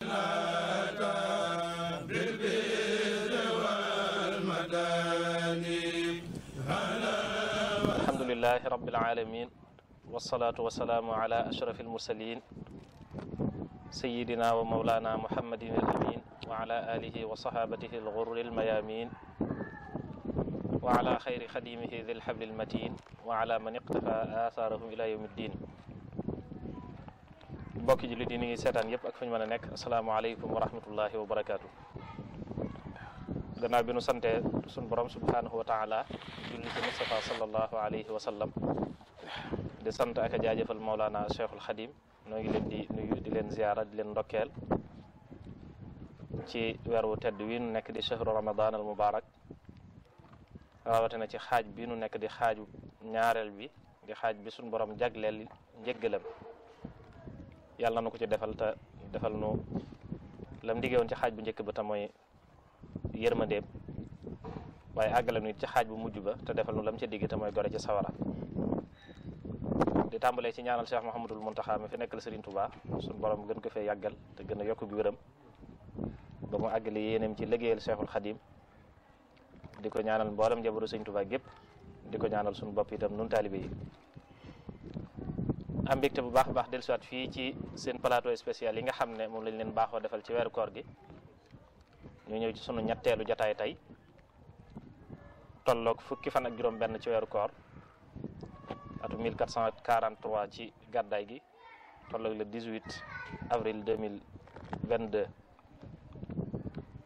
alhamdulilahi rabilalamin wasalaatu wasalaamu ala ashraf almursalin sayidina wa maulana muhammadin alamin wa ala alihi wa sahabatihi alghurri almayamin wa ala xayri xadimihi dhi alhabli almatin wa ala man iqtafa atharahum ila yawmi ddin bokki jullit yi ni ngi seetaan yëpp ak fu ñu mën a nekk asalaamaaleykum wa rahmatullahi wa barakaatu. gannaaw bi nu sante suñ borom subhanahu wa taala julli ci Mustafa sallallahu alayhi wa sallam di sant ak a jaajëfal Maulana Cheikhul Khadim noo ngi leen di weer wu tedd wi nu nekk di chahru ramadan al mubarak rawatina ci xaaj bi nu nekk di xaaju ñaarel bi di xaaj bi suñ borom jagleel njëggalam yàlla na ko ci defal te defal nu lam diggee woon ci xaaj bu njëkk ba te mooy yërmandeem waaye àggale nu ci xaaj bu mujj ba te defal nu lam ca digg te mooy gore ci sawara di tàmbalee ci ñaanal Cheikh Mouhamadul Mountakha mi fi nekkal Serigne Touba suñu borom gën ko fee yàggal te gën a yokk bi wëram ba mu àggale yéeneem ci liggéeyal Cheikhul Khadim di ko ñaanal mboolem jabaru Serigne Touba gépp di ko ñaanal suñu bopp itam nun taalibe am mbégte bu baax a baax dellusiwaat fii ci seen plateau spécial yi nga xam ne moom lañ leen baaxoo defal ci weeru koor gi ñu ñëw ci sunu ñetteelu jotaay tey tolloog fukki fan ak juróom benn ci weeru koor atu 1443 ci gàddaay gi tolloog le 18 avril 2022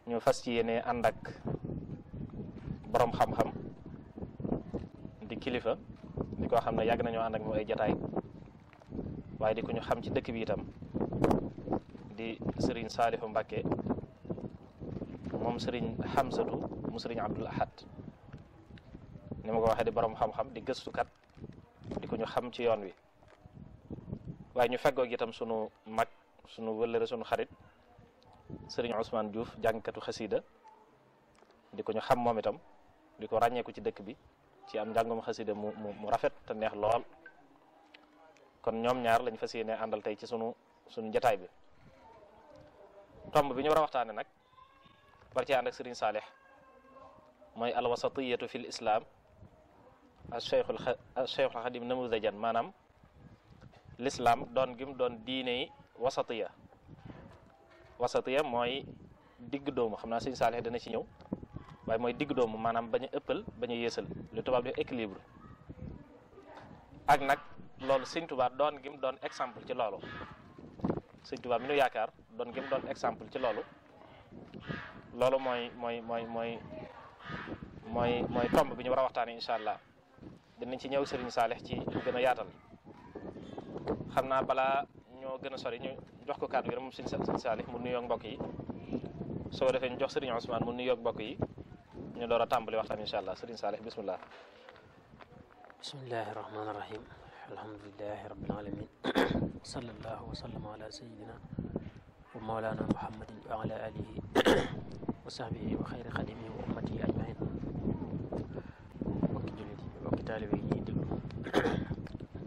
ñu fas ci yéene ànd ak borom xam-xam di kilifa di ko xam ne yàgg nañoo ànd ak mooy jataay waaye di ko ñu xam ci dëkk bi itam di sëriñ Saalihu Mbàkke moom sëriñ Xamsatu mu sëriñ Abdul Ahad ni ma ko waxee di borom xam-xam di gëstukat di ko ñu xam ci yoon wi waaye ñu feggoog itam sunu mag sunu wëllëre sunu xarit sëriñ Ousmane Diouf jàngkatu xasida di ko ñu xam moom itam di ko ràññeeku ci dëkk bi ci am njàngum xasida mu rafet te neex lool kon ñoom ñaar lañ fas yéene àndal tey ci suñu sunu jataay bi tomb bi ñu war waxtaane nag war ci ànd ak Serigne Saalih mooy alwasatiyatu fil islam ak cheikhul cheikhul xadim namudajan maanaam lislaam doon gim doon diine yi wasatiya wasatiya mooy digg doomu xam naa Serigne Saalih dana ci ñëw waaye mooy digg doomu maanaam bañu a ëppal bañ yéesal lu tubaab di équilibre ak nag loolu sëñ Tuubaa doon gi mu doon exemple ci loolu sëñ Tuubaa mi nu yaakaar doon gi mu doon exemple ci loolu loolu mooy mooy mooy mooy mooy mooy tomb bi ñu war a waxtaanee incha allah dinañ ci ñëw Serigne Saalix ci gën a yaatal xam naa balaa ñoo gën a sori ñu jox ko kàddu gi rek moom Serigne Saalix mu nuyoog mbokk yi soo defee ñu jox Serigne Ousmane mu nuyoog mbokk yi ñu door a tàmbali waxtaan incha allah Serigne Saalix bisimilah. bisimilah rahmaani rahim. alhamdulilahi rabbil alamin sallallahu wa sallam ala sayidina wa mawlana muhammadin wa ala alihi wa sahbihi wa xayri xadimi wa ummati ajmain bokki jullit yi bokki taalibe yi ñuy déglu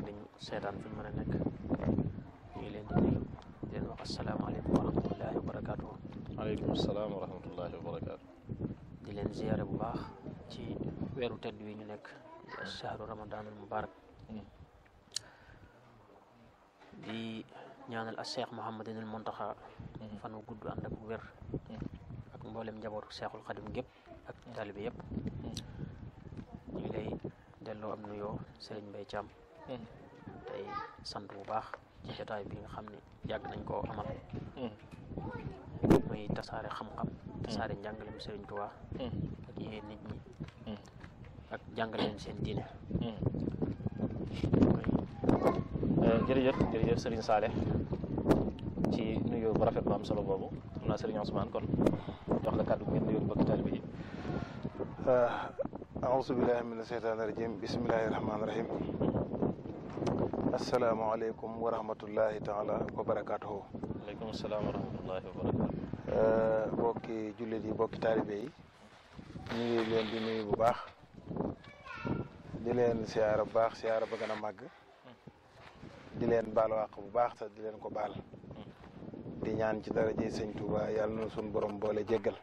dañ seetaan fi mën a nekk ñu ngi leen di nuyu di leen wax asalaamaaleykum wa rahmatullahi wa barakaatu aleykum asalaam wa rahmatullahi wa barakaatu di leen ziyaare bu baax ci weeru tedd wi ñu nekk shahru ramadanul mubarak hmm. di ñaanal a seex Mouhamadinil Mountakha mm-hmm. fan wu gudd ànd ak wér mm-hmm. ak mboolem njabootu Cheikhul Khadim gépp ak mm-hmm. taalibe yëpp ñu ngi lay am nuyoo Serigne Mbaye Thiam tey sant bu baax ci jotaay bi nga xam ne yàgg nañ koo amal muy tasaare xam-xam tasaare njàngalem Serigne Touba ak yéen nit ñi ak jàngaleen seen diine Euh, jërëjëf jërëjëf Serigne ci nuyoo bu rafet bu am solo boobu xam naa Serigne Ousmane kon jox la kàddu bu ngeen nuyoo bëgg yi. Euh, aouzu billahi mina sheytaani rajim bismillahi rahmaani rahim asalaamaaleykum wa rahmatullahi taala wa barakaatuhu. waaleykum salaam wa rahmatullahi euh, bokki jullit yi bokki taalibe yi ñu leen di nuyu bu baax di leen siyaara bu baax siyaara ba gën a màgg. di leen baalu àq bu baax te di leen ko baal di ñaan ci daraje sëñ Touba yàlla na suñu borom boole jéggal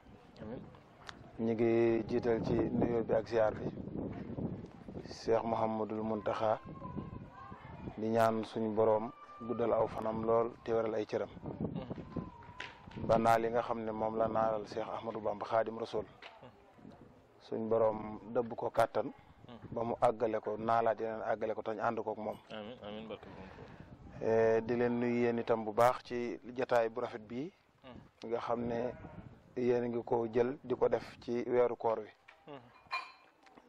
ñu ngi jiital ci nuyoo bi ak ziar bi Cheikh Mouhamadul Mountakha di ñaan suñu boroom guddal aw fanam lool te waral ay cëram ba naal yi nga xam ne moom la naalal Cheikh Ahmadou Bamba Khadim Rasoul mm. suñ borom dëbb ko kàttan ba mu àggale ko naalaat yeneen àggale ko tañ ànd kook moom eh, di leen nuyu yéen itam bu baax ci jataay bu rafet bii hmm. nga xam ne yéen ngi ko jël di ko def ci weeru koor wi hmm.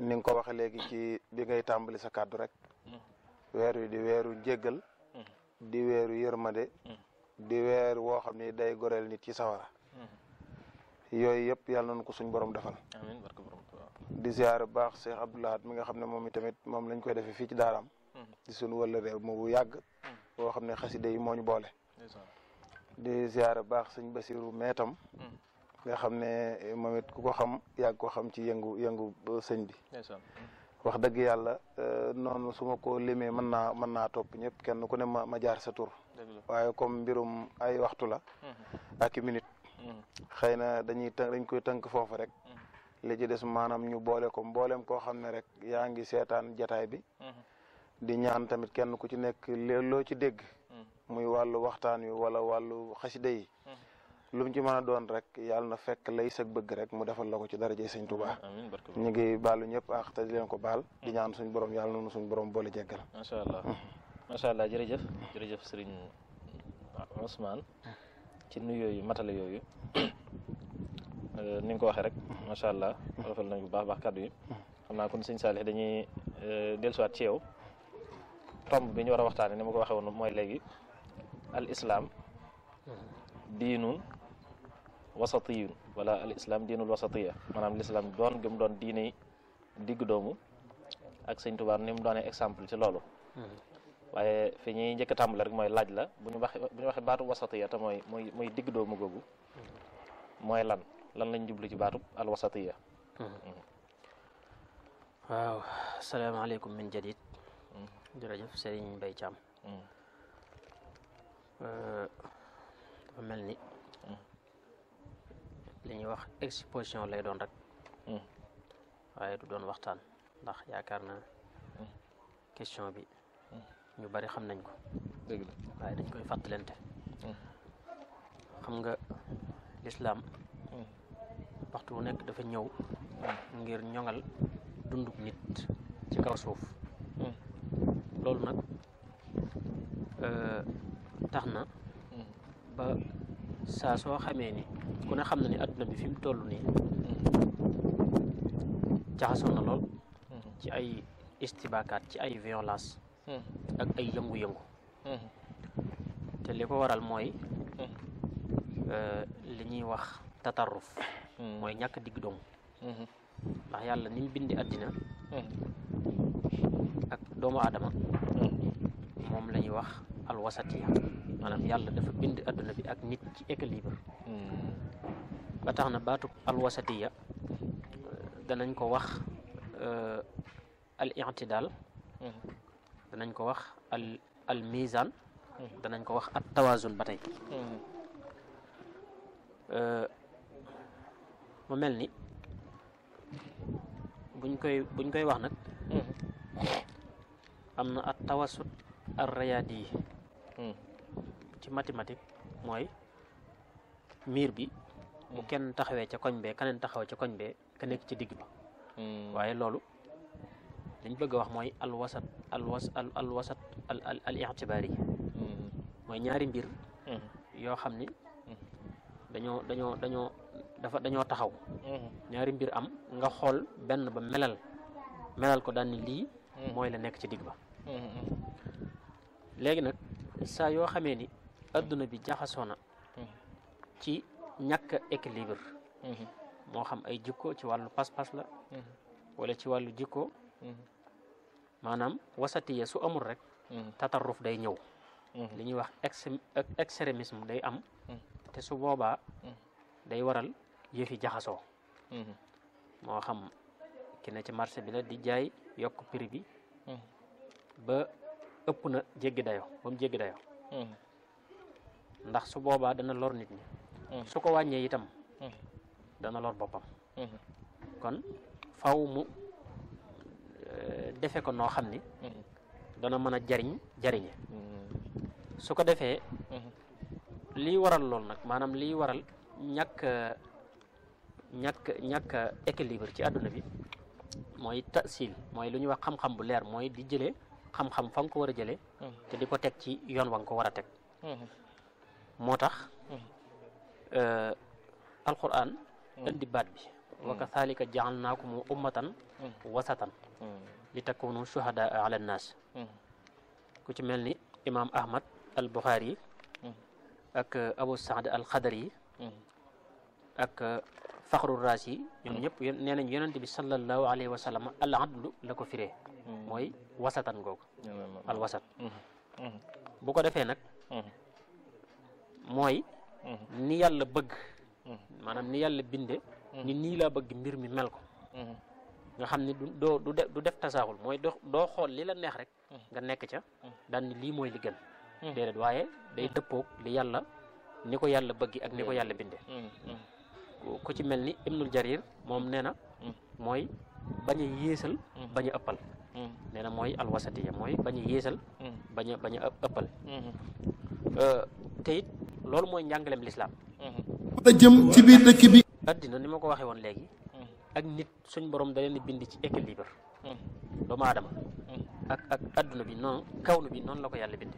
ni ko waxe léegi ci bi ngay tàmbali sa kàddu rek hmm. weer wi di weeru njéggal di weeru yërmande di weer woo xam ne day goreel nit ci sawara yooyu yëpp yàlla ko suñ borom defal di ziar baax Cheikh Abdou Lahad mi nga xam ne moom itamit moom lañ koy defee fii ci daaraam hmm. di suñu wala réew mu bu yàgg hmm. boo xam ne xasida yi moo ñu boole di ziar baax sëñ Basiru meetam hmm. nga xam ne moom ku ko xam yàgg ko xam ci yëngu yëngu sëñ bi wax dëgg yàlla euh, noonu su ko limee mën na mën naa topp ñëpp kenn ku ne ma ma jaar sa tur waaye comme mbirum ay waxtu la ak minute xëy na dañuy tënk dañ koy tënk foofu rek li des maanaam ñu boole ko mboolem koo xam ne rek yaa ngi seetaan jataay bi mhm. di ñaan tamit kenn ku ci nekk loo ci dégg mhm. muy wàllu waxtaan wi wala wàllu xasida yi mhm. lu mu ci mën doon rek yàlla na fekk lay sag bëgg rek mu defal la ko ci daraje sëñ Tuubaa ñu ngi baalu ñëpp ak te di leen ko baal di ñaan suñ borom yàlla nanu suñ borom boole jéggal macha allah macha allah jërëjëf jërëjëf sëriñ Ousmane ci nuyoo yooyu Euh, ni nga ko waxee rek macha allah rafetlu nañ bu baax baax kàddu yi xam naa kon sëñ Saalix dañuy euh, dellusiwaat ci yow tomb bi ñu war a waxtaane ni ma ko waxee woon mooy léegi al islam diinun wasatiyun wala al islam diinul wasatiya maanaam l'islam doon gëm doon diine digg doomu ak sëñ Tuubaa ni mu doonee exemple ci loolu waaye fi ñuy njëkk a tàmbale rek mooy laaj la bu ñu waxe baatu wasatiya te mooy mooy mooy digg doomu googu mooy lan lan lañ jublu ci baatub alwasatiya hmm. Hmm. waaw asalaamaaleykum min jadid hmm. jërëjëf sëriñ Mbay Caam dafa mel ni li ñuy wax exposition lay doon rek waaye du doon waxtaan ndax yaakaar na question bi ñu bari xam nañ ko waaye dañ koy fàttalante xam nga lislaam waxtu wu nekk dafa ñëw ngir ñoŋal dunduk nit ci kaw suuf loolu nag euh, tax na ba saa soo xamee ni ku ne xam na ni adduna bi fi mu toll nii jaxasoo na lool ci ay istibaakaat ci ay violence ak ay yëngu-yëngu te li ko waral mooy euh, li ñuy wax tatarruf mooy ñàkk digg doomu mhm. ndax yàlla ni mu bindi àddina mhm. ak doomu aadama mhm. moom la ñuy wax alwasatiya maanaam yàlla dafa bind àdduna bi ak nit ci équilibre ba tax na baatu alwasatiya danañ ko wax euh, al i'tidal danañ ko wax al al mizan danañ ko wax at tawazun ba tey euh, mu mel ni buñ koy buñ koy wax nag mm-hmm. am na at tawasut ar rayaadi yi mm. ci mathématique mooy miir bi bu mm. kenn taxawee ca koñ bee keneen taxawee koñ bee ka nekk ci digg ba mm. waaye loolu dañ bëgg a wax mooy alwasat alwas al al al mooy ñaari mbir mm-hmm. yoo xam ni dañoo dañoo dañoo dafa dañoo taxaw mm-hmm. ñaari mbir am nga xool benn ba melal melal ko daal ni lii mm-hmm. mooy la nekk ci digg ba mm-hmm. léegi nag saa yoo xamee ni àdduna bi jaxasoo na ci ñàkk équilibre moo xam ay jikko ci wàllu pas-pas la wala ci wàllu jikko maanaam wasatiya su amul rek tatarruf day ñëw li ñuy wax extrémisme day am te su boobaa day waral yëfi jaxasoo mhm. moo xam ki ne ci marché bi la di jaay yokk prix bi mhm. ba ëpp na jéggi dayoo ba mu jéggi mhm. ndax su boobaa dana lor nit ñi su ko wàññee itam dana lor boppam kon faw mu eh, defe ko noo xam ni dana mën a jariñ jariñe su ko defee lii waral lool nag maanaam lii waral ñàkk ñàkk ñàkk a équilibre ci àdduna bi mooy tasil mooy lu ñu wa xam-xam bu leer mooy di jëlee xam-xam fa nga ko war a mhm. te di ko teg ci yoon wa nga ko war teg mhm. moo tax mhm. euh, alquran indi baat bi wa kathalika ja'alnaakum ummatan wasatan li takunu shuhadaa ala nnaas ku ci mel ni imaam ahmad al buxaari ak euh, abu saad al xadari ak euh, faxru raas yi ñoom mm. ñëpp nee nañ yonente bi sallallahu alayhi wa sallam al adlu la ko firee mm. mooy wasatan googu mm. al wasat bu ko defee nag mooy ni yàlla bëgg maanaam ni yàlla binde ni nii laa bëgg mbir mi mel ko nga xam ni du doo du def tasaaxul mooy doo xool li la neex rek nga nekk ca daan lii mooy li gën déedéet waaye day dëppoog li yàlla ni ko yàlla bëgg ak ni ko yàlla binde ku ci mel ni ibnul jarir moom nee na mm. mooy bañ a yéesal mm. bañ a ëppal mm. nee na mooy alwasatiya mooy bañ a yéesal bañ a bañ a ëppal mm-hmm. euh, te loolu mooy njàngaleem lislaam mm-hmm. a jëm ci biir bi addina ni ma ko waxee woon léegi mm-hmm. ak nit suñ borom da leen bind ci équilibre doomu aadama ak ak adduna bi noonu kaw nu bi noonu la ko yàlla bind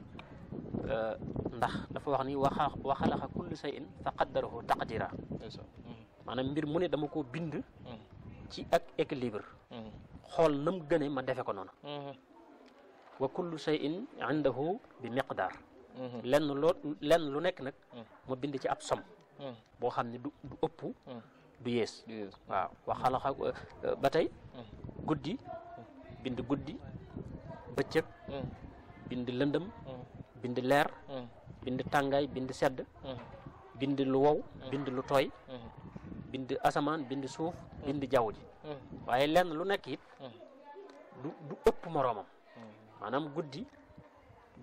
euh, ndax dafa wax ni waxa waxalaxa kullu shay'in fa qaddarahu taqdira maanaam mbir mu ne dama ko bind hmm. ci ak équilibre hmm. xool nam gëne ma defe ko noonu hmm. wa kullu shay'in indahu bi miqdaar lenn lu nekk nag ma bind ci ab som boo xam ne du du ëpp du yées waaw wa euh, ba tey guddi bind guddi bëccëg bind lëndëm bind leer bind tàngaay bind sedd bind lu wow bind lu tooy bind asamaan bind suuf mm. bind jaww ji mm. waaye lenn lu nekk it mm. du ëpp moroomam maanaam guddi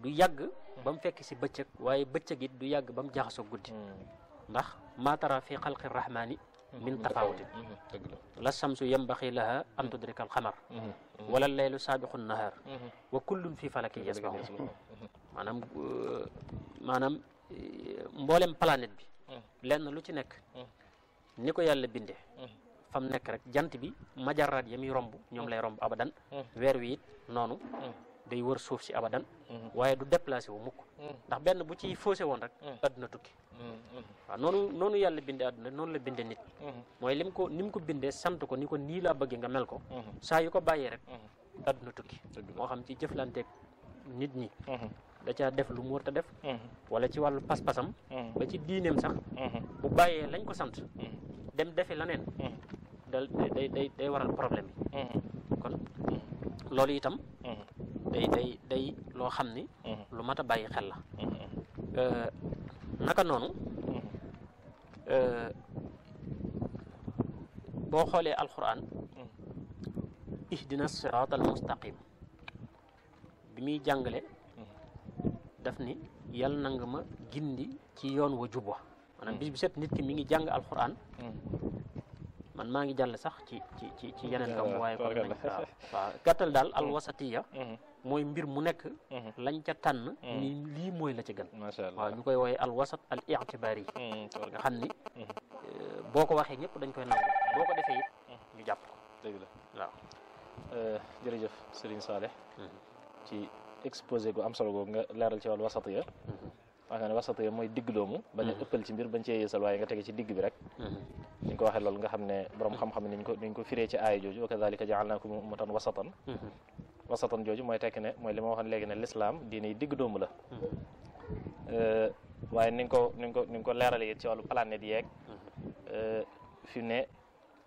du yàgg ba fekk si bëccëg waaye bëccëg it du yàgg ba mu jaxasoo guddi ndax maatara fi xalqi rahmaani mm-hmm. min tafawutin mm-hmm. Mm-hmm. la samsu yambaxi laha an alxamar wala laylu saabiqu nahar wa kullun fi falakin yasbaxun maanaam euh, maanaam euh, mboolem planète bi lenn lu ci nekk ni ko yàlla bindee mm. fam nekk rek jant bi majaraat ya muy romb ñoom lay romb abadan mm. Mm. weer wi it noonu day wër suuf si abadan waaye du déplacé wu mukk ndax benn bu ci faussé woon rek adduna tukki waaw noonu noonu yàlla bindee adduna noonu la bindee nit mooy lim ko ni mu ko bindee sant ko ni ko nii laa bëggee nga mel ko saa yu ko bàyyee rek adduna tukki moo xam ci jëflanteeg nit ñi da caa def lu mu war def. Hmm. wala ci wàllu pas-pasam. Hmm. ba ci diineem sax. Hmm. bu bàyyee lañ ko sant. dem defi leneen. dal day day day waral problème bi. kon loolu itam. day day loo xam ni. lu mat a bàyyi xel la. Euh, naka noonu. Euh, boo xoolee alxuraan. ihdina siraat al mustaqim bi muy jàngale. daf ni yàlla na nga ma gindi ci yoon wa jub wa nit mi ngi jàng alxuraan man maa ngi jàll sax ci ci ci ci yeneen kam waaye kon nañ waaw waaw gàttal daal al wasatiya mooy mbir mu nekk lañ ca tànn lii mooy la ci gën waaw ñu koy wooye al wasat al i'tibari mm, mm, nga xam ni mm-hmm. euh, boo ko waxee ñëpp dañ koy nangu boo ko defee it mm-hmm. ñu jàpp ko exposé gu am solo googu nga leeral ci wàllu wasatiya wax nga ne wasatiya mooy digg doomu mm-hmm. bañ a ëppal ci mbir bañ cee yeesal waaye nga tege ci digg bi rek mm-hmm. ni ko waxee loolu nga xam ne borom mm-hmm. xam-xam niñ ko niñ ci aaya jooju wa kadhalika ja'alnakum wasatan jooju mooy tekki ne mooy li ma waxoon léegi ne lislaam diine yi digg doomu la euh, waaye ni nga ko ni nga ko ni nga ko leerale ci wàllu planète yeeg euh, fi ne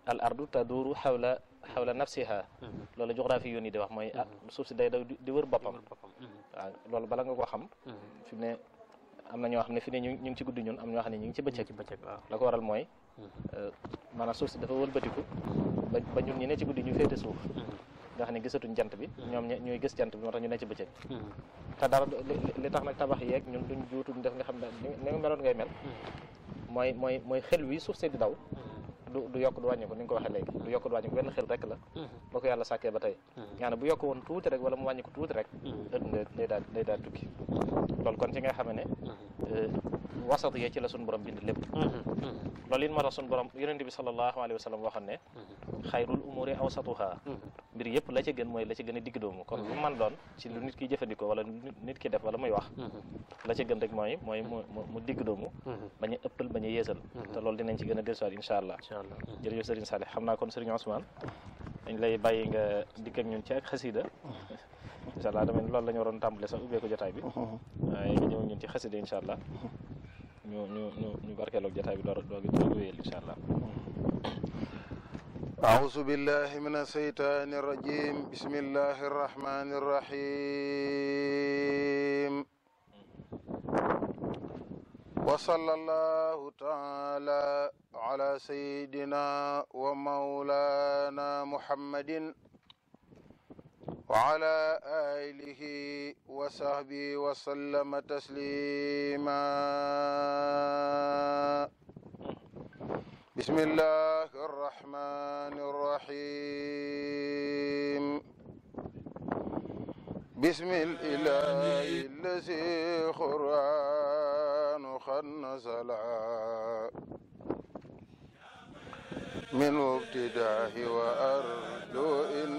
al ardu taduru xawla xawla nafsiha mhm. loolu géographie yoon yi di wax mooy ah mhm. suuf si day daw di wër boppam waaw mhm. ah, loolu bala nga koo xam fi ne am na ñoo xam ne fi ne ñu ngi ci guddi ñun am na ñoo ne ñu ngi ci bëccëg la ko waral mooy euh, maanaam suuf si dafa wëlbatiku ba ba ñun ñu ne ci guddi ñu féete suuf nga xam ne gisatuñ jant bi ñoom ñooy gis jant bi moo tax ñu ne ci bëccëg te dara li tax nag tabax yeeg ñun duñ juutuñ def nga xam ne ni nga meloon ngay mel mooy mooy xel wi suuf si di daw du du yokk du wàññi ko ni nga ko waxee léegi du yokk du wàññi ko benn xel rek la mhm. ba ko yàlla sàkkee ba tey mhm. ñaane bu yokk woon tuuti rek wala mu wàññi tuuti rek adduna mhm. day daal day euh, la suñu borom bind lépp loolu it moo tax suñu borom yonent bi sallallahu alayhi wa sallam waxoon ne xayrul umuri awsatuha mbir yëpp la ci gën mooy la ci gën a digg doomu kon lu man doon ci lu nit ki jëfandikoo wala nit ki def wala muy wax la ci gën rek mooy mu digg doomu bañ a ëppal bañ a yéesal te loolu dinañ ci gën a dellusiwaat allah allah jërëjëf sëriñ Salih xam naa kon sëriñ Ousmane dañ lay bàyyi nga dikk ak ñun ci ak xasida incha allah damay loolu la ñu waroon tàmbale sax ubbee ko jotaay bi waaye nga ñëw ñun ci xasida incha allah ñu ñu ñu ñu barkeeloog jotaay bi door doog doog wéyal incha allah أعوذ بالله من الشيطان الرجيم بسم الله الرحمن الرحيم wa sallallahu taala ala sayyidina wa mawlana muhammadin wa ala alihi wa sahbihi wa sallama taslima bismillahi arrahmani arrahim بسم الإله الذي قرآن قد نزل من ابتداه وأرجو إن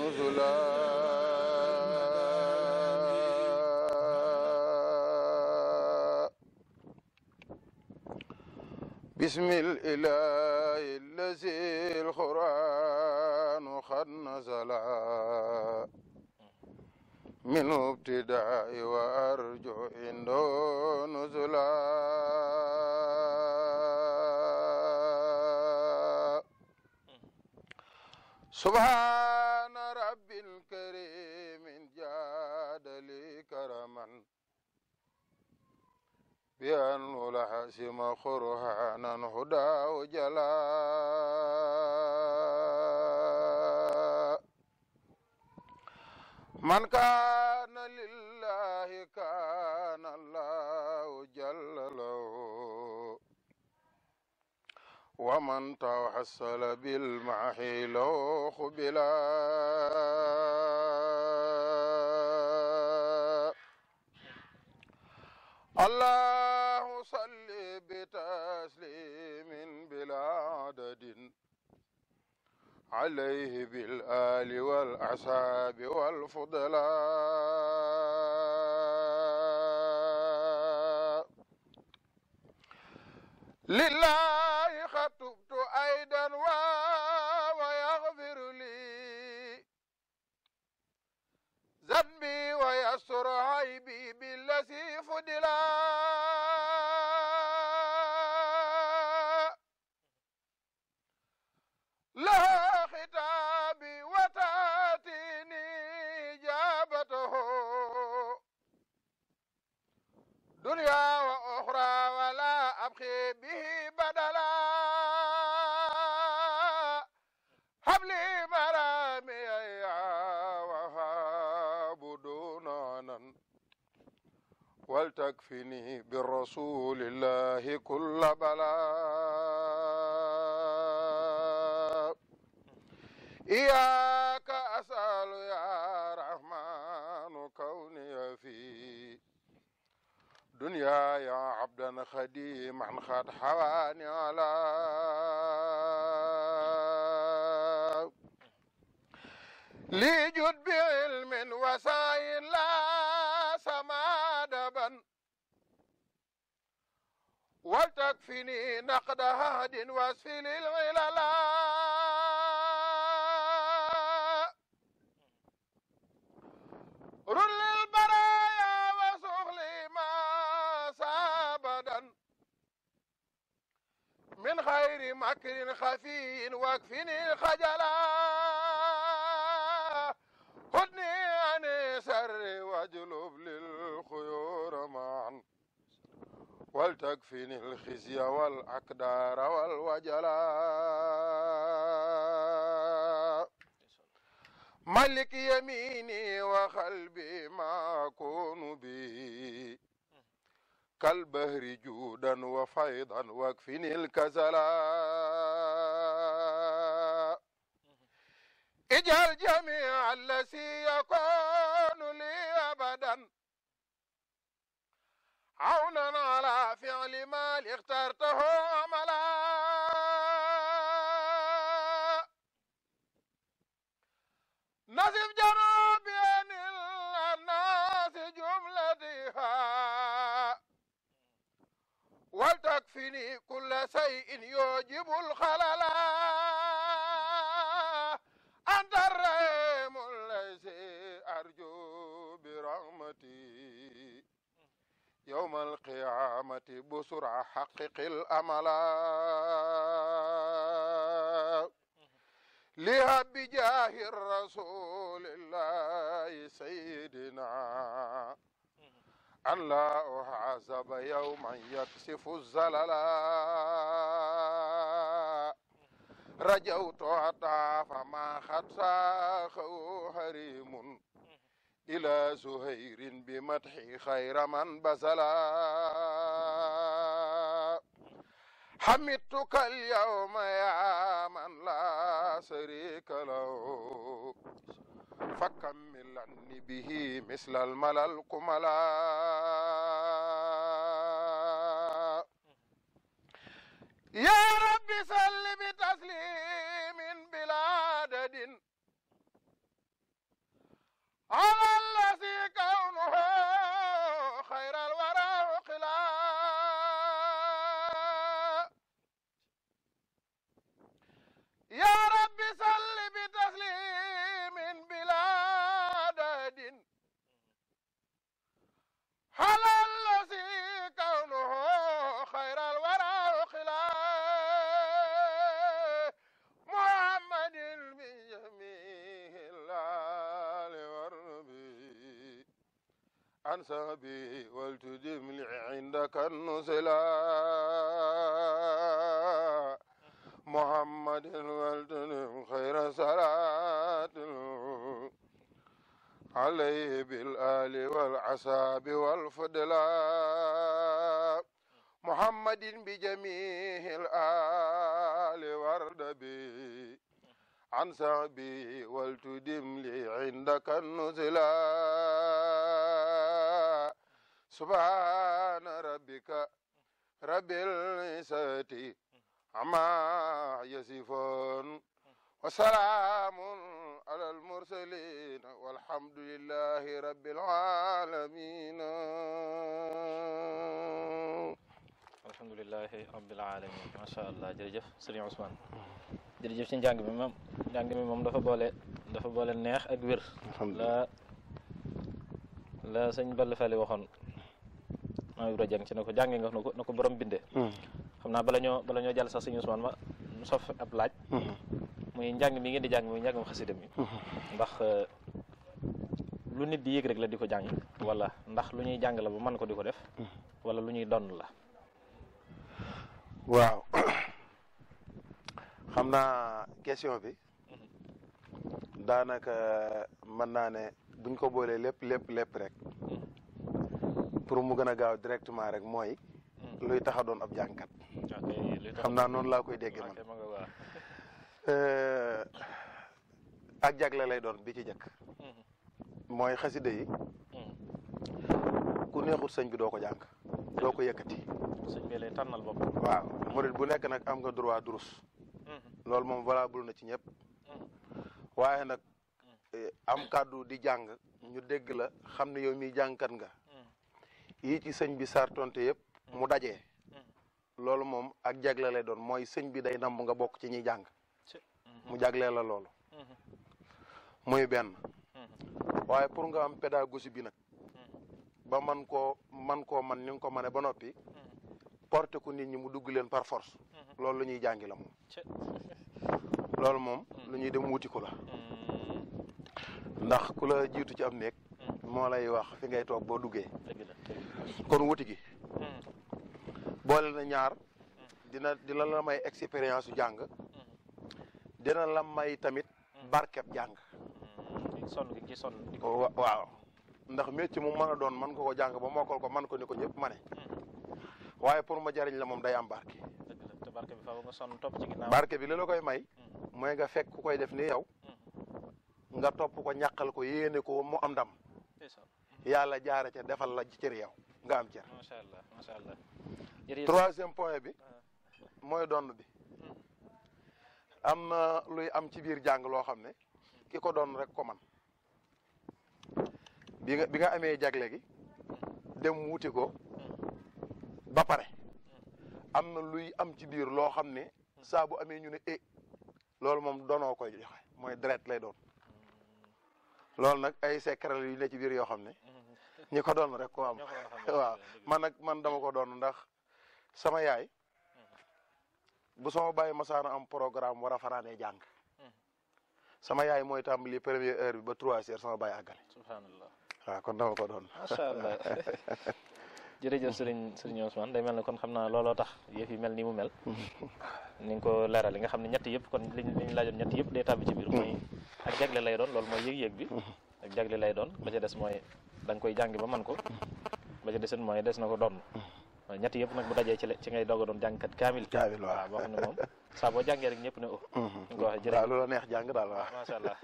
نزلا بسم الإله الذي القرآن قد نزل من ابتداء وأرجو إن نزلا سبحان رب الكريم جاد لي كرما بأنه لحاسم قرآنا هدى وجلا man kaana lillahi kaana allahu jalla lahu wa man tawassala bil maahi lahu xubila allahu salli bi taslimin bila adadin عليه بالآل والأعصاب والفضلاء لله خطبت أيضا ويغفر لي ذنبي ويسر عيبي بالذي فضلا دنيا وأخرى ولا أبقي به بدلا هب لي مرامي وهاب دونانا ولتكفني بالرسول الله كل بلا إياك أسأل يا دنيا يا عبدا خديما خد حواني على لي جد بعلم وسائل لا سماد بن ولتكفني نقد هاد واسف للعللا رل من خير مكر خفي واكفني الخجلا خذني عن سر واجلب للخيور معا ولتكفني الخزي والأقدار والوجلا ملك يميني وقلبي ما أكون به كالبهر جودا وفيضا واكفني الكسلا اجعل جميع الذي يكون لي ابدا عونا على فعل ما اخترته عملا نصف جنابي ولتكفني كل شيء يوجب الخلل أنت الرحيم الذي أرجو برحمتي يوم القيامة بسرعة حقق الأمل لها بجاه الرسول الله سيدنا الله عذب يوما يكسف الزللا رجوت عطا فما خطاه حريم إلى زهير بمدح خير من بزلا حمدتك اليوم يا من لا شريك له فكمل عني به مثل الملل كملا يا رب سل بتسليم بلا عدد على الذي كونه عن سبي ولتدم لي عندك النزلا محمد ولتنم خير صلاة عليه بالآل والعصاب والفضلا محمد بجميع الآل ورد بي عن سعبي ولتدم لي عندك النزلا subhaana rabbika rabbil izzati amma yasifoon wa salaamun alal mursaliin walhamdulillahi rabbil aalamiin alhamdulillahi rabbil aalamiin macha allah jërëjëf Sëriñ Ousmane jërëjëf ci njàng mi moom njàng mi moom dafa boole dafa boole neex ak wér la la sëñ Balla Fally waxoon Mame Ibra Dieng ci ne ko jàngee nga na ko na ko borom bindee hmm. xam naa bala ñoo bala ñoo jàll sax sëñ Ousmane ma sof ab laaj hmm. muy njàng mi ngeen di jàng muy njàngum xasida mi hmm. ndax euh, lu nit di yëg rek la di ko jàng wala ndax lu ñuy jàng la ba mën ko di ko def wala lu ñuy donn la waaw xam naa question bi daanaka mën naa ne buñ ko boolee lépp lépp rek pour mu gën a gaaw directement rek mooy. Hmm. luy tax a doon ab jàngkat. xam naa noonu laa koy dégg man. Euh, ak jagle lay doon bi ci njëkk. Hmm. mooy xasida yi. Hmm. ku neexut sëñ bi doo ko jàng. doo ko yëkkati. sëñ bi lay tànnal boppam. waaw murid bu nekk nag am nga na ci ñëpp. waaye nag eh, am kàddu di jàng ñu dégg la xam ne yow miy jàngkat nga. yi ci sëñ bi sartonte yëpp mm. mu dajee mm. loolu moom ak jagle lay doon mooy sëñ bi day namb nga bokk ci ñuy jàng mm-hmm. mu jaglee la loolu mm-hmm. muy benn mm-hmm. waaye pour nga am pédagogie bi nag ba man koo man koo man ni ko mane ba noppi porté ko nit ñi mu dugg leen par force loolu ñuy jàngi la moom loolu moom mm. lu ñuy dem wuti ko la ndax ku la jiitu ci am néeg moo lay wax fi ngay toog boo duggee kon wuti gi hmm. boole na ñaar dina dina la may expérience su jàng hmm. dina la may tamit hmm. barkeb jàng waaw ndax métti mu mën doon mën nga ko jàng ba mokkal ko man ko ni ko ñëpp ma ne waaye pour ma jariñ la moom day am barke te barke bi faaw nga sonn topp la koy may mooy nga fekk ku koy def ni yow nga topp ko ñàqal ko yéene ko mu am ndam yàlla jaare ca defal la ci cër yow nga am cër. macha allah troisième point bi. Ah. mooy donn bi. Hmm. am na luy am ci biir jàng loo xam ne ki ko doon rek ko man bi nga bi nga amee jagle gi dem wuti ko hmm. ba pare hmm. am na luy am ci biir loo xam ne saa bu amee ñu ne eh, loolu moom donoo koy joxe mooy deret lay doon loolu nag ay secret yu ne ci biir yoo xam ne ñi ko doon rek ko am waaw man nag man dama ko doon ndax sama yaay bu sama bàyyi masaana am programme war a fanaanee jàng hmm. sama yaay mooy tàmbali première heure bi ba trois heures sama bàyyi àggale subhanallah waaw kon dama ko doon macha allah jërëjëf sëriñ sëriñ Ousmane day mel ne kon xam naa looloo tax yëf yi mel nii mu mel ni nga ko leeral li nga xam ne ñett yëpp kon liñ liñ laajoon ñett yëpp day tàbbi ci biir hmm. mooy ak jagle lay doon loolu mooy yëg-yëg bi hmm. ak jagle lay doon ba des mooy da koy jàng ba man ko ba ca desit mooy des na ko doon waaw ñett yëpp nag bu dajee ci la ci ngay doog a doon jàngkat kaamil kaamil waaw boo xam ne moom saa boo jàngee rek ñëpp ne o oh. ñu mm-hmm. ko waxee jërëjëf loola neex jàng daal waaw macha allah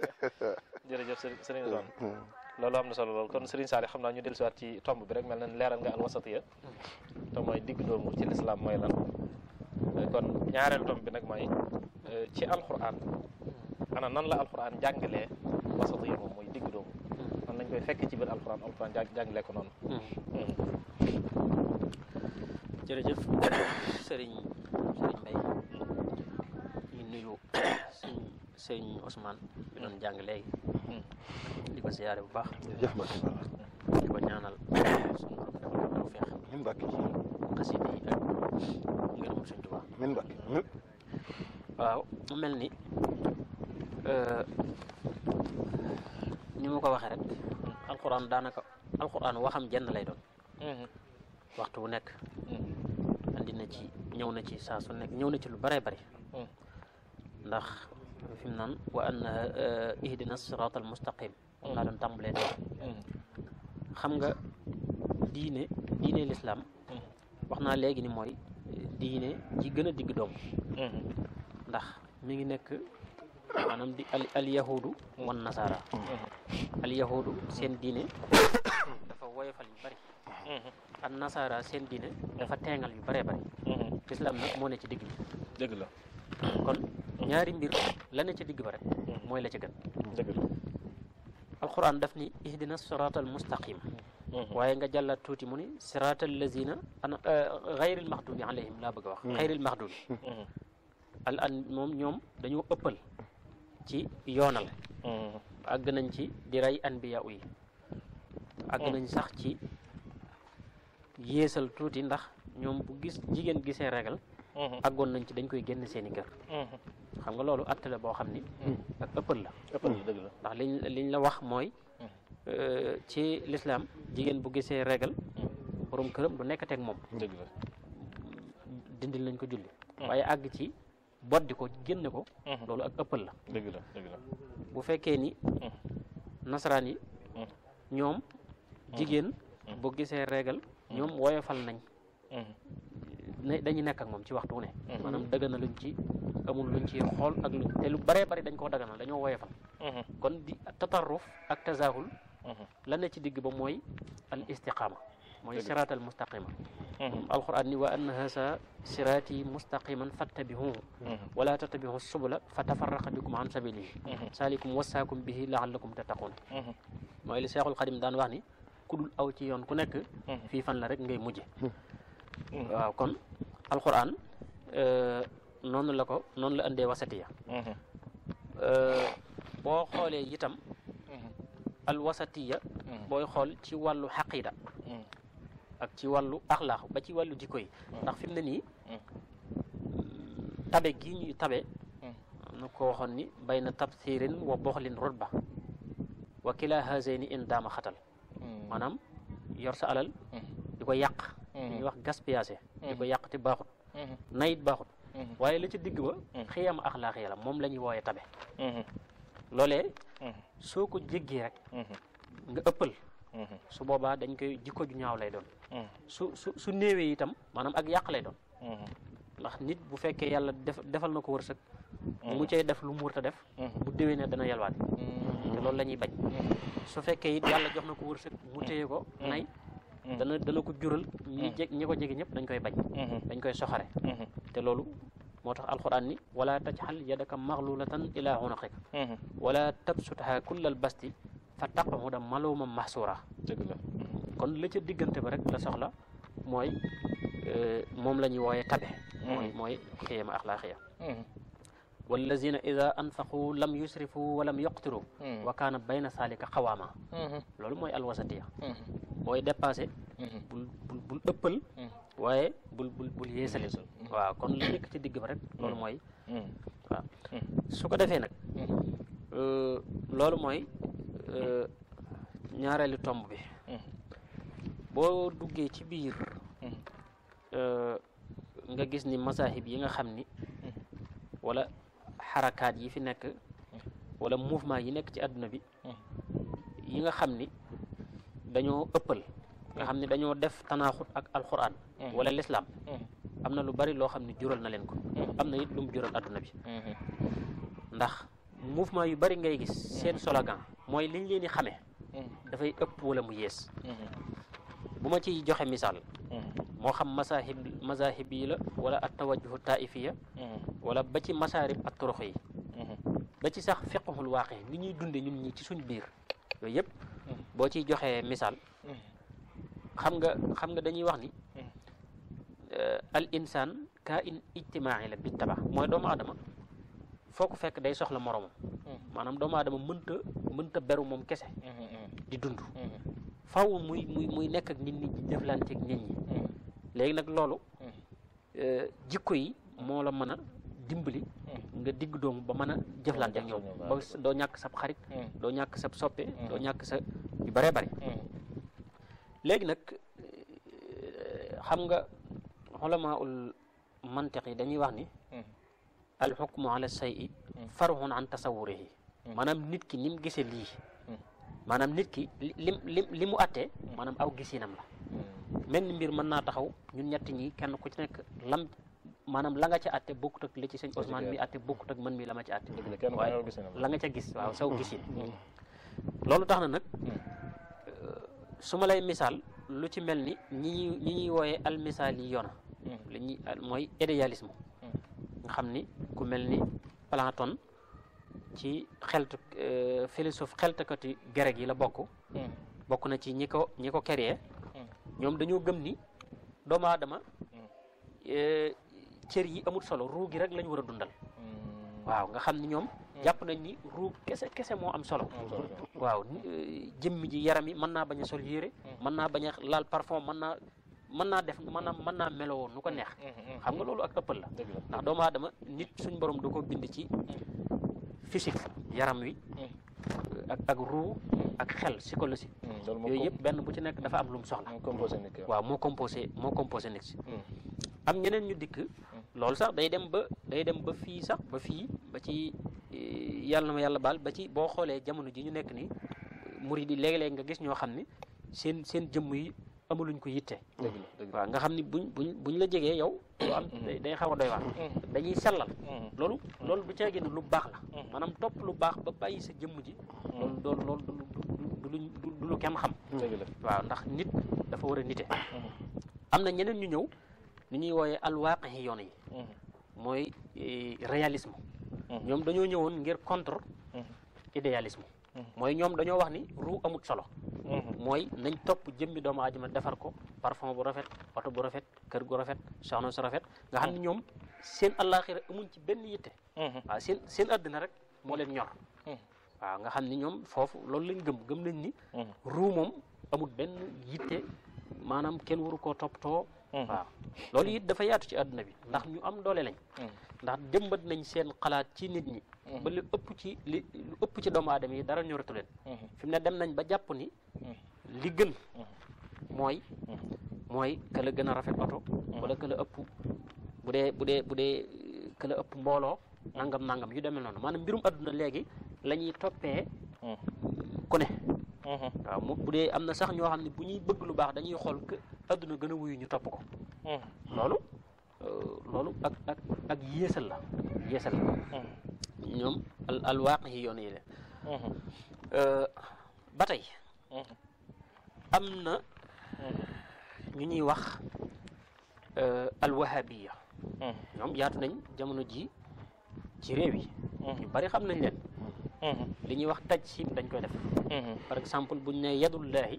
jërëjëf sëriñ sëriñ Zon mm-hmm. loolu am na solo lool kon sëriñ Saliou xam naa ñu dellusiwaat ci tomb bi rek mel na leeral nga al wasatiya te mooy digg doomu ci lislaam mooy lan kon ñaareel tomb bi nag mooy eh, ci alquran ana nan la alquran jàngalee wasatiya moom mooy nañ koy fekkee ci biir alxuraan alxuraan jàng jàngale ko noonu. Hmm. Hmm. jërëjëf sëriñ sëriñ Mbaye ñu nuyu suñ sëriñ bi doon jàng léegi. Hmm. ko ziyaare bu baax. jërëjëf ko ñaanal suñu borom defal ko tawfeex. min min mbàkk waaw mel ni. Euh, ni mu ko waxee rek alxuraan daanaka alxuraan waxam jenn lay doon mm-hmm. waxtu wu nekk mm-hmm. andi na ci ñëw na ci saa su nekk ñëw na ci lu bare bari mm-hmm. ndax fi mu naan wa anna eh, ihdina siraatal mustaqim moom laa doon tàmbalee de xam nga diine diine lislaam wax naa léegi ni mooy diine ji gën a digg doom ndax mi ngi nekk maanaam di al al yahudu wan nasaara mm-hmm. al yahudu seen diine dafa woyofal yu bari mm-hmm. an nasaara seen diine dafa mm-hmm. teengal yu bare bari islam nag moo ne ci digg bi dëgg la kon ñaari mbir la ne ci digg ba rek mooy la ci gën dëgg la alquran daf ni ihdina siraatal mustaqim waaye nga jàllaat tuuti mu ni siraatal lazina ana xayril uh, maxdubi alayhim a wax xayril maxdubi al an ñoom dañoo ëppal ci yoonal mm. àgg nañ ci di rey anbiya yi àgg mm. nañ sax ci yéesal tuuti ndax ñoom bu gis jigéen gisee regal mm-hmm. àggoon nañ ci dañ koy génn seeni kër mm-hmm. xam nga loolu atte la boo xam ni mm. ak ëppal la ndax liñ liñ la wax mooy euh, ci lislaam jigéen bu gisee regal borom këram du nekkateeg moom dindil nañ ko julli waaye àgg ci boddi ko génne ko mhm. loolu ak ëppal la dëgg bu fekkee ni mhm. nasaraan yi mhm. ñoom jigéen bu gisee régal ñoom woyofal nañ dañuy nekk ak moom ci waxtu ne maanaam dëgg luñ ci amul luñ ci xool ak luñ te lu bare bëri dañ koo daganal dañoo woyofal kon di tatarruf ak tazahul la ne ci digg ba mooy al istiqaama mooy siraatal mustaqima Mm-hmm. alquran ni wa anna hasa siraati mustaqiman fattabihuhu mm-hmm. wala tattabihu subula fa tafarraqa bikum an sabilihi salikum mm-hmm. wasaakum bihi laallakum tattaqun mooy li Seexul Xadim daan wax ni ku dul aw ci yoon ku nekk fii fan la rek ngay mujje waaw kon alquran euh, noonu la ko noonu la andee wasatiya euh, boo xoolee itam al wasatiya booy xool ci wàllu xaqida ak ci wàllu axlaax ba ci wàllu jikko yi mm. ndax fi mu ne nii mm. tabe gii ñuy tabe mm. am ko waxoon ni bay na tabsirin wa boxlin rutba wa kila hazayni in daama xatal maanaam yor sa alal di ko yàq ñuy wax gaspillage di ko yàq te baaxut mm-hmm. nayit baaxut mm-hmm. waaye la ci digg ba xiyam axlaax yàlla moom lañuy ñuy wooye tabe mm-hmm. loolee soo ko jéggee rek nga ëppal su boobaa dañ koy jikko ju ñaaw lay doon su su su néewee itam maanaam ak yàq lay doon. Mm-hmm. ndax nit bu fekkee yàlla def defal na ko wërsëg. Mm-hmm. mu cay def lu mu wërta def. Mm-hmm. bu déwee ne dana yalwaati. te loolu la ñuy bañ. su fekkee it yàlla jox na ko wërsëg mu téye ko nay. dana dana ko jural ñi jeg ñi ko jege ñëpp dañ koy bañ dañ koy soxare te loolu moo tax alquran ni wala tajxal yadaka maxlulatan ila unuqik wala tabsutha kullal basti fa taqamu da maluuma mahsura dëgg la kon la ca diggante bi rek la soxla mooy euh, moom la ñuy wooyee tabe hmm. mooy mooy xiyam axlaaxiya hmm. wallazina ida anfaqu lam yusrifu wa lam yoqtiru hmm. wa kaana bayna saalika xawaama loolu mooy alwasatiya mooy dépassé bul bul bul ëppal waaye bul bul bul waaw kon la ci digg ba rek loolu mooy waaw ko defee nag euh, loolu mooy euh, ñaareelu tomb bi boo duggee ci biir euh, nga gis ni masaahib yi nga xam ni wala xarakaat yi fi nekk wala mouvement yi nekk ci àdduna bi yi nga xam ni dañoo ëppal nga xam ni dañoo def tanaaxut ak alquran wala lislaam am na lu bari loo xam ni jural na leen ko am na it lu mu jural àdduna bi ndax mouvement yu bari ngay gis seen slogan mooy liñ leen di dafay ëpp wala mu yées bu ma ciy joxe misaal hmm. moo xam masahib masahib yi la wala a tawajjuhu taifiya hmm. wala ba ci masaarib ak turox yi hmm. ba ci sax fiqhul waaqi ni ñuy dunde ñun ñi ci suñ biir yooyu yëpp boo ci joxee misaal xam nga xam nga dañuy wax ni euh, al insaan kaa in ijtimaai la bi tabax mooy doomu aadama foo ko fekk day soxla moromam maanaam doomu aadama mënta mënta beru moom kese di dund faw muy muy muy nekk ak nit ñi di jëflante ak nit ñi hmm. léegi nag loolu hmm. euh, jikko yi hmm. moo la mën a dimbali nga digg doom ba mën a jëflante ak doo ñàkk sab xarit doo ñàkk sab soppe doo ñàkk sa yu bare bare léegi nag euh, xam nga xulamaa ul mantiq yi dañuy wax ni al xukmu ala say i farhun an tasawurihi maanaam nit ki ni mu gisee lii maanaam nit ki lim lim li mu attee maanaam aw gisinam la mel hmm. ni mbir mën naa taxaw ñun ñett ñi kenn ku ci nekk lam maanaam la nga ca atte bokkut ak li ci sëñ Ousmane mi atte bokkut ak mën mi la ma ci atte waaye la nga ca gis waaw saw hmm. gisin hmm. loolu tax na nag euh, su ma lay misaal lu ci mel ni ñi ñuy ñi ñuy wooyee almisaal yi yoona li ñuy euh, mooy idéalisme nga xam ni ku mel ni Platon ci xeltu Euh, philosophe xeltakati grec yi la bokk hmm. bokk na ci ñi ko ñi ko créé hmm. ñoom dañoo gëm ni doomu aadama hmm. euh, cër yi amul solo ruu gi rek lañ war a dundal waaw nga xam ni ñoom jàpp nañ ni ruu kese kese moo am solo waaw euh, jëmmi ji yaram yi mën naa bañ a sol yére mën naa bañ a laal parfum man naa mën naa def mën naa mën naa meloo woon nu ko neex xam nga loolu ak ëppal la ndax doomu aadama nit suñ borom du ko bind ci physique yaram wi hmm. ak ak ruu ak xel psychologique hmm, yooyu yëpp benn bu ci nekk dafa am lu mu soxla waaw moo composé moo composé nit si hmm. am ñeneen ñu dikk loolu sax day dem ba day dem ba fii sax ba fii ba ci eh, yàlla na ma yàlla baal ba ci boo xoolee jamono ji ñu nekk ni murid yi léeg nga gis ñoo xam ni seen seen jëmm yi amuluñ ko yitte waaw nga xam ni buñ bu buñ la jegee yow lu am xaw a doy waar dañuy sellal loolu loolu du caagin lu baax la topp lu baax ba bàyyi sa jëmm ji. Hmm. loolu loolu loolu lu du lu kenn xam. waaw ndax nit dafa war a nite. Hmm. am na ñeneen ñu ñëw ni ñuy wooyee alwaaqi yoon yi. Hmm. mooy e, réalisme. ñoom dañoo ñëwoon ngir contre idéalisme. mooy ñoom dañoo wax ni ruu amut solo. mooy nañ topp jëmmi doomu aadama defar ko parfum bu rafet oto bu rafet kër gu rafet soxna su rafet nga xam ne ñoom seen àllaaxira amuñ ci benn yitte. waaw seen àddina rek. moo leen ñor hmm. waaw nga xam ni ñoom foofu loolu lañ gëm gëm nañ ni hmm. ruu moom amul benn yitte maanaam kenn waru koo toppatoo hmm. waaw loolu it dafa yaatu ci àdduna bi ndax ñu am doole lañ ndax jëmbat nañ seen xalaat ci nit ñi ba li ëpp ci ëpp ci doomu aadama yi dara ñoratu leen fi mu dem nañ ba jàpp ni li gën mooy mooy ka gën a rafet oto wala ka ëpp bu dee bu dee bu ëpp mbooloo nangam nangam yu demee noonu maanaam mbirum adduna léegi la ñuy toppee ku ne waaw mu bu dee am na sax ñoo xam ne bu ñuy bëgg lu baax dañuy xool que adduna gën a wuyu ñu topp ko loolu euh, loolu ak ak ak yéesal la yéesal la ñoom al alwaaq yi yoon yi leen euh, ba tey am na ñu ñuy wax euh, alwahabiya ñoom yaatu nañ jamono ji ci réew yi mhm. ñu bari xam nañ leen mhm. li ñuy wax taj siim dañ koy def mhm. par exemple buñ ne yadullaahi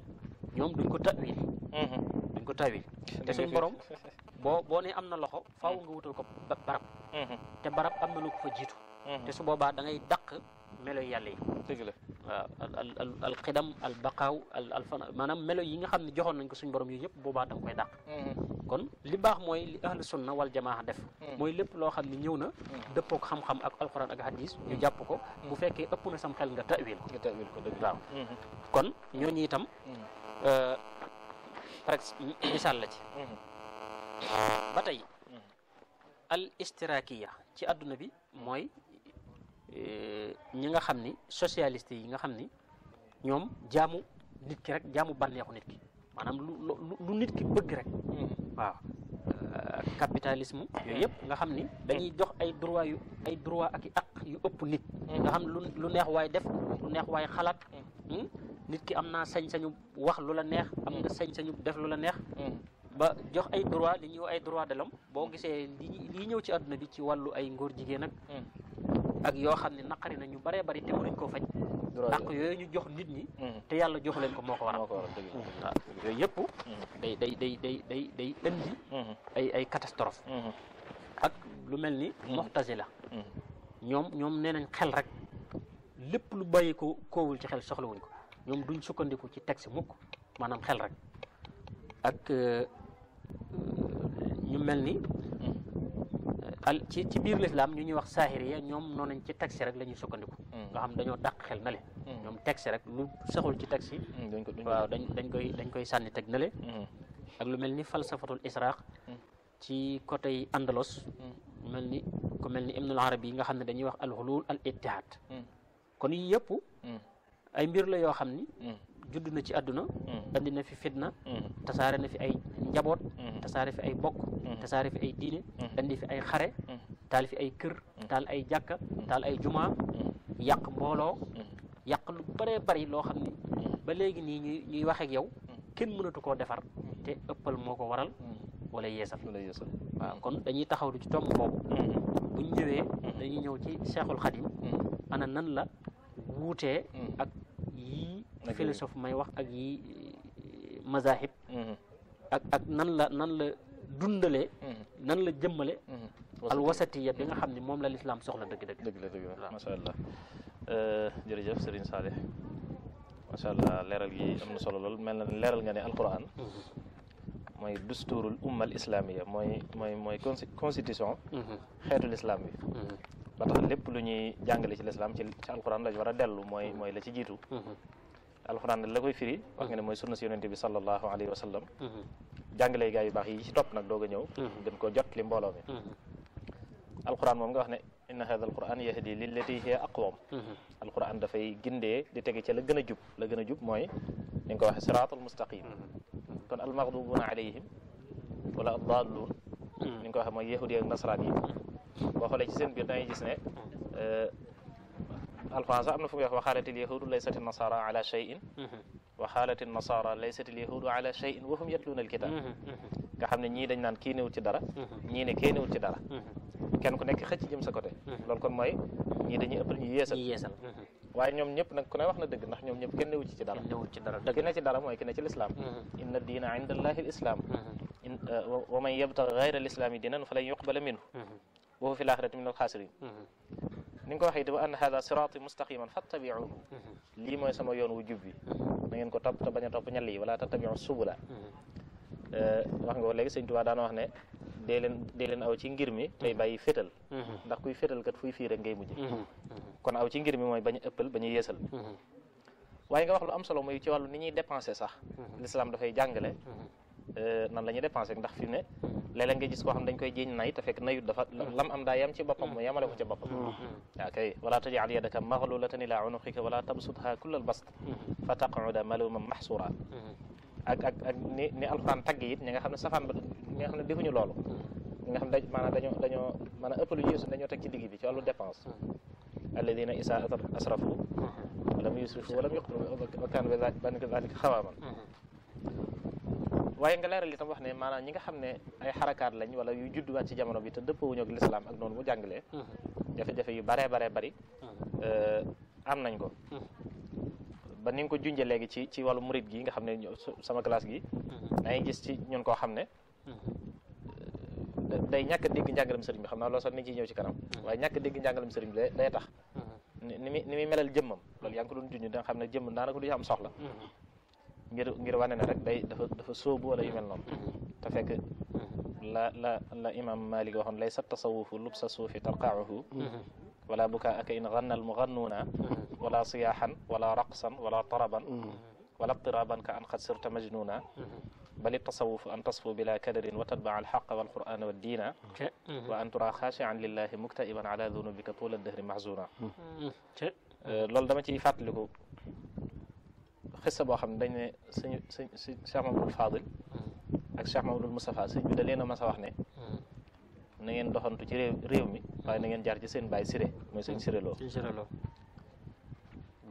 ñoom duñ ko tawil duñ ko tawil te suñ borom boo boo ne am na loxo faaw nga wutal ko barab te barab am na lu ko fa jiitu te su boobaa da ngay dàq melo yàlla yi dëgg la waaw al al al xidam al baqaaw al al fana maanaam melo yi nga xam ne joxoon nañ ko suñ borom yooyu yëpp boobaa da nga koy dàq kon li baax mooy li ahlu sunna wal jamaa def hmm. mooy lépp loo xam ne ñëw na hmm. dëppook xam-xam ak alxuraan ak hadis ñu hmm. jàpp ko bu fekkee ëpp na sam xel nga tawil ko waaw kon ñooñu itam euh, par misaal la ci ba tey al istirakiya ci àdduna bi mooy euh, ñi nga xam ni socialiste yi nga xam ni ñoom jaamu nit ki rek jaamu bànneexu nit ki maanaam lu lu nit ki bëgg rek waaw euh, capitalisme yooyu yëpp nga xam ni dañuy jox ay droit yu ay droit ak i aq yu ëpp nit nga xam lu lu neex waaye def lu neex waay xalaat hmm? nit ki am naa sañ-sañu wax lu la neex am nga sañ-sañu def lu la neex hmm. ba jox ay droit li ñuy ay droit de l'homme boo gisee li lii ñëw ci àdduna bi ci wàllu ay ngóor jigéen ak hmm. ak yoo xam ne naqari na ñu bëree bëri te mënuñ koo faj àq yooyu ñu jox nit ñi mm. te yàlla jox leen ko moo ko waral waaw yooyu yëpp day day day day day day indi mm-hmm. ay catastrophe mm-hmm. ak lu mel ni mm-hmm. la ñoom ñoom nee nañ xel rek lépp lu bàyyi ko koowul ci xel soxlawuñ ko ñoom duñ sukkandiku ci texte mukk maanaam xel rek ak euh, ñu mel ni al ci ci biir lislaam ñu ñuy wax saahiriya ñoom noonu nañ ci taxi rek la ñuy sukkandiku mm. nga xam dañoo dàq xel na le mm. ñoom taxi rek lu saxul ci taxi mm, waaw dañ dañ koy dañ koy sànni teg na le ak lu mel ni falsafatul israaq ci côté yi andalos mel ni ku mel ni ibnul arabi yi nga xam ne dañuy wax alxulul al ittihaad kon yi yëpp ay mbir la yoo xam ni judd na ci àdduna andi na fi fitna tasaare na fi ay njaboot tasaare fi ay bokk Mm-hmm. tasaare fi ay diine indi mm-hmm. fi ay xare mm-hmm. taal fi ay kër taal ay jàkka taal ay jumaa yàq mbooloo yàq lu bëree bëri loo xam ni ba léegi nii ñuy ñuy wax ak yow kenn mënatu koo defar te ëppal moo ko waral wala yeesal waaw kon dañuy taxaw ci tomb boobu buñ ñëwee dañuy ñëw ci Cheikhul Khadim ana nan la wuutee ak yii philosophe may wax ak yii mazahib ak ak nan dundalee mm-hmm. nan la jëmmale al mm-hmm. wasatiya bi nga mm-hmm. xam ne moom la lislaam soxla dëgg-dëgg dëgg la dëgg la macha allah euh, jërëjëf Serigne Salih macha allah leeral gi am na solo lool mel na leeral nga ne alquran mooy dusturul umma al islamiya mooy mooy mooy constitution xeetu lislaam bi ba tax lépp lu ñuy jàngale ci lislaam ci ci alquran lañ war a dellu mooy mooy la ci jiitu alquran la koy firi wax nga ne mooy sunna si yonente bi sallallahu alayhi wa jàngale gaa yu baax yi ci topp nag doog a ñëw gën mm-hmm. koo jot li mbooloo mi mm-hmm. alquran moom nga wax ne inna hadha alquran yahdi lillati hiya aqwam mm-hmm. alquran dafay gindee di tege ca la gën a jub la gën a jub mooy ni nga ko waxe siraatul mustaqim kon almaghdubuuna alayhim wala addalluun ni nga ko waxe mooy yahudi ak nasaraan yi boo xoolee ci seen biir dangay gis ne euh, alquran sax am na fu muy wax waxaalatil yahudu laysati nasara ala shay'in wa xaalat nasara laysat alyahudu ala cheyin wa hum yatluuna alkitab mm-hmm, mm-hmm. nga xam ne ñii dañ naan kii néewul ci dara mm-hmm. ñii ne kee néewul ci dara kenn ku nekk xëcc jëm sa côté loolu kon mooy ñii dañuy ëppal ñu yeesal waaye ñoom ñëpp nag ku ne wax na dëgg ndax ñoom ñëpp kenn néewul ci ci dara ki ne ci dara mooy ki ne ci lislaam inna diina inda allahi lislaam uh, wa man yabtaxi gayra alislaami diinan falan yuqbala minhu wa huwa fi laaxirati min alxaasirin ni nga ko waxee itam anna hada siraati mustaqiman fattabiuhu lii mooy sama yoon wu jub bi ngeen ko topp te bañ a topp ñal yi wala tattabiu subula mm-hmm. wax nga ko léegi sëñ Tuubaa daana wax ne dee leen dee leen aw ci ngir mi tey bàyyi fétal mm-hmm. ndax kuy fétal kat fuy fii rek ngay mujj mm-hmm. kon aw ci ngir mi mooy bañ a ëppal bañ a waaye nga wax lu am solo mooy ci wàllu ni ñuy dépenser sax l'islam dafay jàngale Euh, nan la ñuy dépensé ndax fi mu ne léeg-léeg nga gis koo xam dañ koy jiiñ nay lam am yam ci boppam mu yamale ko ci boppam waaw kay walaa tajal yadaka maxlulatan ila unuqika wala tabsutha kullal bast mm-hmm. mm-hmm. safaan ba ñi nga loolu mm-hmm. ñi nga xam ne da maanaam dañoo dañoo maanaam ëpp lu yéesu dañoo teg ci asrafu walam yusrifu walam yuqtu wa kaanu bi dalika xawaaman waaye nga leeral itam wax ne maanaam ñi nga xam ne ay xarakaat lañ wala yu judduwaat ci jamono bi te dëppawuñu ak lislaam ak noonu mu jàngalee mhm. jafe-jafe yu baree bare bari mhm. euh, am nañ ko mhm. ba ni ko junjee léegi ci ci wàllu murit gi nga xam ne sama classe gi da ngay gis ci ñun koo xam ne euh, day ñàkk a dégg njàngalem sëriñ bi xam naa loolu sax ni ci ñëw ci kanam waaye ñàkk a dégg njàngalem sëriñ bi day tax ni muy ni muy melal jëmmam loolu yaa ngi ko doon junj da xam ne jëmm daanaka du am soxla ngir ngir wane ne rek day dafa dafa sóobu wala yu mel noonu te fekk la la la imam malik waxoon laysa tasawufu lubsa suufi tarqaahu wala bukaa aka in ganna al mugannuuna wala siyaaxan wala raqsan wala taraban wala tiraban ka an xad sirta majnuuna bal tasawuf an tasfu bila kadarin wa tatbaa alxaqa walqurana wa diina wa an tura xaashian lillahi muktaiban ala dunubika tuula dëhri mahzuna loolu dama ciy fàttaliku xissa boo xam ne dañ ne suñu suñ suñ Cheikh Mamadou Fadil ak Cheikh Mamadou sëñ bi da leen a mas a wax ne na ngeen doxantu ci réew réew mi waaye na ngeen jaar ci seen baay Siré mooy sëñ Siré Lo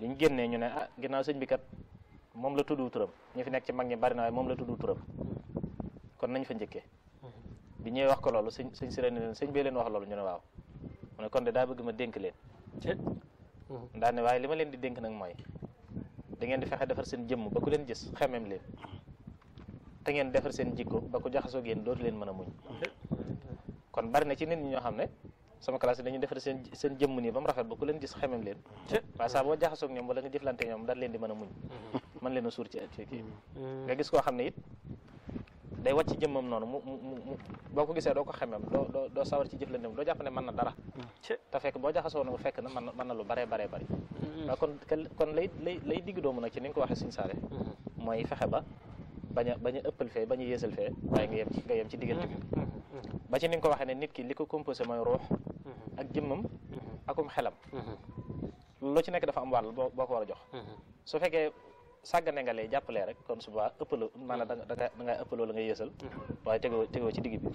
li ñu génnee ñu ne ah ginnaaw sëñ bi kat moom la tuddu turam ñu fi nekk ci mag ñi bari na waaye moom la tuddu turam kon nañ fa njëkkee bi ñëwee wax ko loolu sëñ sëñ Siré leen sëñ bee leen wax loolu ñu ne waaw mu ne kon de daa bëgg ma dénk leen daane waaye li ma leen di dénk nag mooy da ngeen di fexe defar seen jëmm ba ku leen gis xemem leen te ngeen defar seen jikko ba ku jaxasoo yéen dootu leen mën a muñ kon bari na ci nit ñi ñoo xam ne sama classe dañuy defar seen seen jëmm nii ba mu rafet ba ku leen gis xemem leen waaye saa boo ñoom wala nga jëflante ñoom daal leen di mën a muñ man leen a suur ci kii nga gis koo xam ne it day wàcc jëmmam noonu mu mu mu boo ko gisee doo ko xemem doo doo doo sawar ci jëflanteem doo jàpp ne mën na dara fekk boo jaxasoo na mu fekk na mën na mën na lu baree baree bari Mm-hmm. waaw kon kon lay lay lay digg doomu nag ci ni nga ko waxee suñu saare mm-hmm. mooy fexe ba bañ a a ëppal fee bañ a fee waaye nga yem ci nga yem bi mm-hmm. ba ci ni ko waxee ne nit ki li ko composé mooy ruux ak jëmmam akum xelam lu ci nekk dafa boo ko war a jox su fekkee sàggane nga lay jàppalee rek kon suba ëppaloo maanaam danga danga da ngay ëppaloo la ngay yéesal waaye tegoo ci digg bi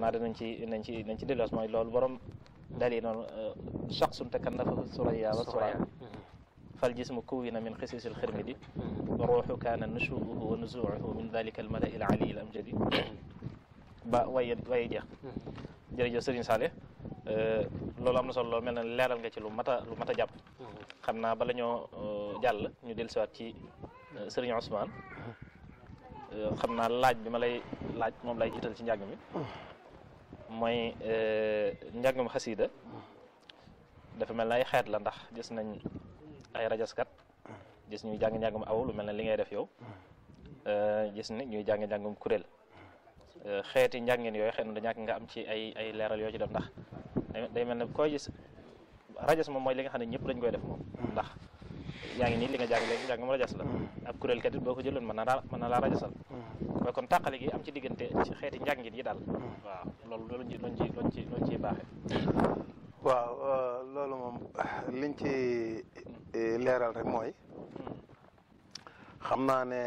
maa danañ ci nañ ci nañ ci delloos mooy loolu borom dal yi noonu euh, soq sunte kan dafa suraya wa suraya fal jismu kuwina min xisisil xirmidi wa ruuxu kaana nushuubuhu wa nuzuuhu min dalika al ali al amjadi ba waye waye jeex jërëjëf sëriñ loolu am na solo lool mel na leeral nga ci lu mat a lu mat a jàpp xam naa bala ñoo jàll ñu dellusiwaat ci sëriñ Ousmane xam naa laaj bi ma lay laaj moom lay jiital ci njàng mi mooy njàngum xasiida dafa mel na ay xeet la ndax gis nañ ay kat gis ñuy jàng njàngum aw lu mel ne li ngay def yow euh, gis ni ñuy jàng njàngum kuréel euh, xeeti njàngin yooyu xëy na nga am ci ay ay yoo ci def ndax day mel ne koy gis rajas moom mooy li nga xam ne ñëpp dañ koy def moom ndax yaa ngi nii li nga jàng léegi jàngum rajas la ab kuréel kat boo ko jëloon mën na laa mën na laa rajasal mooy kon tàqale am ci diggante xeeti njàngin yi daal waaw loolu ci loñ waaw euh, loolu moom liñ ci eh, leeral rek mooy xam naa ne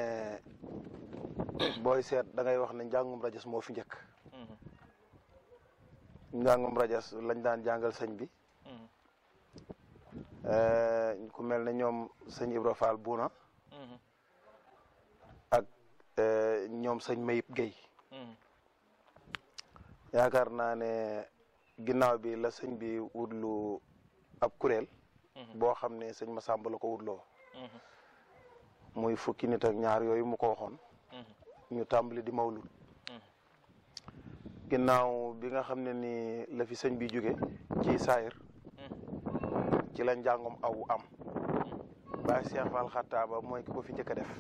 booy seet dangay wax ne njàngum rajas moo fi njëkk njàngum rajas lañ daan jàngal sëñ bi eh, ku mel ne ñoom sëñ Ibra Fall Buuna ak eh, ñoom sëñ Mayib Guèye mm-hmm. yaakaar naa ne ginnaaw bi la sëñ bi wutlu ab kuréel. Mhm. boo xam ne sëñ Massamba la ko wutloo. Mhm. muy fukki nit ak ñaar yooyu mu ko waxoon. Mhm. ñu tàmbali di mawlud. ginnaaw bi nga xam ne ni lafi fi sëñ bi jóge ci saayir ci la njàngum awu am. Baay Cheikh Fall mooy ki ko fi njëkk def.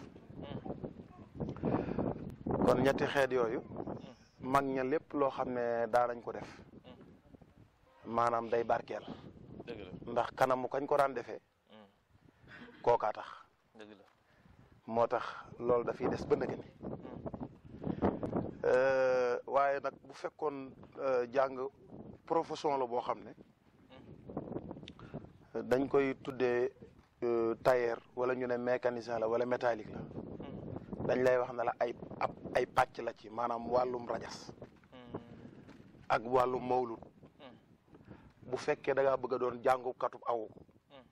kon ñetti xeet yooyu. mag ña lépp loo xam ne daanañ ko def. maanaam day barkeel. dëgg la ndax kanamu kañ ko daan defee. Hmm. kookaa tax. moo tax loolu dafiy des ba nëgë ni hmm. euh, waaye nag bu fekkoon euh, jàng profession la boo xam ne hmm. dañ koy tuddee euh, tailleur wala ñu ne mécanicien la wala métallique la dañ lay wax ne la ay ab ay pàcc la ci maanaam wàllum rajas ak wàllum mawlut bu fekkee da ngaa bëgg a doon jàngukatub aw hmm.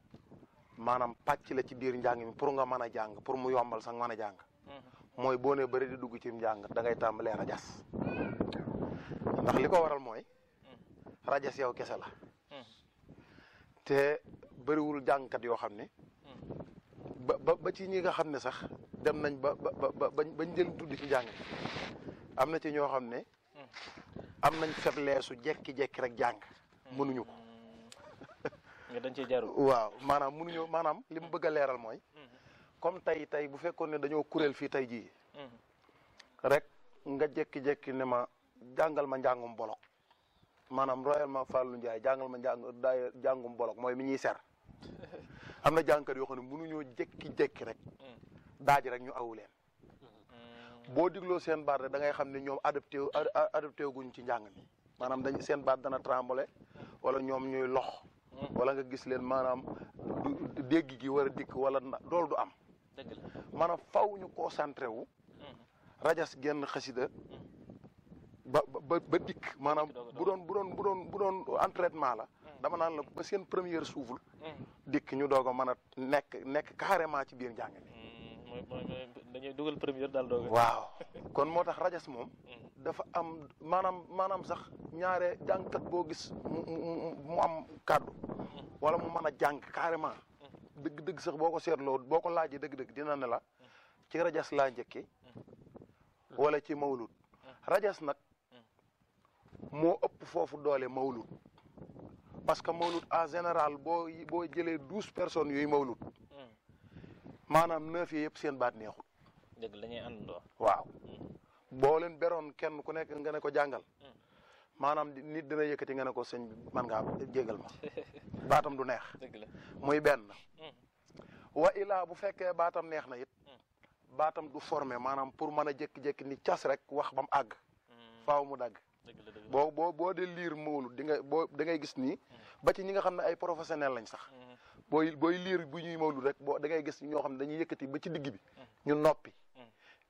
maanaam pàcc la ci biir njàng mi pour nga mën a jàng pour mu yombal sax mën a jàng hmm. mooy boo nee bëri di dugg ci njàng da ngay tàmbalee rajas ndax li ko waral mooy hmm. rajas yow kese la te bëriwul yoo xam ne ba ba ci ñi nga xam ne sax dem nañ ba ba ba bañ jël tudd ci jàng am na ci ñoo xam ne am nañ faiblesse su jekki-jekki rek jàng mënuñu ko. Mm. dañ cee jaarul waaw maanaam mënuñu maanaam li mu bëgg a leeral mooy. Mm-hmm. comme tey tey bu fekkoon ne dañoo kuréel fii tey jii. Mm-hmm. rek nga jékki-jékki ne ma jàngal ma njàngum bolok. maanaam royal ma Fallou njaay jàngal ma njàng daay jàngum bolok mooy mi ñuy ser. am na jàngkat yoo xam ne mënuñoo jékki-jékki rek. Mm. daaj rek ñu awu leen. Mm. boo digloo seen baar da ngay xam ne ñoom adapté adapté guñ ci njàng mi. maanaam dañ seen baat dana trembler wala ñoom ñuy lox hmm. wala nga gis leen maanaam dégg gi war a dikk wala loolu du am maanaam faw ñu concentré wu hmm. rajas genn xasida hmm. ba ba ba dikk maanaam bu doon bu doon bu doon bu la dama naan la ba seen première souffle dikk ñu doog a nekk nekk carrément ci biir njàng mi dañuy dugal première daal doog waaw kon moo tax rajas moom dafa am maanaam maanaam sax ñaare jàngkat boo gis mu am kàddu wala mu mën a jàng carrément dëgg-dëgg sax boo ko seetloo boo ko laajee dëgg-dëgg dina ne ci rajas laa njëkke wala ci mawlud rajas nag moo ëpp foofu doole mawlud parce que mawlud en général boo boo jëlee douze personnes yooyu mawlud hmm. maanaam neuf yi yëpp seen baat neexul waaw boo leen beroon kenn ku nekk nga ne ko jàngal. Hmm. maanaam nit dina yëkkati nga ne ko sëñ bi man ngaa jégal ma baatam du neex. muy benn. Hmm. wa ilaa bu fekkee baatam neex na it. Hmm. baatam du formé maanaam pour mën a jékki-jékki ni cas rek wax ba mu àgg. faaw mu dagg. boo boo boo dee liir moolu di nga boo da ngay gis nii. ba ci ñi nga xam ne ay professionnel lañ sax. booy booy liir bu ñuy moolu rek boo ngay gis ñoo xam ne dañuy yëkkati ba ci digg bi. ñu noppi.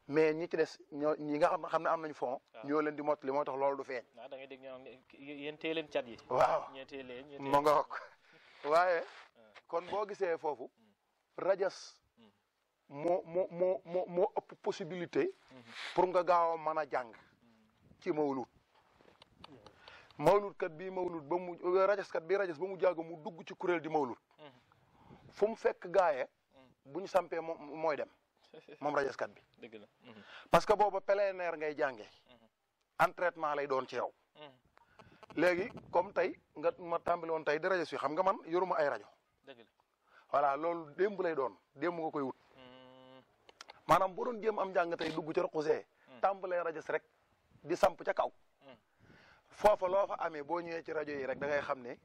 mais ñi ci des ñoo ñi nga xam xam ne am nañu fond. Ah. ñoo leen di mottali moo tax loolu du feeñ. waaw ah, da ngay dégg ñoo leen cat yi. waaw ñoo téye leen mu nga wax waaye. Ah. kon boo gisee foofu. Hmm. rajas. Hmm. moo moo moo ëpp possibilité. Hmm. pour nga gaaw a mën a jàng. ci mawlud. mawlud kat bi mawlud ba mu rajas kat bii rajas ba mu jàgg mu dugg ci kuréel di mawlud. fu mu fekk gaaye. bu ñu sampee mooy dem. moom rajaskat bi. Mhm. parce que booba plénaire ngay jàngee. Mhm. entraînement lay doon ci mhm. léegi comme tey nga ma tàmbali woon tey di rajo si xam nga man yoruma ay rajo. dëgg la voilà loolu démb lay doon démb nga koy wut. maanaam boo doon jéem am njàng tey dugg ca Roqusee. tàmbalee rajo si rek di samp ca kaw. foofa loo fa amee boo ñëwee ci rajo yi rek da ngay xam ne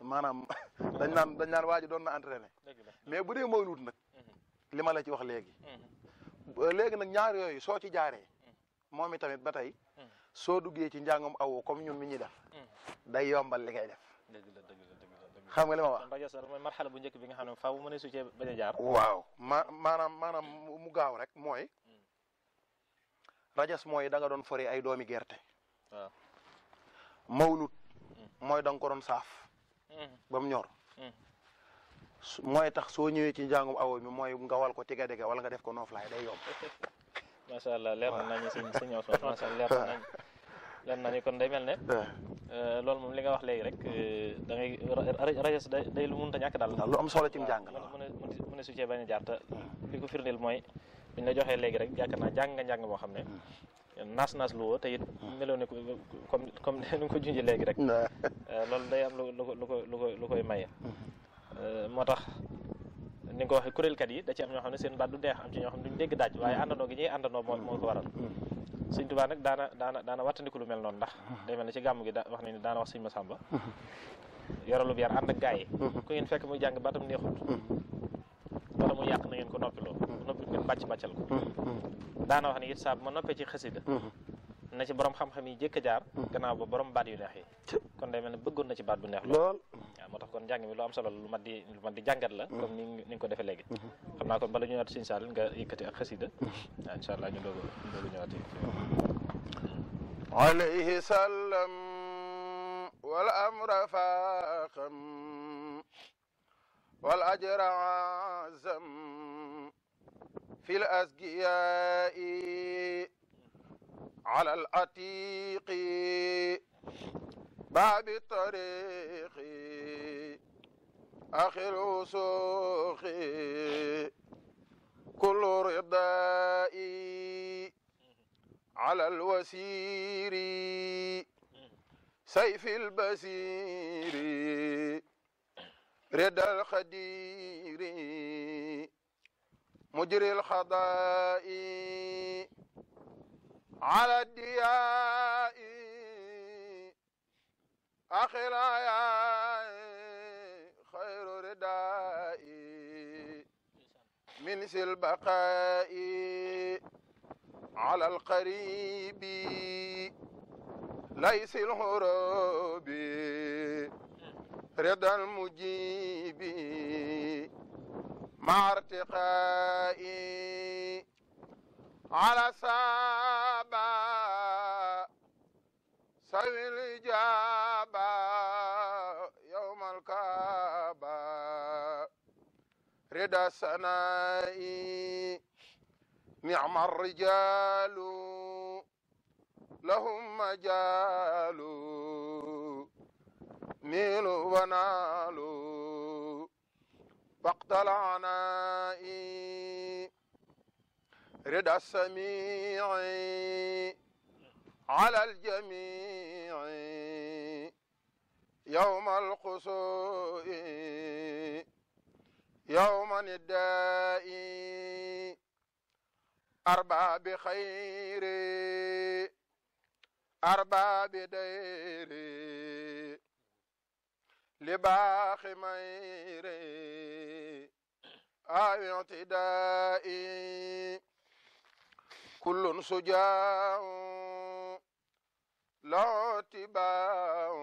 maanaam dañ naan dañ doon na entraîné. mais bu dee mooy wut nag. li la ci wax léegi. Mm-hmm. léegi nag ñaar yooyu soo ci jaaree. Mm-hmm. moom itamit ba tey. Mm-hmm. soo duggee ci njàngam awu comme ñun mi ñuy def. day yombal li ngay def. dëgg la dëgg la la xam nga li wax. rajo bu njëkk bi nga xam ne faaw mu ne su waaw ma maanaam maanaam mu gaaw rek mooy. Mm. rajas mooy da doon fori ay doomi gerte. waaw mawlut. Mm. mooy da ko doon saaf. Mm. ba ñor. mooy tax soo ñëwee ci njàngum awo mi mooy nga wal ko tiga dega wala nga def ko nooflaay day yomb. macha allah leer nañu si si ñëw sonn macha allah leer nañu nañu kon day mel ne. Euh, loolu moom li nga wax léegi rek euh, da ngay rajas day lu mënut a ñàkk daal. lu am solo ci njàng. waaw mën a mën a su cee bañ a jaar te li ko mooy bi ñu la joxee rek yaakaar naa jàng nga boo xam ne. naas naas lu woo te it hmm. meloo ne comme comme ni ko junjee léegi rek. Euh, loolu day am lu ko lu ko lu koy may hmm. Euh, moo tax ni nga ko waxee kat yi da ci am ñoo xam ne seen baat du neex am ci ñoo xam ne duñ dégg daaj waaye mm. àndandoo gi ñuy àndandoo moo moo ko waral mm. sëñ Tuubaa nag daana daana daana lu mel noonu ndax mm. day mel na ci gàmm gi da wax nañu daana wax sëñ Masamba yoralub yar ànd ak gaa yi ku ngeen fekk muy jàng baatam neexut wala mu yàq na ngeen ko noppiloo noppi ngeen bàcc bàccal ko daana wax ne it saa bu ma noppee ci xasida na ci borom xam-xam yi jëkk a jaar gannaaw ba baat yu neex yi kon na ci baat bu neex lool moo a kon njàng mi lu am solo lu mat di lu mat di jàngat la comme ni ni ko defee léegi mm-hmm. xam naa kon bala ñu ñëwaat Sëñ Sall ak xasida waaw mm-hmm. ah, ñu doogu ñu doogu ñëwaat mm-hmm. wal amra faaqam wal ajra azam fi l ala al باب الطريق أخي الوسوخ كل رضائي على الوسير سيف البصير رضا الخدير مجري الخضاء على الديائي أخلايا خير ردائي من البقاء على القريب ليس الهروب رضا المجيب مع ارتقائي على سابق سوي الإجابة يوم الكعبة رضا سنائي نعم الرجال لهم مجال نيل ونال وقت العناء رضا السميع على الجميع يوم القصوء يوم النداء أربع بخير أربع بدير لباخ مير أو اعتداء كل سجاء له اتباع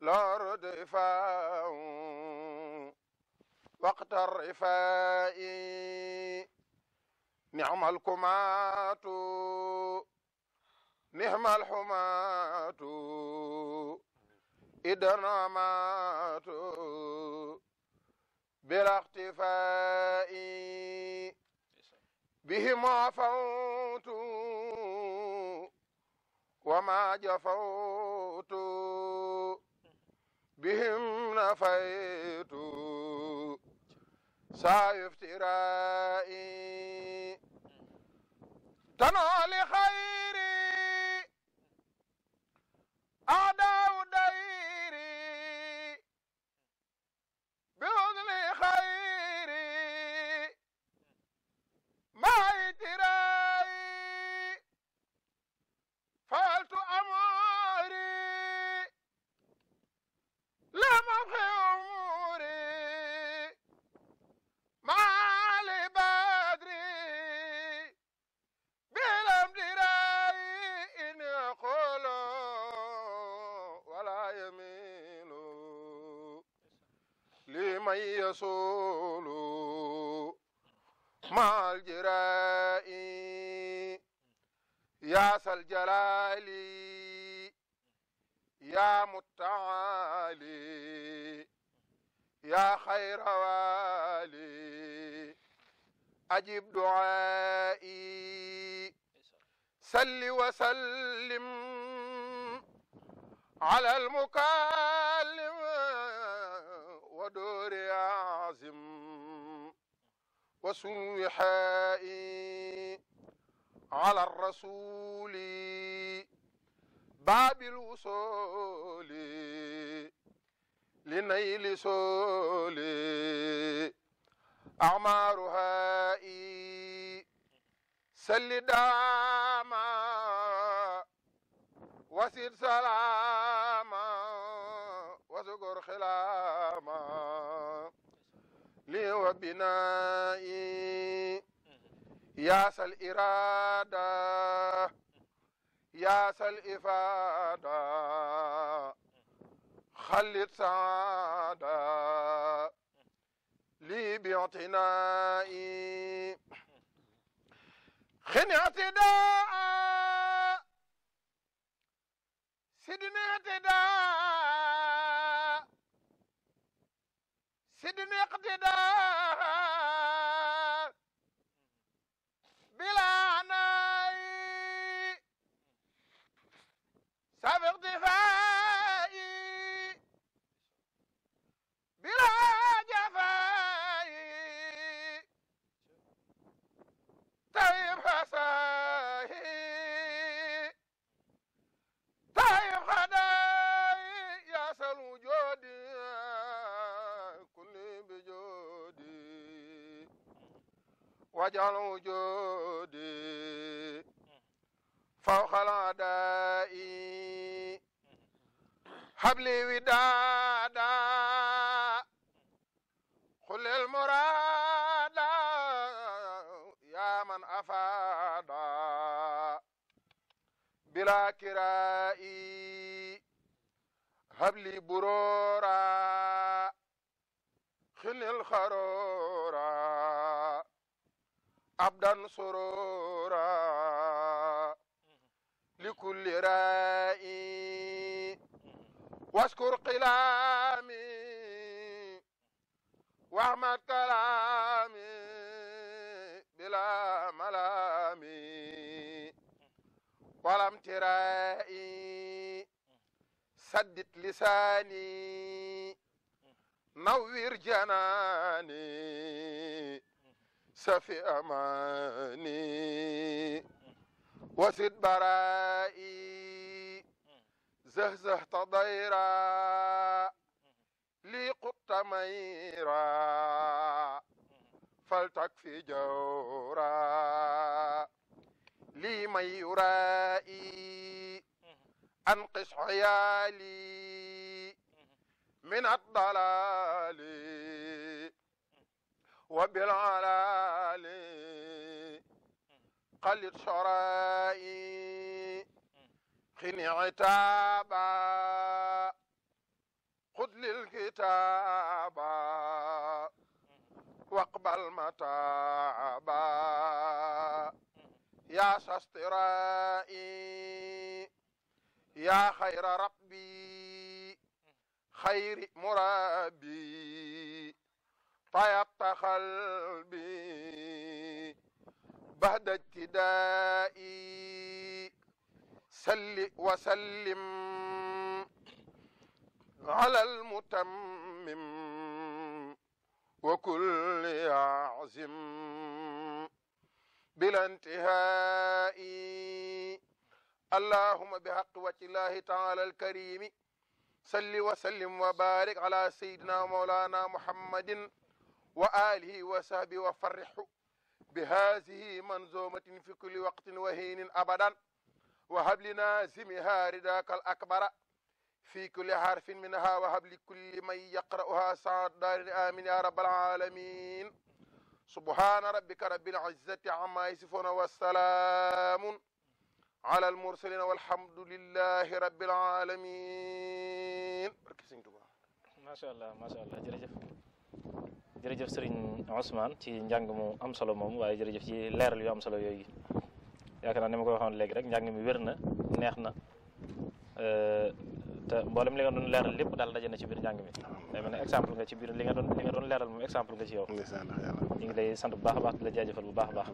له ردفاع وقت الرفاء نعم الكمات نعم الحمات إذا نعمات بلا اختفاء بهم عفوت وما جفوت بهم نفيت سايفترائي تنا لخيري أعداء يصول مع الجراء يا ذا الجلال يا متعالي يا خير والي أجب دعائي سل وسلم على المكلم ودور عازم وسوء وحائي على الرسول باب الوصول لنيل سول أعمارها سل داما وسر سلام سلاما لي وبنائي ياس الإرادة ياس الإفادة خلد سعادة لي باعتنائي خني اعتداء سدني اعتداء sidin iqtida bila nay sabiq difaa'i bila jafaa'i tayib hasan واجعل وجودي فوق الأعداء هب لي ودادا قل المراد يا من أفاد بلا كرائي هب لي برورا خل الخرورا abdan surura mm-hmm. likulli ra'i mm-hmm. qilami wahmad kalami bila malami mm-hmm. walam tirai saddit lisani nawwir janani سفي أماني وسد برائي زهزه تضيرا لي قط ميرا فلتكفي جورا لي من يرائي أنقش عيالي من الضلال وبالعلال قلت شرائي قني عتابا خذ للكتابا واقبل متابا يا سسترائي يا خير ربي خير مرابي طيبت قلبي بعد ابتدائي سل وسلم على المتمم وكل يعزم بلا انتهاء اللهم بحق وجه الله تعالى الكريم صل وسلم وبارك على سيدنا مولانا محمد wa alihi wa sahbi wa farrixu bi haadihi manzumatin fi kulli waqtin wa hiinin abadan wa habli naazimiha ridaka al akbara fi kulli harfin minha wa habli kulli man yaqra'uha saad daarin amin ya rabbal alamin subhana rabbika rabbil izzati amma yasifuna wa salaamun ala al mursalin walhamdulillahi rabbil alamin barke Sëñ Tuubaa macha allah macha allah jërëjëf jërëjëf sëriñ Ousmane ci njàng mu am solo moom waaye jërëjëf ci leeral yu am solo yooyu yaakaar naa ne ma ko waxoon léegi rek njàng mi wér na neex na euh, te mboolem li nga doon leeral lépp daal daje na ci biir njàng mi ma mel ne exemple nga ci biir li nga doon doon leeral moom exemple nga ci yow ñu ngi lay sant bu baax a baax di la jaajëfal bu baax a baax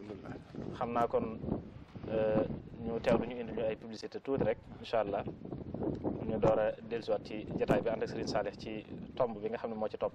xam naa kon euh, ñu teewlu ñu indi ñu ay publicité tuuti rek incha allah ñu door a dellusiwaat ci jataay bi ànd ak Serigne Saleh ci tomb bi nga xam ne moo ci topp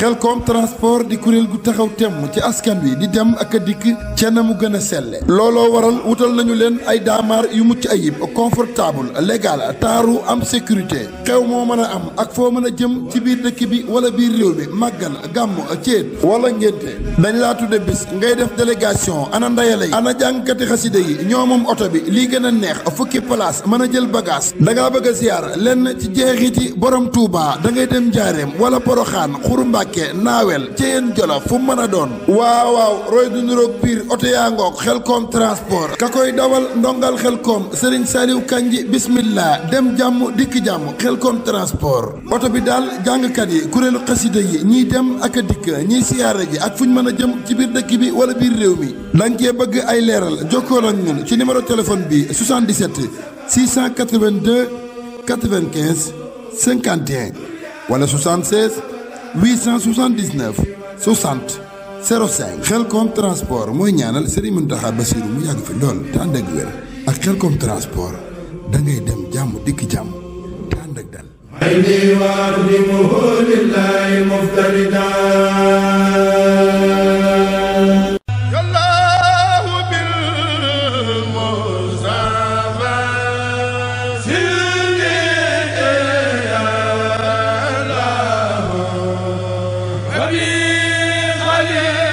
Xelcom transport di kuréel gu taxaw temm ci askan bi di dem ak a dikk ca na mu gën a selle looloo waral wutal nañu leen ay daamaar yu mucc ayib confortable légal taaru am sécurité xew moo mën a am ak foo mën a jëm ci biir dëkk bi wala biir réew mi màggal gàmm céet wala ngénte dañ laa tudde bis ngay def délégation ana ndayale yi ana jàngkati xasida yi ñoo moom oto bi lii gën a neex fukki place mën a jël bagage da ngaa bëgg a lenn ci jeexiti borom Touba da ngay dem Njaareem wala Poroxaan Xuru Mbàkke Mbàkke naawel Ceyeen fu mën a doon waaw waaw roy du nuroog piir oto yaa ngoog xelkoom transport ka koy dawal ndongal xel xelkoom Serigne Saliou Kanji bismillah dem jàmm dikk jàmm xelkoom transport oto bi dal jàngkat yi kuréelu xasida yi ñiy dem ak a dikk ñiy siyaara ji ak fu ñu mën a jëm ci biir dëkk bi wala biir réew mi danga cee bëgg ay leeral jokkoo ak ñun ci numéro téléphone bi 77 682 95 51 wala 76 879 60 05 Xelcom transport mooy ñaanal Serigne Mountakha Bassirou mu yàgg fi lool te ànd ak wér ak Xelcom transport da ngay dem jàmm dikk jàmm te ak dal ay di wa di muhu lillahi muftaridan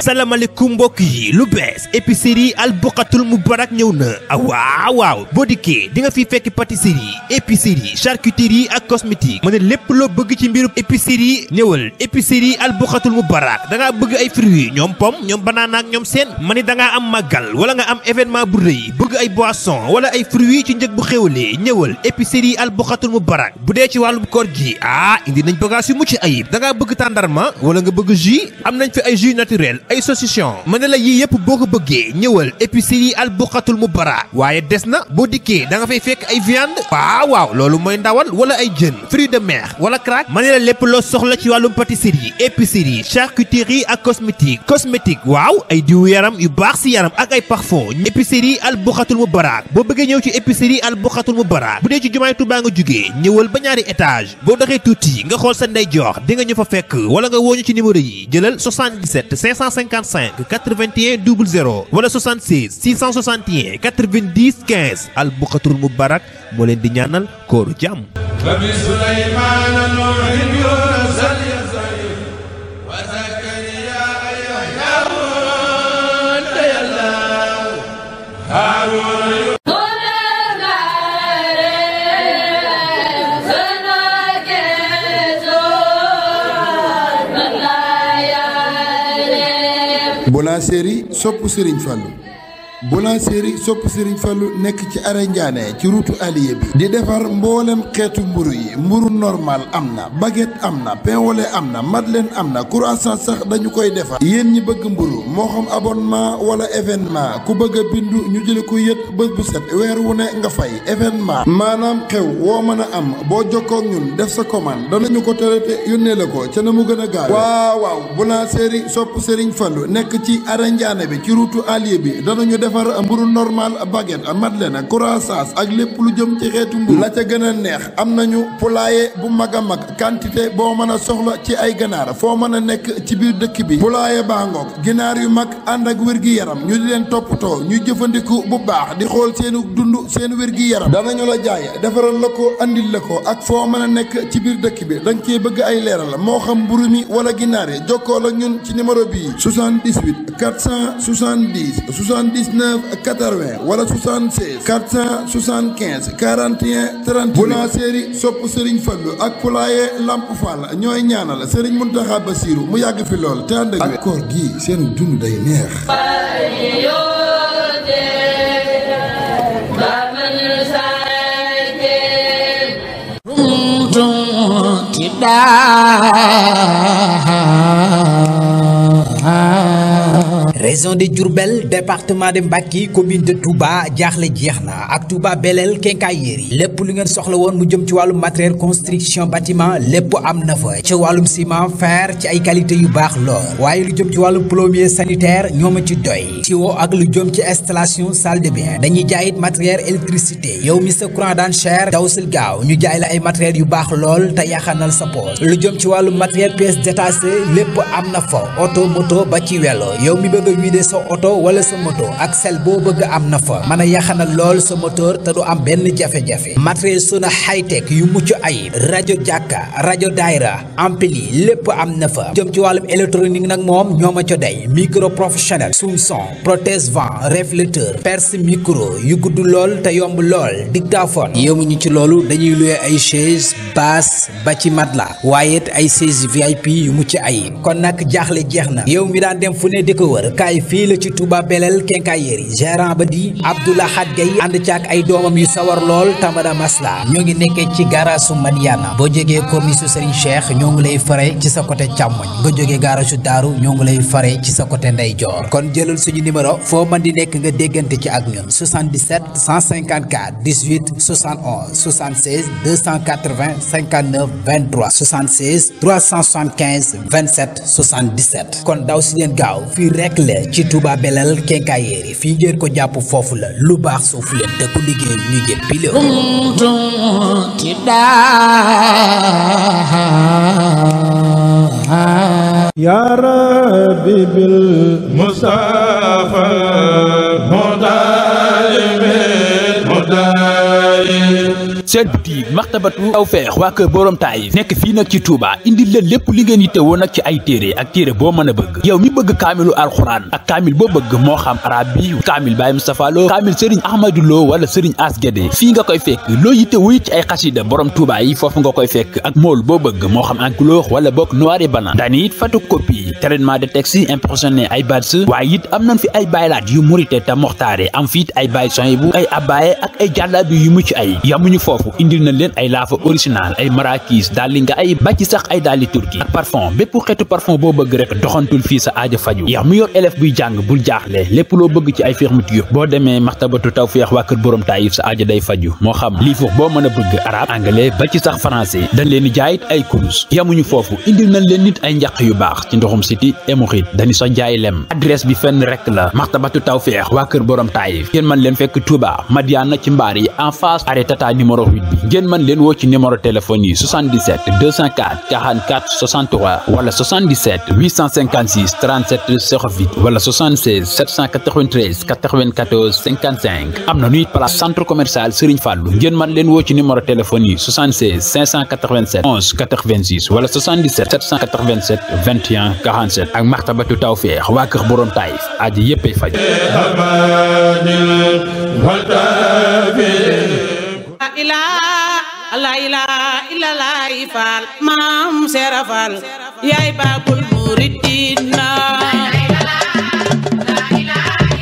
asalaamaaleykum mbokk yi lu bees épicerie al buqatul mubarak ñëw na awaaw ah, waaw boo dikkee di nga fi fekk pâtisserie épicerie charcuterie ak cosmétique ma ne lépp loo bëgg ci mbirum épicerie ñëwal épicerie al buqatul mubarak da ngaa bëgg ay fruits ñoom pomme ñoom banana ak ñoom seen ma ne da ngaa am màggal wala nga am événement bu rëy bëgg ay boisson wala ay fruits ci njëg bu xéwalee ñëwal épicerie al buqatul mubarak bu dee ci wàllum koor gi ah indi nañ bagage yu mucc ayib da ngaa bëgg tàndarma wala nga bëgg jus am nañ ay jus ay saucisson mën yii yëpp boo ko bëggee ñëwal épicerie al buqatul mubara waaye des na boo dikkee da nga fay fekk ay viande waaw waaw loolu mooy ndawal wala ay jën fruits de mer wala crack mën la lépp loo soxla ci wàllum pâtisserie épicerie charcuterie ak cosmétique cosmétique waaw ay diwu yaram yu baax si yaram ak ay parfum épicerie al buqatul mubara boo bëggee ñëw ci épicerie al buqatul mubara bu dee ci jumaay Tuubaa nga jugee ñëwal ba ñaari étage boo doxee tuuti nga xool sa ndeyjoor di nga ñu fa fekk 55 81 00 wala 76 661 90 15 al buqatul mubarak moo leen di ñaanal kooru jàmm. Aaron Bollaa Séeri sopp Serigne Fallou boulangerie sopp Serigne Fallou nekk ci arrêt Ndiané ci route allié bi di defar mboolem xeetu mburu yi mburu normal am na baguette am na pain au lait am na leen am na croissant sax dañu koy defar yéen ñi bëgg mburu moo xam abonnement wala événement ku bëgg a bindu ñu jële ko yët bés bu set weer wu ne nga fay événement maanaam xew woo mën a am boo jokkoo ñun def sa commande danañu ko traité yónnee la ko ca na mu gën a gaal waaw waaw boulangerie sopp Serigne Fallou nekk ci arrêt bi ci route allié bi danañu defar mburu normal baguette madeleine ak croissants ak lépp lu jëm ci xeetu mburu la ca gën a neex am nañu poulailler bu mag a mag quantité boo mën a soxla ci ay ganaar foo mën a nekk ci biir dëkk bi poulailler baa ngoog ginaar yu mag ànd ak wér gi yaram ñu di leen toppatoo ñu jëfandiku bu baax di xool seenu dund seen wir gi yaram danañu la jaay defaral la ko andil la ko ak foo mën a nekk ci biir dëkk bi da nga bëgg ay leeral moo xam mburu mi wala ginaar yi jokkoo la ci numéro bii 78 470 79 79 80 wala 76 475 41 30 boulangerie sopp Serigne Fallou ak poulailler Lamp Fall ñooy ñaanal Serigne Mountakha Bassirou mu yàgg fi lool te ànd ak gi seen dund day neex. daa région de Diourbel département de Mbacké commune de Touba jaaxle jeex na ak Touba Belel Quincaillerie yi lépp lu ngeen soxla woon mu jëm ci wàllum matériel construction batiment lépp am na fa ci wàllum ciment fer ci ay qualité yu baax lool waaye lu jëm ci wàllum plombier sanitaire ñooma ci doy tuyau ak lu jëm ci installation salle de bain dañuy jaayit matériel électricité yow mi sa courant daan cher daw sil gaaw ñu jaay la ay matériel yu baax lool te yaxanal sa poche lu jëm ci wàllum matériel pièces détachées lépp am na fa oto moto ba ci welo bëgg a oto wala sa ak sel boo bëgg am na fa mën a yaxanal lool sa moteur te am benn jafe-jafe matériel sona high-tech yu mucc ayib rajo jàkka rajo daayra ampli lépp am na fa jëm ci wàllum électronique nag moom ñoo ma co day micro professionnel sumson protège vent réflecteur perce micro yu gudd lool te yomb lool dictaphone yéemuñu ci loolu dañuy luwee ay chaise basse ba ci matelas waaye it ay chaise VIP yu mucc ayib kon nag jaaxle jeex na yow mi daan dem fu ne di ko wër kaay fii la ci Touba Belel Quincaillerie gérant ba di Abdoulaye Hadj Gueye ànd ci ak ay doomam yu sawar lool tamada masla ñoo ngi nekkee ci garaasu Madiana boo jógee commis su Serigne ñoo ngi lay fare ci sa côté càmmoñ nga jógee garaasu Daaru ñoo ngi lay fare ci sa côté ndeyjoor kon jëlal suñu numéro foo man di nekk nga déggante ci ak ñun 77 154 18 71 76 280 59 23 76 375 27 77 kon daw si leen gaaw fii rek la ci Touba Belal kenkaayéeri fii ko jàpp foofu la lu baax suuf leen te ku liggéeyul ñu jëppi la yaa rabbi seen boutique maxtabatu tawfeex waa kër borom taayif nekk fii nag ci Touba indi leen lépp li ngeen yittewoo nag ci ay téere ak téere boo mën a bëgg yow mi bëgg kaamilu alxuraan ak kaamil boo bëgg moo xam arab bi kaamil Baye Moustapha Lo kaamil Serigne Ahmadou Lo wala Serigne As Guédé fii nga koy fekk loo yittewoo ci ay xasida borom Touba yi foofu nga koy fekk ak mool boo bëgg moo xam en couleur wala bokk noir et blanc daan it photocopie traitement de texte impressionné ay bats waaye am nañ fi ay baylaat yu murite te moxtaare am fiit ay bay son bu ay abaaye ak yu mucc ay yamuñu foofu foofu indil na leen ay laafa original ay marakis daal li nga ay ba ci sax ay daali turki ak parfum bépp xeetu parfum boo bëgg rek doxantul fii sa aajo faju yax mu yor buy jàng bul jaaxle lépp loo bëgg ci ay fermeture boo demee maxtabatu tawfeex waa kër borom taayif sa aajo day faju moo xam lii boo mën a bëgg arabe anglais ba ci sax français dañ leen jaayit ay kurus yamuñu foofu indil nañ leen nit ay njaq yu baax ci ndoxum siti emoxit dañu sax jaay la maxtabatu tawfeex waa kër borom taayif kenn man leen fekk Touba Madiana ci mbaar yi en ngeen mën leen woo ci numéro téléphone yi 77 204 44 63 wala 77 856 37 08 wala 76 793 am na nuy place centre commercial Serigne Fallou ngeen mën leen woo ci numéro téléphone yi 76 587 11 86 wala 77 787 21 47 ak Martabatu Tawfeex waa kër borom Taïf aji yéppay faj la ilaha illa la faal maam seera faal yaay baabul muridina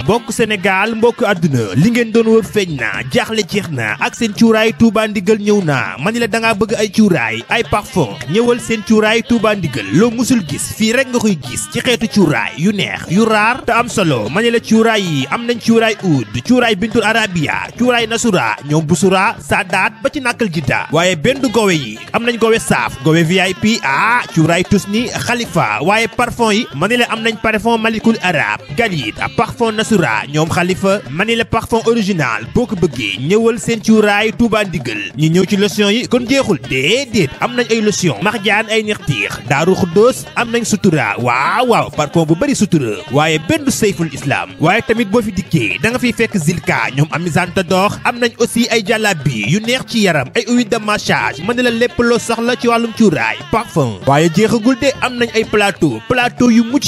mbokk Sénégal mbokk àdduna li ngeen doon wër feeñ na jaaxle jeex na ak seen cuuraay Touba Ndigal ñëw na ma ni la da ngaa bëgg ay cuuraay ay parfum ñëwal seen cuuraay Touba Ndigal loo musul gis fii rek nga koy gis ci xeetu cuuraay yu neex yu raar te am solo ma ni la cuuraay yi am nañ cuuraay oud cuuraay bintul arabia cuuraay nasura ñoom busura saadaat ba ci nàkkal jidda waaye benn du gowe yi am nañ gowe saaf gowe VIP ah cuuraay tusni xalifa waaye parfum yi ma ni la am nañ parfum malikul Asura ñoom xalifa mani la parfum original boo ko bëggee ñëwal seen cuuraay Touba Ndigal ñu ñëw ci lotion yi kon jeexul déedéet am nañ ay lotion Marjaan ay nextiir Daaru Xuddoos am nañ sutura waaw waaw parfum bu bëri sutura waaye benn sayful islam waaye tamit boo fi dikkee da nga fiy fekk Zilka ñoom amisante dox am nañ aussi ay jàllabi yu neex ci yaram ay huile de massage la lépp loo soxla ci wàllum cuuraay parfum waaye jeexagul de am nañ ay plateau plateau yu mucc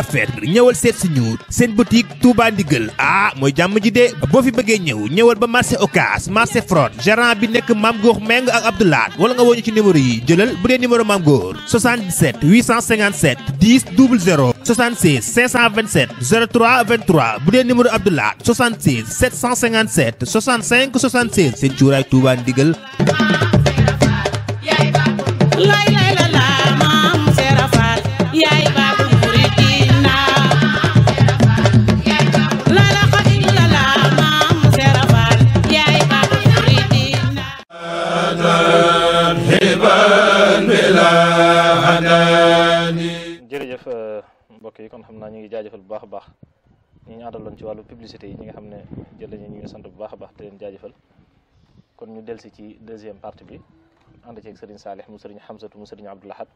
rafet ñëwal seet si ñu seen boutique Touba Ndigal ah mooy jàmm ji de boo fi bëggee ñëw ñëwal ba marché Ocass marché Frod gérant bi nekk Mame Goor Meng ak Abdoulaat wala nga woo ci numéro yi jëlal bu dee numéro Mame Goor 77 857 10 00 76 527 03 23 bu dee numéro Abdoulaat 76 757 65 76 seen cuuraay Touba Ndigal. kon xam naa ñu ngi jaajëfal bu baax a baax ñi ñu àndaloon ci wàllu publicité yi ñi ngi xam ne jël nañu ñu ngi sant bu baax baax te leen jaajëfal kon ñu delsi ci deuxième partie bi ànd ceeg sëriñ Saalix mu sëriñ Xamsatu mu sëriñ Abdul Ahad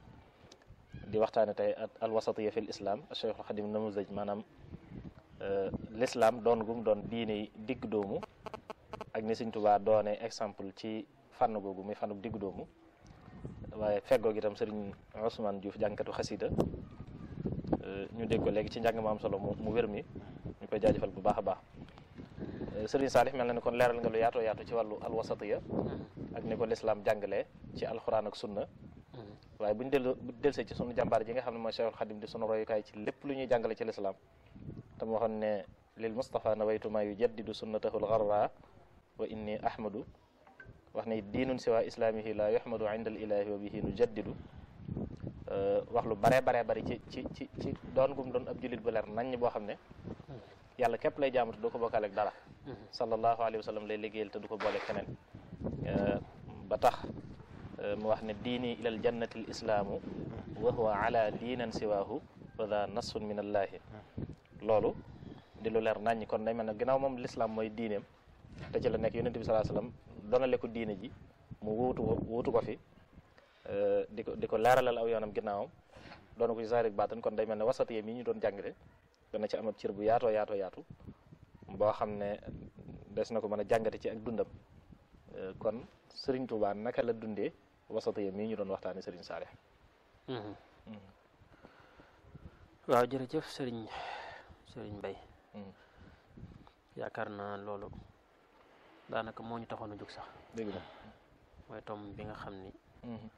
di waxtaane tey al wasatiya fil islam Cheikhul Xadim namuzaj maanaam euh, l'islam doon gum doon diine yi digg doomu ak ni Sëriñ tubaa doone exemple ci fànn googu muy fànn digg doomu waaye feggoo gi itam sëriñ Ousmane Diouf jànkatu xasida Euh, ñu dégg ko léegi ci njàng ma am solo mu wér mi ñu koy jaajëfal bu baax a baax euh, Serigne Saalix mel na ni kon leeral nga lu yaatoo yaatu ci wàllu alwasatiya hmm. ak ni ko lislaam jàngalee ci alxuraan ak sunna hmm. waaye bu ñu dellu delsee ci sunu jàmbaar ji nga xam ne mooy Cheikhul Xadim di sunu royukaay ci lépp lu ñuy jàngale ci lislaam tam waxoon ne lil Mustafa nawaytu maa yujaddidu sunnatahu algarra wa inni ahmadu wax ne diinun siwa islaamihi la yuhmadu inda al ilahi wa bihi nujaddidu Euh, wax lu baree baree bari ci ci ci ci doon gum doon ab jullit bu boo xam ne yàlla képp lay jaamu te du ko bokkaale ak dara mm-hmm. sallallahu alayhi wa sallam lay liggéeyal te du ko boole keneen euh, ba tax euh, mu wax ne diini ilal jannati islaamu wa huwa ala diinan siwaahu wa da min allaahi loolu di lu leer naññ kon day mel ne ginnaaw moom lislaam mooy diineem te ci la nekk yonente bi salaa sallam donale ko diine ji mu wuutu ko fi Euh, di ko di ko leeralal aw yoonam ginnaawam doon ko ci zahir ak baatan kon day mel ne wasat yem yi ñu doon jàngale dana ci amab cër bu yaatoo yaatoo yaatu xam ne na ko mën a jàngate ci ak euh, kon sëriñ Touba naka la dundee wasat yem yi ñu doon waxtaane Serigne Saliou mm-hmm. mm-hmm. waaw jërëjëf sëriñ Serigne Mbaye mm. yaakaar na loolu daanaka moo ñu taxoon a jóg sax dëgg la mooy tom bi nga xam ni mm-hmm.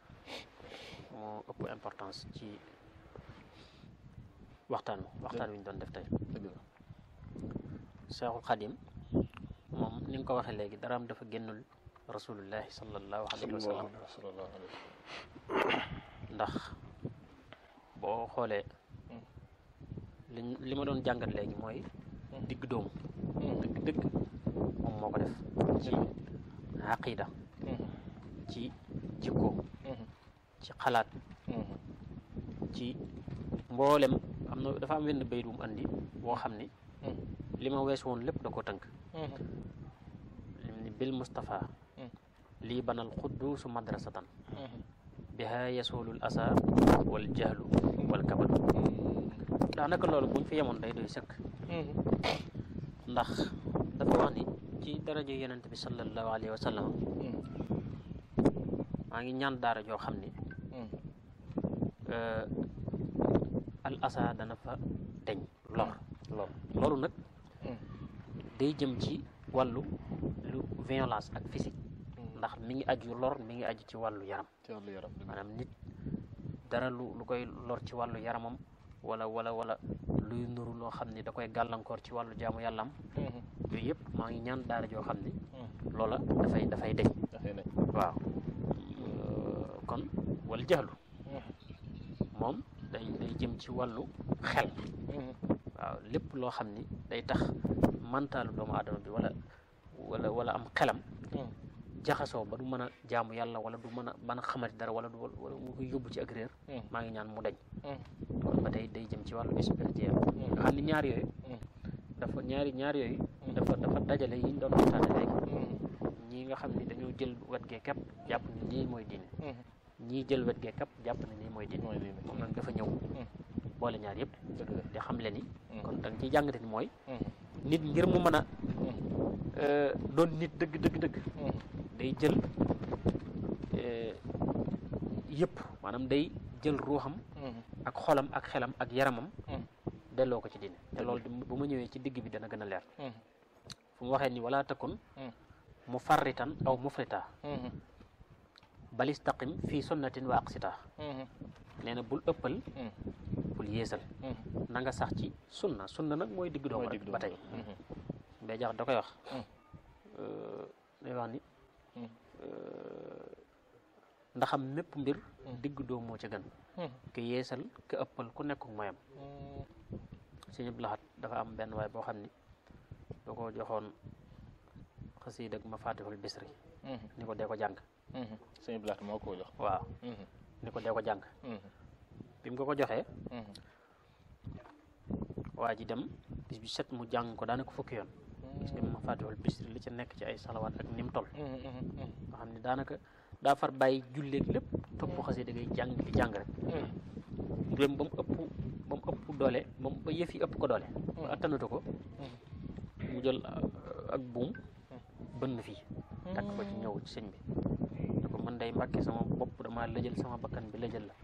moo ëpp importance ci waxtaan waxtaan wi ñu doon def tey Seexul Xadim moom ni nga ko waxee léegi daraam dafa génnul rasulullahi sallallahu alayhi wa sallam ndax boo xoolee li li ma doon jàngat léegi mooy digg doomu dëgg dëgg moom moo ko def ci aqida hmm. ci jikko ci xalaat mm-hmm. ci mboolem am na dafa am wenn bayit bu mu andi boo xam ne mm-hmm. li ma wees woon lépp da ko tënk mm-hmm. bil lii banal xudduusu madrasatan biha yasulul asa wal jahlu wal kabal daanaka loolu buñ fi yemoon day doy sëkk ndax dafa wax ni ci daraja yonent bi sallallahu alayhi wa maa ngi ñaan daara joo xam ne Euh, al asa dana fa deñ lor mm. lor loolu nag mm. day jëm ci wàllu lu violence ak physique mm. ndax mi ngi aju lor mi ngi aju ci wàllu yaram maanaam nit dara lu lu koy lor ci wàllu yaramam wala wala wala luy nuru loo xam ne da koy gàllankoor ci wàllu jaamu yàllaam mm-hmm. yooyu maa ngi ñaan daara joo xam ne loola dafay dafay deñ waaw euh, kon wal jaxlu hmm. moom day day jëm ci wàllu xel hmm. waaw lépp loo xam ni day tax mantaalu doomu aadama bi wala wala wala am xelam hmm. jaxasoo ba du mën a jaamu yàlla wala du mën a mën a xamati dara wala du wala mu koy yóbbu ci ak maa ngi ñaan mu dañ kon jëm ci wàllu ñaar yooyu dafa ñaar yooyu dafa dafa dajale yiñ doon waxtaane rek ñi nga xam ni dañoo jël wet gee képp jàpp ni lii mooy diine ñii jël wet gee kap jàpp ne nii mooy diine moom nag dafa ñëw mm. boole ñaar yëpp di xam le ni mm. kon dañ ciy jàngate ni mooy mm. nit ngir mu mën a euh, doon nit dëgg dëgg dëgg day jël euh, yëpp maanaam day jël ruuxam ak xolam ak xelam ak yaramam delloo ko ci diine te loolu bu ma ñëwee ci digg bi dana gën a leer fu mu waxee ni wala takun mu farritan aw mufrita mm-hmm. bal istaqim fii sunnatin wa aqsita mhm. nee na bul ëppal mhm. bul yéesal mhm. na sax ci sunna sunna nag mooy digg doomu rek ba tey mbay jax da koy mépp euh, euh, mbir digg doom moo ca gën ke yeesal ke ëppal ku nekkul moyam suñu laxat dafa am benn waay boo xam ni da ko joxoon xasiid ak ma faatihul bisri ni ko dee ko jàng sëñ Blaat moo ko jox waaw mhm. ni ko dee ko jàng mhm. bi mu ko ko joxee mhm. waa ji dem bis bi set mu jàng ko daanaka fukki yoon gis nga ma fàttewul bisri li ci nekk ci ay salawaat ak nim tol nga xam ne daanaka daa far bàyyi julleeg lépp topp xasee da ngay jàng di jàng rek dem ba mu ëpp ba mu ëpp doole ba mu ba yëf yi ëpp ko doole ba ko mu jël uh, ak buum bënn fii takk ko ci mm. ñëw ci bi man day mbàkke sama bopp dama la jël sama bakkan bi la jël la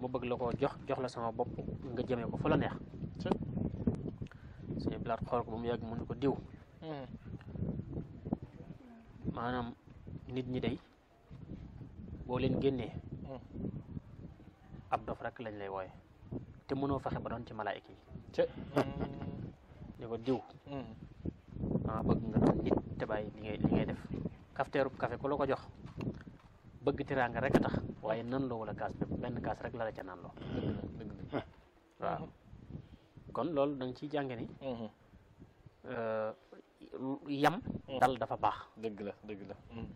mu bëgg la koo jox jox la sama bopp nga jëmee ko fu la neex su bilaat xool ko ba mu yàgg ko diw hmm. nit ñi day boo leen génnee hmm. ab dof rek lañ lay wooye te mënoo fexe ba doon ci malaayika yi ne ko diw hmm. maa bëgg nga doon nit te li ngay def kafteerub kafe ku la ko jox bëgg tiraanga rek a tax waaye nan loo wala kaas bépp benn kaas rek la la ca kon loolu da ci ciy jànge ni mhm. euh, yam mhm. dal dafa baax mhm.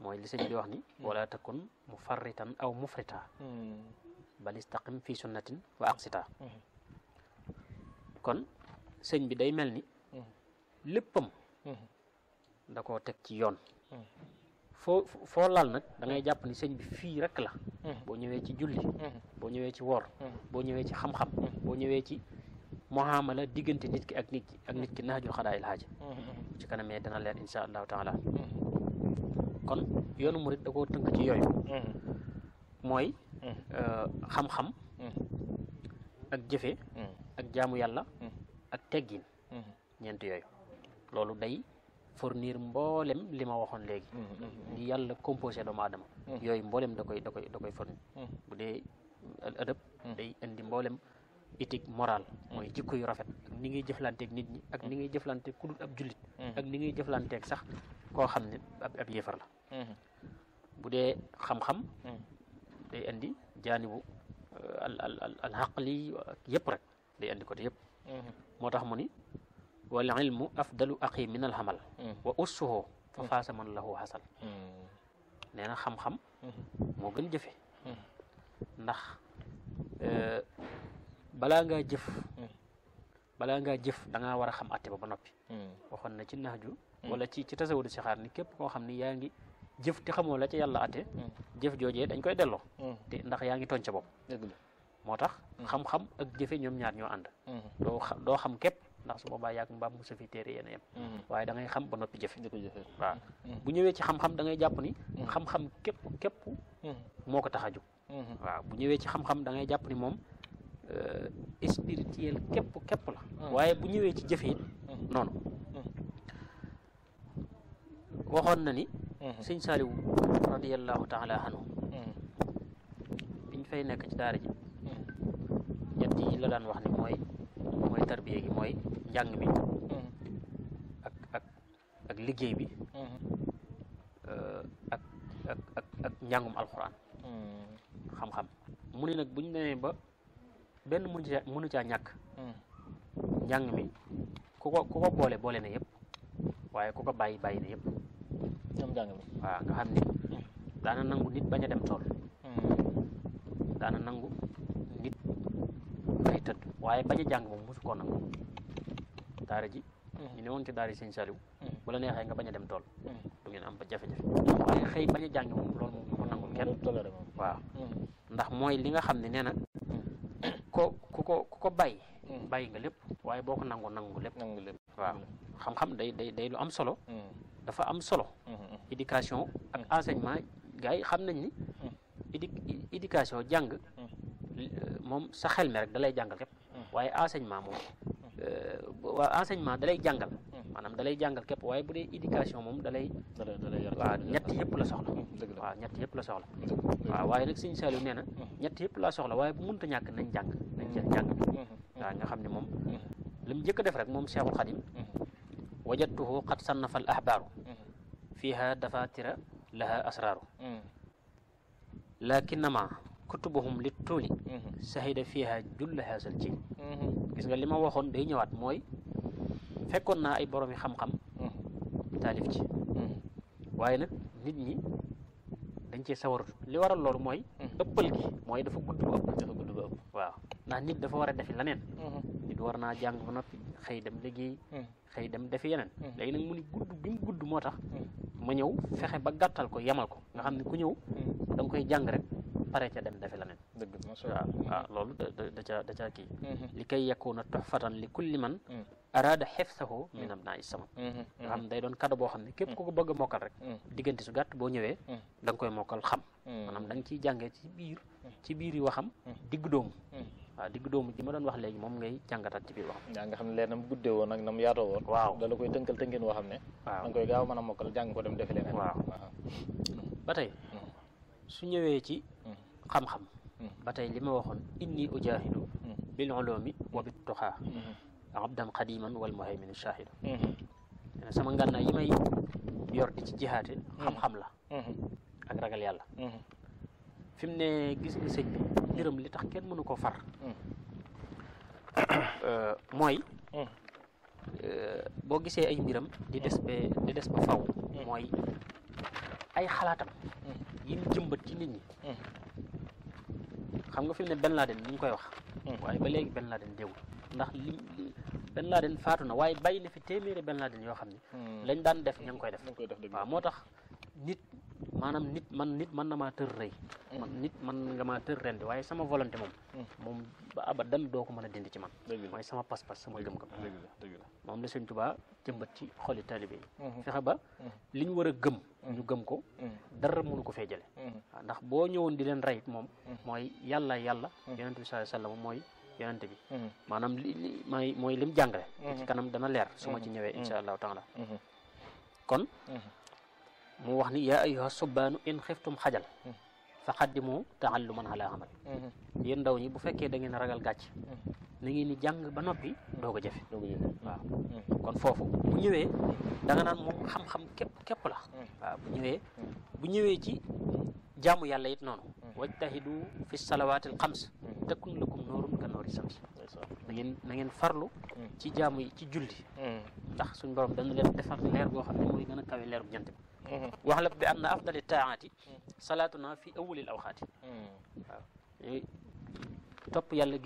mooy li sëñ bi wax ni wala takun mufarritan aw mufrita bal istaqim fi sunnatin wa aqsita kon sëñ bi day mel ni léppam da koo teg ci yoon foo foo lal nag da ngay jàpp ni sëñ bi fii rek la mm-hmm. boo ñëwee ci julli mm-hmm. boo ñëwee ci woor mm-hmm. boo ñëwee ci xam-xam boo ñëwee ci muhammala diggante nit ki ak nit ki ak nit ki naajul xadaayil xaaja ci kanamee dana leer insha allahu taala kon yoonu murit da koo tënk ci yooyu mooy euh, xam-xam ak jëfe ak jaamu yàlla ak teggin ñeent yooyu loolu day fournir mboolem li ma waxoon léegi li yàlla composé doomu aadama yooyu mboolem da koy da koy da koy fournir bu dee adab day indi mboolem éthique morale mooy jikko yu rafet ak ni ngay nit ñi ak ni ngay jëflanteeg ku dul ab jullit ak ni ngay jëflanteeg sax koo xam ne ab ab yéefar la bu dee xam-xam day indi jaanibu al al al xaqli yëpp rek day indi côté yëpp moo tax mu ni wal ilmu afdalu aqi min al hamal hmm. wa ussuhu fa hmm. faasa man lahu xasal hmm. nee na xam-xam moo gën jëfe ndax eh, balaa ngaa jëf bala ngaa jëf da ngaa war a xam ate ba ba noppi waxoon na ci naaju wala ci ci tasawudu si xaar ni képp koo xam ni yaa ngi jëf te xamoo la ca yàlla atte jëf joojee dañ koy delloo te ndax yaa ngi tooñ ca bopp moo tax xam-xam ak jëfe ñoom ñaar ñoo ànd doo xam képp ndax su ba yàgg mbaam mu safi téere yéen yem mm-hmm. waaye da xam ba noppi jëfe waaw bu ñëwee ci xam-xam da ngay jàpp ni xam-xam képp képp moo ko tax a jóg bu ñëwee ci xam-xam jàpp moom euh, spirituel képp képp la mm-hmm. waaye bu ñëwee ci jëfe it mm-hmm. noonu waxoon na ni sëñ Saaliw radiallahu taala anhu biñ fay nekk ci daara ji ñett yi la daan wax ni mooy tarbiya gi mooy njàng mi ak ak ak liggéey bi mm-hmm. ak ak ak ak njàngum alxuraan mm-hmm. xam-xam mu ne nag buñ demee ba benn mënu caa mënu mm-hmm. njàng mi ku ko ku ko boole boole na yëpp waaye ku ko bàyyi bàyyi na yëpp njàng mi waaw nga xam ne daana nangu nit bañ a dem tool daana nangu waaye bañ a jàng moom mosu koo nangu daara ji hmm. ñu ne woon ci daara yi sëñ Saliou hmm. bu la neexee nga bañ a dem tool hmm. du ngeen am ba jafe-jafe waaye xëy bañ a jàng moom loolu moom du ko ndax mooy li nga xam ne nee na ko ku ko ko bàyyi bàyyi nga lépp waaye boo ko nangu nangu lépp waaw xam-xam day day day lu am solo dafa am solo éducation ak enseignement gars yi xam ni éducation jàng euh, sa xel mi rek da jàngal képp waaye enseignement moom euh, waaw enseignement dalay jàngal hmm. maanaam dalay jàngal képp waaye bu dee éducation moom dalay waaw ñett yëpp la soxla hmm, waaw ñett yëpp la soxla hmm, waaw waaye nag Serigne Saliou nee na ñett yëpp la soxla waaye bu munta ñàkk nañ nañ jàng nga xam ne moom li mu njëkk a def rek moom Cheikhul Khadim wajadtuhu qad sannafa al ahbaaru fiiha dafatira laha asraaru lakinnama kutubuhum li tuuli sahida fiiha julla haasal jiil Mhm. gis nga li ma waxoon day ñëwaat mooy fekkoon naa ay boroomi xam-xam mhm. taalif ci mhm. waaye nag nit ñi dañ cee sawaratu li waral loolu mooy ëppal gi mooy dafa gudd ba ëpp waaw ndax nit dafa war a defi leneen nit war naa jàng ba noppi xëy dem liggéey xëy dem defi yeneen léegi nag mu ni gudd bi mu gudd moo tax ma ñëw fexe ba gàttal ko yemal ko nga xam ne ku ñëw da koy jàng rek pare ca dem defi la dëgg waaw waaw loolu da caa da caa kii mm-hmm. li kay yakuna tuhfatan li kulli man mm. araada xefsahu mm. min am naa isama nga xam day doon kado boo xam ne képp ku ko bëgg a mokkal rek mm. diggante su gàtt boo ñëwee da nga koy mokkal xam maanaam da nga ciy jàngee ci biir ci biir yi waxam digg doomu waaw digg doomu ji ma doon wax léegi moom ngay jàngataat ci biir waxam yaa nga xam ne leen nam guddee woon ak nam yaatoo woon waaw da la koy tënkal tënkin woo xam ne waaw da nga koy gaaw mën a mokkal jàng ko dem defi leneen waaw ba tey su ñëwee ci xam-xam ba tey li ma waxoon inni ujaahidu mm-hmm. bil ulumi wa bit tuxaa mm-hmm. abdan qadiman wal muhaymin shahid mm-hmm. sama ngànnaay yi may yor di ci jihaate xam-xam la ak ragal yàlla fi mu ne gis nga sëñ bi li tax kenn mënu koo far euh, mooy euh, boo gisee ay mbiram di des ba di des faw mooy ay xalaatam yi mu ci nit ñi xam nga fi mu ne Ben Laden ñu ngi koy wax. Hmm. waaye ba léegi Ben Laden déewul ndax li Ben Laden faatu na waaye bàyyi na fi téeméeri Ben Laden yoo xam ni. Hmm. lañ daan def ña ngi koy def. na maa tër rëy. Hmm. man nit man nga maa tër rendi waaye sama volonté moom. moom ba abadan doo ko mën a dindi ci man. mooy sama pas-pas sama gëm-gëm. moom la Sëñ Tuubaa jëmbat ci xoli taalibe yi. fexe ba li ñu war a gëm. ñu gëm ko. dara mënu ko fee jële ndax boo ñëwoon di leen rey moom mooy yàlla yàlla hmm. yonente bi sallallahu alayhi wasallam mooy yonente bi hmm. maanaam li li mooy mooy lim jàngale hmm. ci kanam dana leer su ma ci ñëwee insha allahu taala kon mu wax ni yaa ayyuha subbaanu in xiftum xajal fa xaddimu taalluman ala amal yéen ndaw ñi bu fekkee da ngeen ragal gàcc na ngeen di jàng ba noppi a jëfe waaw kon foofu bu ñëwee da nga naan moom xam-xam képp képp la bu ñëwee bu ñëwee ci jaamu yàlla it noonu wajtahidu fi salawaati al xams takun lakum noorun ka noori samsi na ngeen na ngeen farlu ci jaamu yi ci julli ndax suñ borom dana leen defar leer goo xam ne mooy gën a kawe leeru jant bi wax la bi am na afdali taaati salaatuna fi awalil awxaati waaw topp yàlla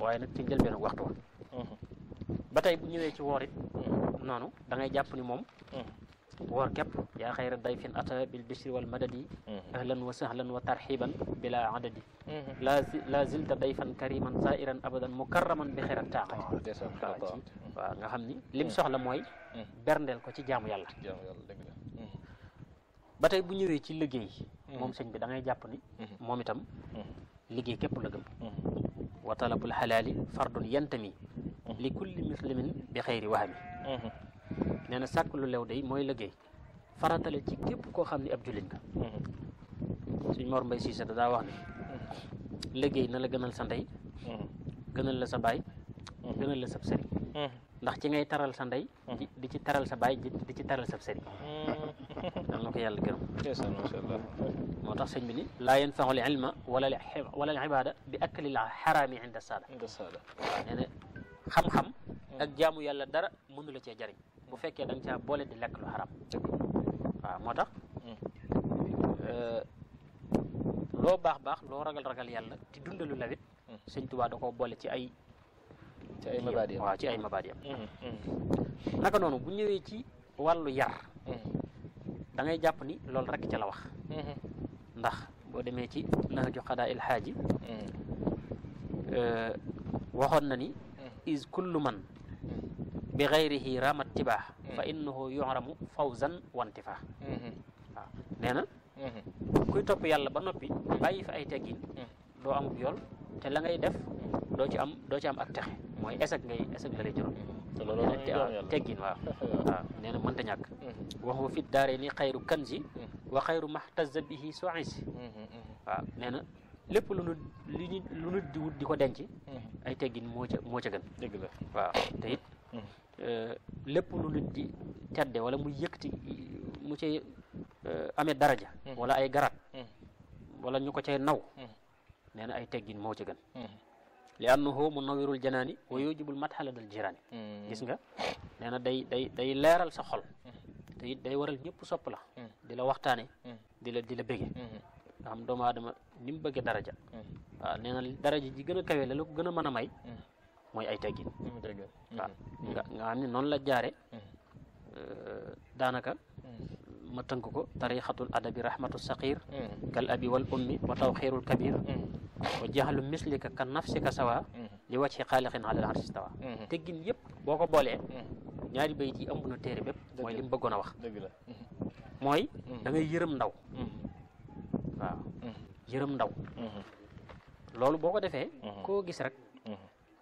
waaye nag ci njëlbeen ak waxtu wa ba tey bu ñëwee ci woor noonu da jàpp ni moom woor képp yaa xayra dayfin ata bil bishri wal madadi mhm. ahlan wa sahlan wa tarxiban bila adadi mhm. la zilta dayfan kariman sairan abadan mukarraman bi xayra taaqati ah, mhm. waaw nga xam ni lim soxla mooy berndeel ko ci jaamu yàlla ba tey ci liggéey moom sëñ bi da ngay jàpp ni moom itam liggéey képp la gëm wa talabul xalaali fardun yantami li kulli muslimin bi xayri wahami nee sàkk lu lew day mooy liggéey faratale ci képp koo xam ne ab jullit nga mhm. suñ Mor Mbay Siise daa wax ne mhm. liggéey na la gënal sa ndey mhm. gënal la sa baay gënal la sab sëriñ ndax ci ngay taral sa ndey di ci taral sa baay di ci taral sab sëriñ dal na ko yàlla gërëm moo tax sëñ bi ni laa yanfahu l ilma wala wala bi akli l xaraami inda saada xam-xam ak jaamu yàlla dara mënu la cee jariñ bu fekkee da nga boole di lekk lu xaram waaw moo tax euh, loo baax baax loo ragal ragal yàlla di dundalu lawit sëñ Tuubaa da koo boole ci ay ci ay mabaadiyam waaw ci mm-hmm, mm-hmm. noonu bu ñëwee ci wàllu yar mm-hmm. da ngay jàpp ni loolu rek ca la wax ndax boo demee ci nahju xadaa il euh, waxoon na ni is kullu man bi xayrihi ramat tibaax fa mhm. innahu yuhramu fawzan wantifa mhm. waaw nee na mhm. kuy topp yàlla ba noppi bàyyi fi ay teggin doo amub yool te la ngay def doo ci am doo ci am ak texe mooy échec ngay échec la lay jural teggin waaw waaw nee na mënta waxu fi daare ni xayru kanzi wa xayru mahtaza bihi soisi waaw nee na lépp lu nu li di ko denc ay teggin moo ca moo lépp lu nit di tedde wala mu yëkkati mu cay eh, amee daraja hmm. wala ay garat hmm. wala ñu ko cay naw hmm. nee na ay teggin moo ci gën li annahu munawwirul janaani wa yujibul mathala dal jiraani gis nga nee na day day day leeral sa xol te day waral ñëpp sopp la di la waxtaane di la di la bége nga xam doomu aadama ni mu bëggee daraja waaw nee na daraja ji gën a kawe la lu ko gën a mën a may mooy ay teggin waaw nga mm-hmm. mm-hmm. nga xam ne noonu la jaare mm-hmm. daanaka ma tënk ko tarixatul adabi rahmatu saqir kal abi wal ummi wa tawxirul kabir wa jaxalu mislika ka nafsika sawa li wàcce xaaliqin ala al arsi stawa teggin yëpp boo ko boolee ñaari bayit yi ëmb na téere bépp mooy li mu bëggoon a wax dëgg la mooy da ngay yërëm ndaw waaw yërëm ndaw loolu boo ko defee koo gis rek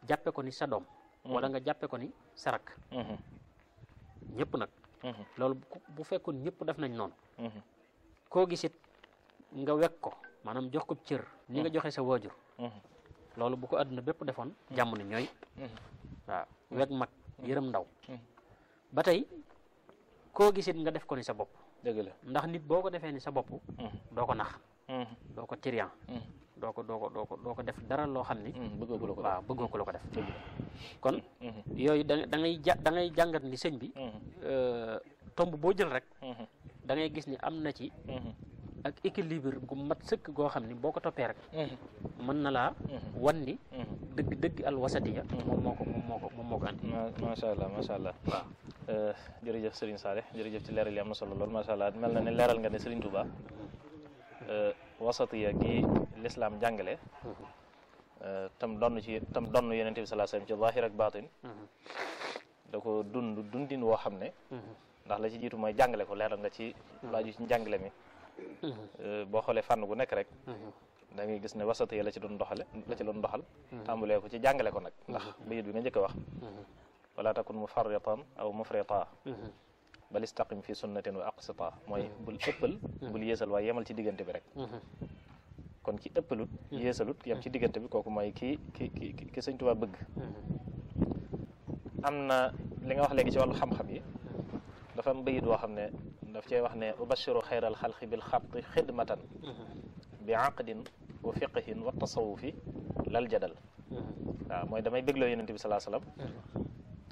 jàppe ko ni sa doom wala nga jàppe ko ni sa rakk mhm. ñëpp nag mhm. loolu bu fekkoon ñëpp def nañ noonu mhm. koo gisit nga wekk ko maanaam jox ko cër ni nga joxe sa waajur loolu bu ko àdduna bépp defoon jàmm ne ñooy waaw wekk mag yërëm ndaw ba tey koo gisit nga def ko ni sa bopp dëgg la ndax nit boo ko defee ni sa bopp doo ko nax doo ko tiriyan doo ko doo ko doo ko def dara loo xam ni mm, bëggoo ko la ko def waaw bëggoo ko mm-hmm. kon mm-hmm. yooyu da da ngay ja da ngay jàngat ni sëñ bi mm-hmm. euh, tomb boo jël rek da ngay gis ni am na ci ak équilibre gu mat sëkk goo xam ni boo ko toppee rek mën na laa wan ni dëgg dëgg al wasatiya moom moo ko moom moo ko moom moo ko andi macha allah macha allah waaw euh, jërëjëf Serigne Saliou jërëjëf ci leeral yi am na solo lool macha allah mel na ne leeral nga ne Serigne Touba euh, wasatiya gi lislaam jàngale mm-hmm. tam donn ci tam donn yonent bi sallallahu alayhi wasallam ci zahir ak baatin mm-hmm. da ko dund dundin woo xam ne mm-hmm. ndax la ci jiitu mooy jàngale ko leeral nga ci laaju ci njàngale mi euh, boo xoolee fànn gu nekk rek da ngay gis ne wasatiya la ci doon doxale la ci doon doxal ko ci jàngale ko nag ndax bayit bi nga njëkk a wax wala takun mufarritan aw mufrita bal istaqim fi sunnatin wa aqsita mooy hmm. bul ëppal hmm. bul yéesal waaye yemal ci diggante bi rek hmm. kon ki ëppalut yéesalut yam ci diggante bi kooku mooy ki ki ki ki sëñ Tuubaa bëgg am na li nga wax léegi ci wàllu xam-xam yi dafa am bayit woo ne daf cay wax ne ubashiru xayral xalqi bil xabti xidmatan bi aqdin wa fiqhin wa tasawufi lal jadal waaw mooy damay bégloo yonent bi salaa salaam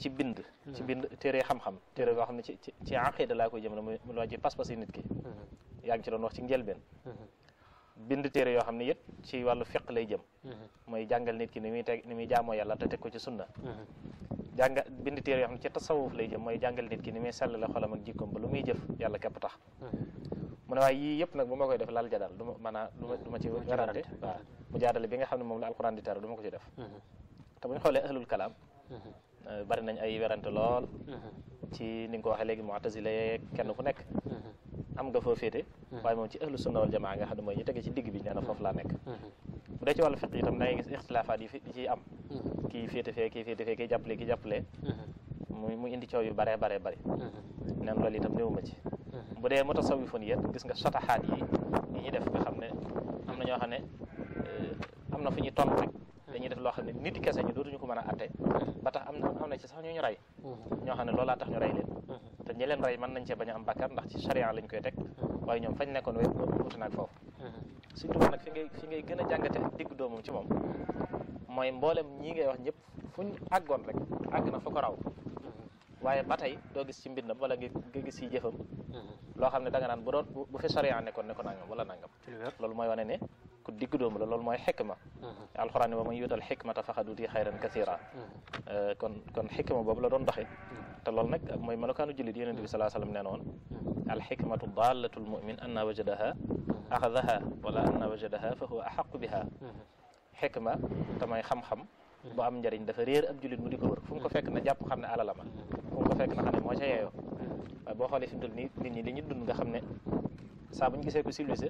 ci bind ci hmm. bind téere xam-xam téere hmm. boo xam ne ci ci aqida laa koy jëmale mu la ci pas-pas yi nit ki hmm. yaa ci doon wax ci njëlbeen bind téere yoo xam ne it ci wàllu fiq lay jëm mooy jàngal nit ki ni muy teg ni muy jaamoo yàlla te teg ko ci sunna jànga bind téere yoo xam ne ci tasawuf lay jëm mooy jàngal nit ki ni muy sellale xolam ak jikkoom ba lu muy jëf yàlla képp tax mu ne waaye yii yëpp nag bu ma koy def laal jadaal du ma maanaam du ma ci werante waaw mu jaadale bi nga xam ne moom la alquran di tere du ma ko ci def te bu ñu xoolee ahlul kalaam Euh, bari nañ ay werante lool uh-huh. ci ni nga ko waxee léegi mu'tazila yeeg kenn ku nekk uh-huh. am nga foo féete uh-huh. waaye moom ci ahlu sunna wal jamaa nga xam ne mooy ñu tege ci digg bi nee na foofu laa nekk bu dee ci wàllu fiq itam da ngay gis ixtilaafaat yi ci am mu mu indi yu bare bare bare neen loolu itam néew ma ci bu dee mutasawifun yet gis nga sotaxaat yi yi ñuy def nga xam ne am na ñoo xam ne euh, am na fu ñuy ton rek dañuy def loo xam ne nit kese ñu dootuñu ko mën a atte mm-hmm. ba tax am na am na ci sax ñu ñu rey mm-hmm. ñoo xam ne loolaa tax ñu rey leen mm-hmm. te ñi leen rey mën nañ cee bañ a am bàkkaar ndax ci charia lañ koy teg waaye ñoom fañ nekkoon wér wuute naag foofu surtout nag fi ngay fi ngay gën a jàngate ak digg doomam ci moom mooy na fa ko raw waaye ba tey doo gis ci mbindam wala nga gis yi jëfam loo xam ne da nga naan bu doon bu fi charia nekkoon ne ko nangam wala nangam loolu mooy wane ne ku digg doomu la loolu mooy xekk ma alxuraan ne ba muy yuutal xikmata faxad uti xayran mm-hmm. kon kon xikma boobu la doon doxe mm-hmm. te loolu mooy na woon mm-hmm. alxikmatu daalatul mumin anna wajadaha axadaha wala anna wajadaha fa huwa axaqu biha xikma tamay xam-xam bu am njëriñ dafa réer ab jullit mu di ko wër fu mu ko fekk na xam ne alala ma fu mu ko fekk na xam ne moo ca yeeyoo waaye boo xoolee fi mu dul nii nit ñi li ñu dund nga xam ne saa bu ñu gisee ko civilisé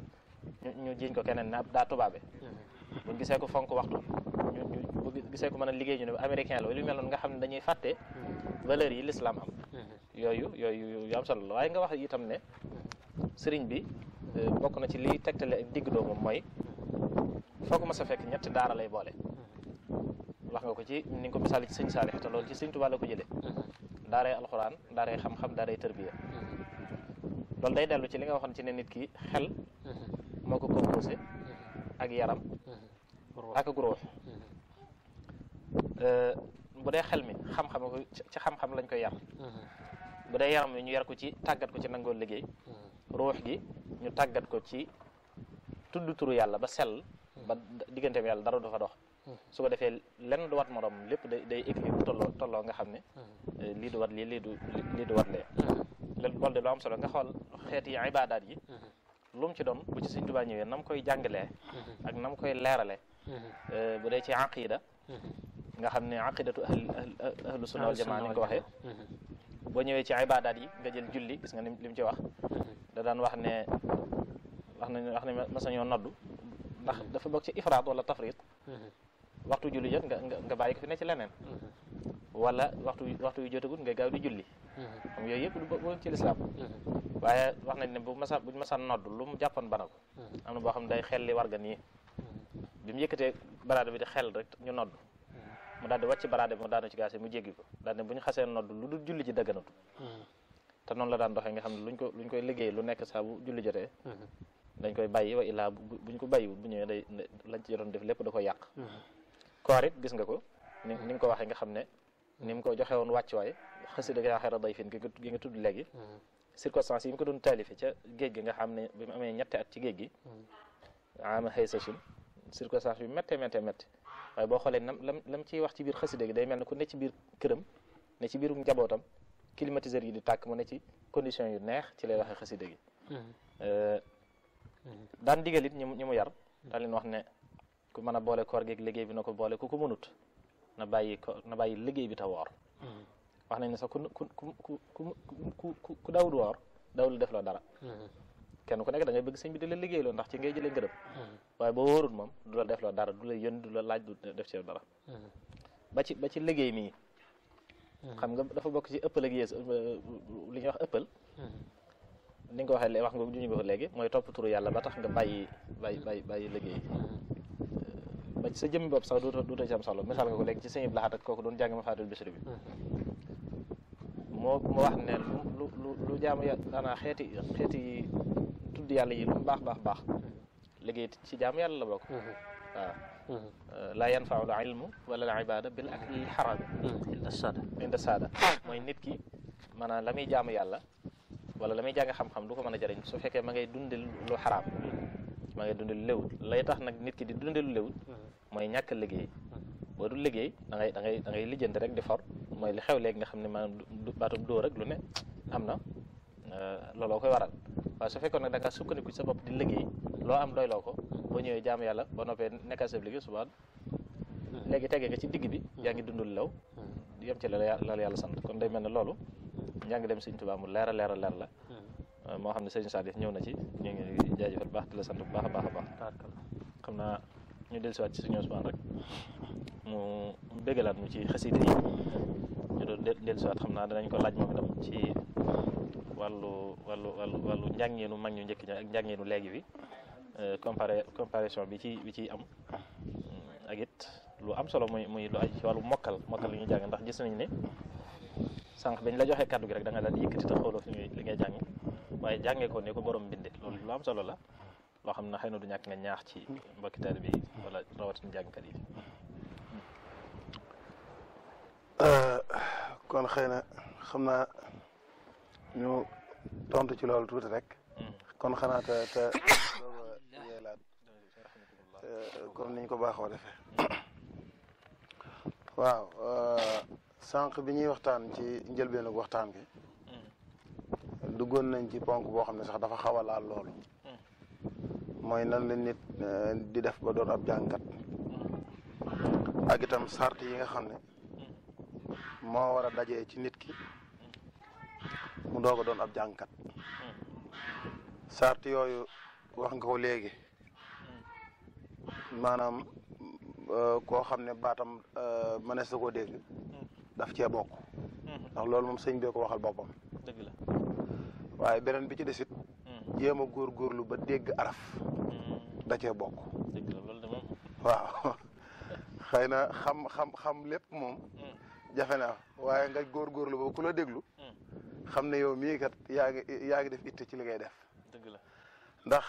ñu ñu jiñ ko keneen ne ab daa tubaabe bu gisee ko fonk waxtu ñu ñu bu gisee ko mën a liggéey ñu ne américain la wala lu mel noonu nga xam ne dañuy fàtte mm-hmm. valeurs yi l'islam am mm-hmm. yooyu yooyu yu am solo la waaye nga wax itam ne sëriñ bi euh, bokk na ci li tegtale ak digg doomam mooy foog ma sa fekk ñett daara lay boole mm-hmm. wax nga ko ci ni nga ko misaale ci sëñ Saalix te loolu ci sëñ Tuubaa la ko jëlee daaray alxuraan daaray xam-xam daaray tërbiya loolu day dellu ci li nga waxoon ci ne nit ki xel moo ko composé ak ak ruux mm-hmm. euh, bu dee xel mi xam-xam ko ci xam-xam lañ koy yar mm-hmm. bu dee yaram wi ñu yar ko ci tàggat ko ci nangoo liggéey mm-hmm. ruux gi ñu tàggat ko ci tudd turu yàlla ba sel ba digganteem yàlla dara du fa dox su ko defee lenn du wat morom lépp day day tolloo nga xam ne euh, lii du wat lii lii du lii du wat lee loolu de lu am solo nga xeet yi ibaadaat yi lu ci doon bu ci Sëñ Tuubaa ñëwee nam koy jàngalee ak nam koy leerale Euh, bu dee ci aqida nga xam ne aqidatu ahl ahlu sunna wal jamaa ni nga ko waxee boo ñëwee ci ibaadaat yi nga jël julli gis nga li mu ci wax da daan wax ne wax na wax ne mas nañoo noddu ndax dafa bokk ci ifraat wala tafrit waxtu julli jot nga nga bàyyi ko fi ne ci leneen wala waxtu waxtu yu jotagul nga gaaw di julli xam yooyu yëpp du bokk ci lislaam waaye wax nañ ne bu masa buñ masaan nodd lu mu jàppoon bana am na boo xam day xelli wargan yi bi mu yëkkatee baraada bi di xel rek ñu nodd mu daal di wàcc baraada bi mu daanu ci gaase mu jéggi ko daal bu ñu xasee nodd lu dul julli ji dagganatu te noonu la daan doxee nga xam ne luñ ko luñ koy liggéey lu nekk saa bu julli jotee dañ koy bàyyi wa ko bàyyiwul bu ñëwee day lañ ci yoroon def lépp da koy ko ni ni nga ko waxee nga xam ne ni mu ko joxe woon wàccuwaay xasida yaa xayra dayfin gi nga tudd léegi circonstance yi mu ko doon taalife ca géej gi nga xam ne bi mu amee ñetti at ci géej gi ama xëy sa circonstance bi métte métte métte waaye boo xoolee nam lam lam ciy wax ci biir xasida gi day mel ne ku ne ci biir këram ne ci biiru njabootam climatiseur yi di tàkk mu ne ci condition yu neex ci lay waxee xasida gi mm-hmm. euh, daan digal it ñu mu yar daan leen wax ne ku mën a boole koor geeg liggéey bi na ko boole ku ko mënut na bàyyi ko na bàyyi liggéey bi te woor mm-hmm. wax nañ ne sax ku ku ku ku ku ku daawul woor daawul def loo dara mm-hmm. kenn ku nekk da ngay bëgg sëñ bi di la liggéey loo ndax ci ngay jëlee ngërëm mm-hmm. waaye boo wóorul moom du la def loo dara du la yën du la laaj du def ci dara mm-hmm. ba ci ba ci liggéey mii mm-hmm. xam nga dafa bokk ci ëppal ak yées li ñuy wax ëppal ni nga ko waxee wax nga juñu nga ko léegi mooy topp turu yàlla ba tax nga bàyyi bàyyi bàyyi bàyyi liggéey ba sa jëmmi bopp sax duuta duuta ci am solo misaal nga ko léegi ci sëñ bi ak kooku doon jàngi ma faatul bisri bi moo moo wax ne lu lu lu jaamu yàlla xeeti xeeti tudd yàlla yi lu mu baax baax baax hmm. liggéey ci jaamu yàlla la bokk hmm. waaw hmm. Euh, laa yanfau la ilmu wala la ibada bil akli xaram mooy nit ki maanaam la muy jaamu yàlla wala la muy jàng xam-xam du ko mën a jëriñ su fekkee ma ngay dunde lu xaraam ma ngay dunde lu lay tax nag nit ki di dunde lu léwut mooy ñàkk liggéey boo du liggéey da ngay da rek di for mooy li xew léegi nga xam ne ma baatu dóor rek lu ne am na euh, looloo koy waral waaye su fekkoon nag da ngaa sukkandiku sa bopp di liggéey loo am doyloo ko boo ñëwee jaam yàlla ba noppee nekkal sa liggéey subaan léegi tegee nga ci digg bi yaa ngi dundul di yem ci la la yàlla sant kon day mel ne loolu njàng dem si Tuubaa mu leer a leer a hmm. moo xam ne sëñ Sadio ñëw na ci ñu ngi jaajëfal baax di la sant bu baax a xam naa ñu dellusiwaat ci suñu Usmaan rek mu béggalaat mu ci xasida yi ñu doon dellusiwaat xam naa danañ ko laaj moom itam ci wàllu wàllu wàllu wàllu njàngeenu mag ñu njëkk ña ak njàngeenu léegi bi euh, comparé comparaison bi ci bi ciy am mm, ak it lu am solo mooy muy lu aj ci wàllu mokkal mokkal li jàng ndax gis nañ ne sànq bañ la joxe kàddu gi rek danga nga daal yëkkati te xooloo fi ngay li ngay jàng waaye jàngee ko ne ko borom binde loolu lu am solo la loo xam ne xëy na du ñàkk nga ñaax ci mbokki bi yi wala rawatina jàngkat yi. Euh, kon xëy xam naa. ñu tontu ci loolu tuuti rek. Hmm. kon xanaa te te yeelaat comme niñ ko baaxoo defee. waaw euh, sànq bi ñuy waxtaan ci njëlbeenu waxtaan bi. Hmm. duggoon nañ ci ponk boo xam ne sax dafa xaw a laal loolu. Hmm. mooy nan la nit euh, di def ba doon ab jàngat. ak itam sart yi nga xam ne. moo war a dajee ci nit ki. mu doog a doon ab jàngkat sart yooyu wax nga ko léegi maanaam euh, koo xam ne baatam euh, mënees na koo dégg daf cee bokk ndax loolu moom sëñ bee ko waxal boppam waaye beneen bi ci desit jéem góor góorlu ba dégg araf da cee bokk dëgg waaw xëy na xam xam xam lépp moom mm. jafe na waaye nga góorgóorlu ba ku la déglu xam ne yow mii kat yaa ngi yaa ngi def ci li ngay def. dëgg la ndax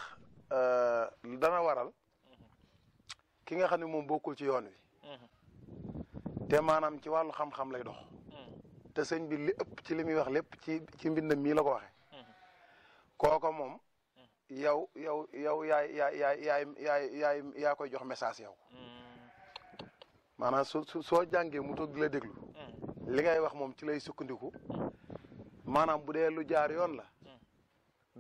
euh, dana waral ki nga xam ne moom bokkul ci yoon wi. Mm-hmm. te maanaam ci wàllu xam-xam lay dox. Mm-hmm. te sëñ bi li ci li muy wax lépp ci ci mbindam mii la ko waxee. Mm-hmm. kooko moom. yow yow yow yaay yaay yaay yaay yaay yaay yaa koy jox message yow. maanaam su soo jàngee mu toog di déglu. li ngay wax moom ci lay sukkandiku. maanaam bu dee lu jaar yoon la hmm.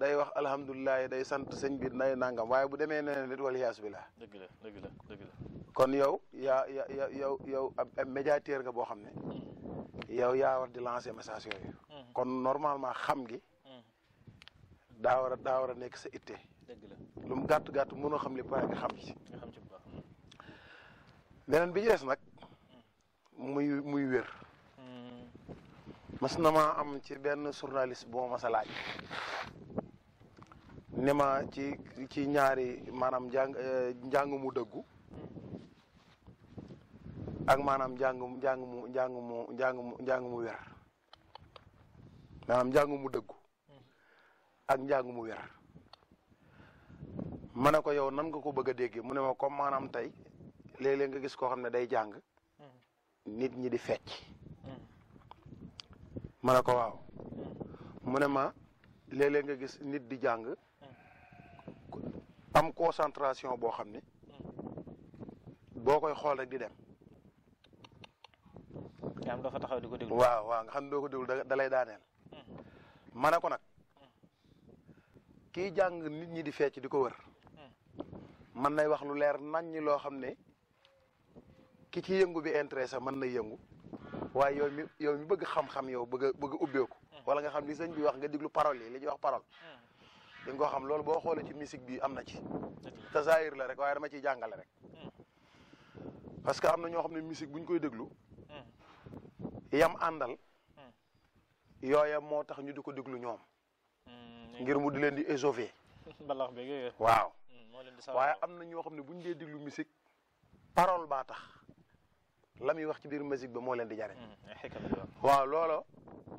day wax alhamdulilah day sant sëñ bi nay nangam waaye bu demee neneen nit bi la dëgg la dëgg la kon yow yaa ya yow yow ab médiateur nga boo xam ne hmm. yow yaa war di message yooyu hmm. kon normalement xam gi daa war a nekk sa itte dëgg gàtt gàtt mënoo xam li nga xam ci beneen bi ñu des nag muy muy wér mas na maa am ci benn journaliste bu ma mas ne ma ci ci ñaari maanaam njàng eh, njàng mu dëggu ak maanaam njàng njàng mu njàng mu njàng mu njàng mu wér njàng mu dëggu ak njàng mu wér ma ne ko yow nan nga ko bëgg a déggee mu ne ma comme maanaam tey léeg-léeg nga gis koo xam ne day jàng hmm. nit ñi di fecc ma ne ko waaw mu ne ma léeg-léeg nga gis nit di jàng am concentration boo xam ne boo koy xool rek di dem. nga xam doo fa waaw waaw nga xam doo ko déglu da lay daaneel. Hmm. ma ne ko nag kiy jàng nit ñi di fecc di ko wër hmm. mën nay wax lu leer nañ ñi loo xam ne ki ci yëngu bi intéressé man na yëngu waaye yow mi yow mi bëgg xam-xam yow bëgg a a ubbeeku hmm. wala nga xam li sëñ bi wax nga diglu parole yi li ñuy wax parole hmm. di ko xam loolu boo xoolee ci musique bi am na ci tasaayir la rek waaye dama ciy jàngale rek hmm. parce que am na ñoo xam ne musique bu ñu koy déglu yam àndal yooya moo tax ñu di ko déglu ñoom ngir mu di leen di échauffer balax bi waaw waaye am na ñoo xam ne bu ñu dee déglu musique parole baa tax la muy wax ci biir musique ba moo leen di jariñ mm, waaw loolo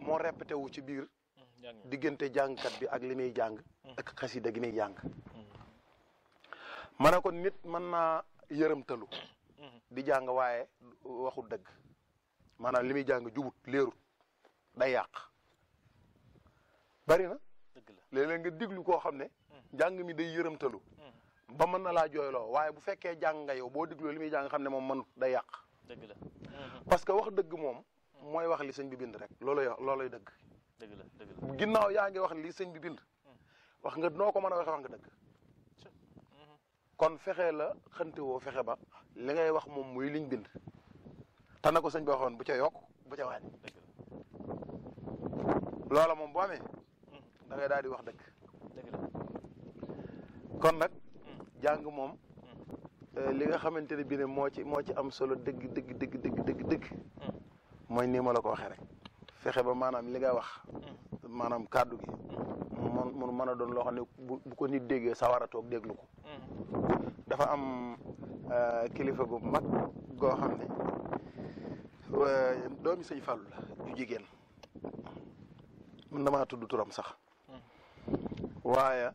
moo répété wu ci biir mm, diggante jàngkat bi ak li muy jàng mm. ak xasida gi muy jàng ma ko nit mën naa yërëmtalu di jàng waaye waxul dëgg maanaam li muy jàng jubut leerut day yàq bari na léeg-léeg nga diglu koo xam ne jàng mi day yërëmtalu ba mën na laa jooyloo waaye bu fekkee jàng nga yow boo digloo li muy jàng xam ne moom mënut da yàq dëgg la mm-hmm. parce que wax dëgg moom. mooy wax li sëñ bi bind rek loolay loolay dëgg. dëgg la dëgg la ginnaaw yaa ngi wax li sëñ bi bind. Mm-hmm. wax nga noo ko mën a waxee wax nga dëgg. Mm-hmm. kon fexe la xante woo fexe ba li wax moom muy liñ bind. te na ko sëñ bi waxoon bu ca yokk bu ca wàññi. loola moom bu amee. da ngay daal di wax dëgg. jàng moom. Euh, li nga xamante ne bii ne moo ci moo ci am solo dëgg dëgg dëgg dëgg hmm. mooy nii ma la ko waxee rek fexe ba maanaam li nga wax hmm. maanaam kàddu gi mun hmm. mun mën a doon loo xam ne bu déglu ko am euh, kilifa gu mag goo xam ne euh, doomi sëñ Fallou la ju jigéen man damaa tudd turam sax waaye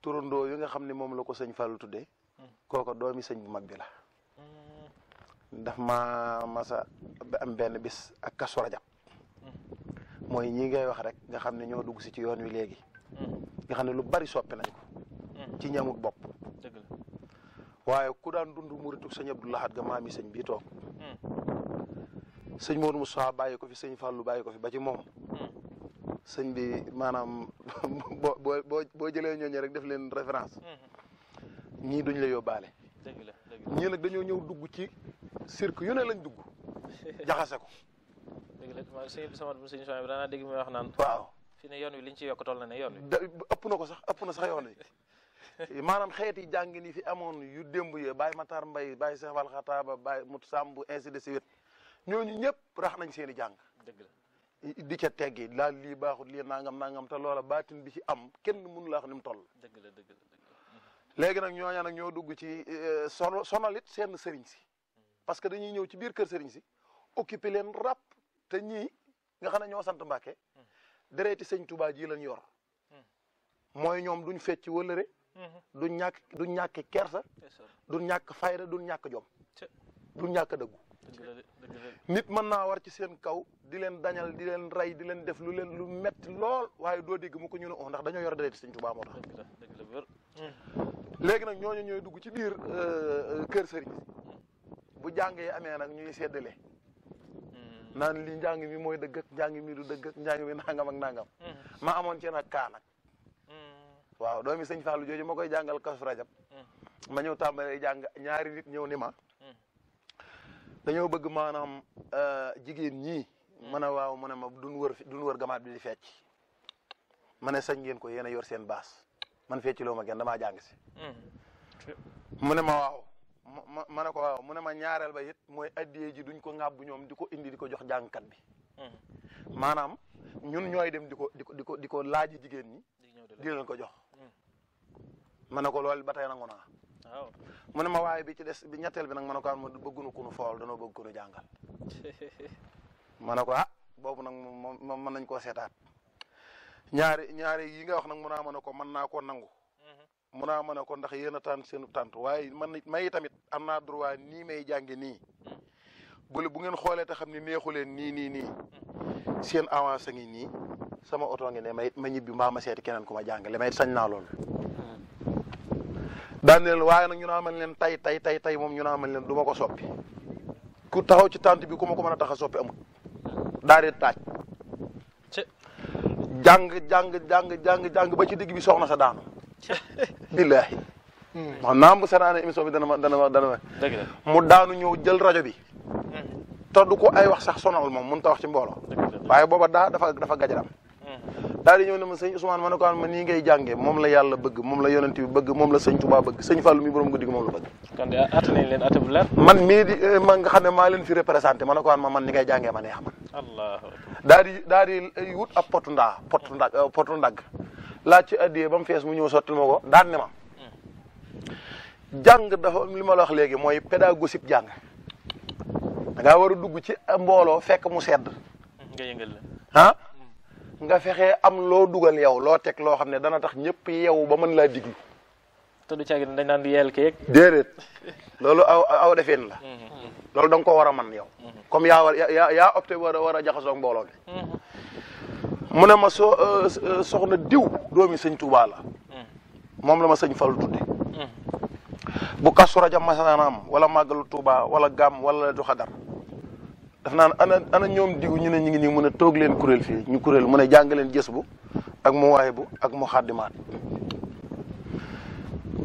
turandoo yi nga xam ni moom la ko sëñ Fallou tuddee kooko doomi sëñ bu mag bi la daf ma masa am benn bis ak kasu rajab mooy ñi ngay wax rek nga xam ne ñoo dugg si ci yoon wi léegi nga xam ne lu bari soppi nañ ko ci ñamut bopp waaye ku daan dund murituk sëñ Abdou Lahad ga maami sëñ bii toog sëñ Modou Moussa bàyyi ko fi sëñ Fallou bàyyi ko fi ba ci moom sëñ bi maanaam boo boo boo jëlee ñooñu rek def leen référence ñii duñ la yóbbaale. dëgg la dëgg la ñii nag dañoo ñëw dugg ci cirque yu ne lañ dugg jaxase ko. dëgg la man sëñ bi sama sëñ bi danaa dégg wax naan. waaw fi ne yoon wi liñ ci yokk toll na ne yoon ëpp na ko sax ëpp na sax yoon wi maanaam xeeti jàng ni fi amoon yu démb yee Baye Matar Mbaye Baye Cheikh Wal Xataaba Baye Mut Samb ainsi de suite ñooñu ñëpp rax nañ seeni i jàng. dëgg la di ca teggi daal lii baaxut lii nangam nangam te loola baatin bi ci am kenn mënu la wax ni mu toll. dëgg la dëgg léegi nag ñooña nag ñoo dugg ci euh, son sonalit seen sëriñ si parce que dañuy ñëw ci biir kër sëriñ si occupé leen rap te ñi nga xam ne ñoo sant Mbàkke dereeti sëñ tubaa ji lañ yor mooy ñoom duñ fecc wëlëre duñ ñàkk duñ ñàkk kersa du ñàkk fayda du ñàkk jom duñ ñàkk dëggu nit mën naa war ci seen kaw di leen dañal di leen rey di leen def lu leen lu metti lool waaye doo dégg mu ko ñu ne oh ndax dañoo yor dereeti sëñ Tuubaa moo tax léegi nag ñooñu ñooy dugg ci biir euh, kër sëriñ bu jàng amee nag ñuy seddale hmm. naan li njàng mi mooy dëgg ak njàng du dëgg ak njàng mi nangam ak nangam. Hmm. ma amoon ci nag kaa hmm. waaw doomi sëñ Fallou jooju ma koy jàngal Kazu Rajab ma ñëw tàmbalee jàng ñaari nit ñëw ni ma. dañoo bëgg maanaam euh, jigéen ñi. ma ne waaw mu ne ma duñ wër duñ gamaat bi di fecc. ma sañ ngeen ko yéen a yor seen baas. man fecciloo ma kenn damaa jàng si. Hmm. mu ne ma waaw ma ma ne ko waaw mu ne ma ñaareel ba it mooy addiyee ji duñ ko ŋàbb ñoom di ko indi di ko jox jàngkat bi. Hmm. maanaam ñun ñooy dem di ko di ko di ko di ko laaj jigéen ñi. di ko jox. Hmm. ma ne ko loolu ba tey nangu naa. mu ne ma waaye bi ci des bi ñetteel bi nag ma ne ko ah ma bëggunu ku nu fool danoo bëgg ku nu jàngal. ma ko ah boobu nag moom nañ koo seetaat. ñaari ñaari yi nga wax nag mun naa mën a ko mën naa ko nangu. Mhm. mun naa mën a ko ndax yéen a tànn seenu tànt waaye man may tamit am naa droit nii may jànge nii. Mhm. bu bu ngeen xoolee te xam ne neexu leen nii nii nii. Mhm. seen avance a nii sama oto ngi ne may ma ñibbi mbaa ma seeti keneen ku ma jàngale may sañ naa lool daan leen waaye nag ñu mal mën leen tay tay tay tay moom ñu naa mën leen du ko soppi. ku taxaw ci tànt bi ku ma ko mën a tax a soppi amul. daal di taaj. jàng jàng jàng jàng jàng ba ci digg bi soxna sa daanu. billaahi. Hmm. wax naam bu seetaanee émission bi dana ma dana ma dana ma. mu daanu ñëw jël rajo bi. Hmm. te du ko ay wax sax sonal moom mënut ta wax ci mbooloo. waaye booba daa dafa dafa gajaram daal di ñëw ne ma sëñ Ousmane ma ne ko ah ma nii ngay jàngee moom la yàlla bëgg moom la yonent bi bëgg moom la sëñ Touba bëgg sëñ Fallou mi borom guddi gi moom la bëgg. kon de at eh, ko ah ma man ni daal di daal di eh, wut ab potu ndaa potu ndag eh, potu ndag laaj ci addiyee ba mu fees ko daan ne ma. jàng dafa li ma la wax léegi mooy pédagogique jàng da ngaa war a dugg ci mbooloo fekk mu sedd. nga yëngal la nga fexe am loo dugal yow loo teg loo xam ne dana tax ñëpp yeewu ba mën la diglu. te du caagin dañ naan di yeel keeg. déedéet loolu aw aw la. Mhm. loolu da ko war a man yow. Mhm. comme ya war war a war a jaxasoo mbooloo mi. Mhm. mu ne ma soo euh, euh, soxna diw doomi sëñ Touba la. moom la ma sëñ Fall tudde bu kasu rajo masanaam wala màggalu Touba wala gàmm wala du xadar daf naan ana ana ñoom digu ñu ne ñu ngi nii mën a toog leen kuréel fii ñu kuréel mën a jàng leen jës bu ak mu waay bu ak mu xaddimaat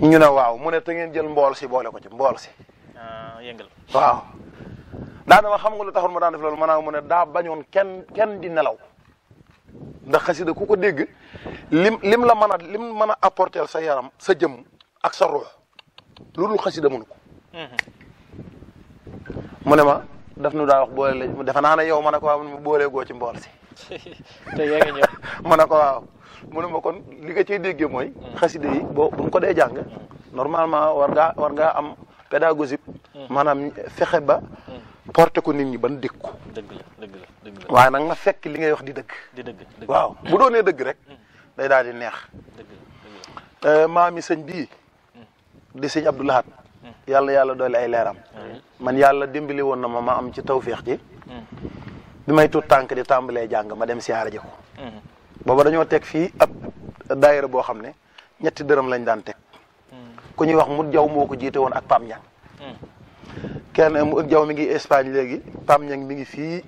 ñu ne waaw mu ne te ngeen jël mbool si boole ko ci mbool si. Ah, yëngal waaw. daanaka xam nga lu taxoon ma daan def loolu maanaam mu ne daa bañoon kenn kenn di nelaw ndax xasida ku ko dégg lim lim la mën a lim mën a apporter sa yaram sa jëm ak sa ruux loolu xasida mënu ko. Mhm. mu ne ma. daf nu daa wax boole la defe naa ne yow ma ne ko mu boole goo ci mbool si. te ma ne ko waaw mu ne ma kon li nga ciy déggee mooy. Mm. xaside yi boo bu ko dee jàng. normalement war ngaa war ngaa am pédagogie. Mm. maanaam fexe ba. Mm. porté nit ñi ban dégg ko. dëgg la dëgg nag na fekk li ngay wax di dëgg. di dëgg waaw bu doonee dëgg rek. day daal di neex. dëgg la euh, maami sëñ bii. di sëñ Abdoulahat yàlla yàlla doole ay leeram man yàlla dimbali woon na ma ma am ci tawféex ji mm. bi may tut tànk di tàmbalee jàng ma dem siyaara ji ko mm. booba dañoo teg fii ab daayira boo xam ne ñetti dërëm lañ daan teg mm. ku ñuy wax mut jaw moo ko jiite woon ak Pam Ñang kenn mu jaw mi ngi Espagne léegi Pam Ñang mi ngi fii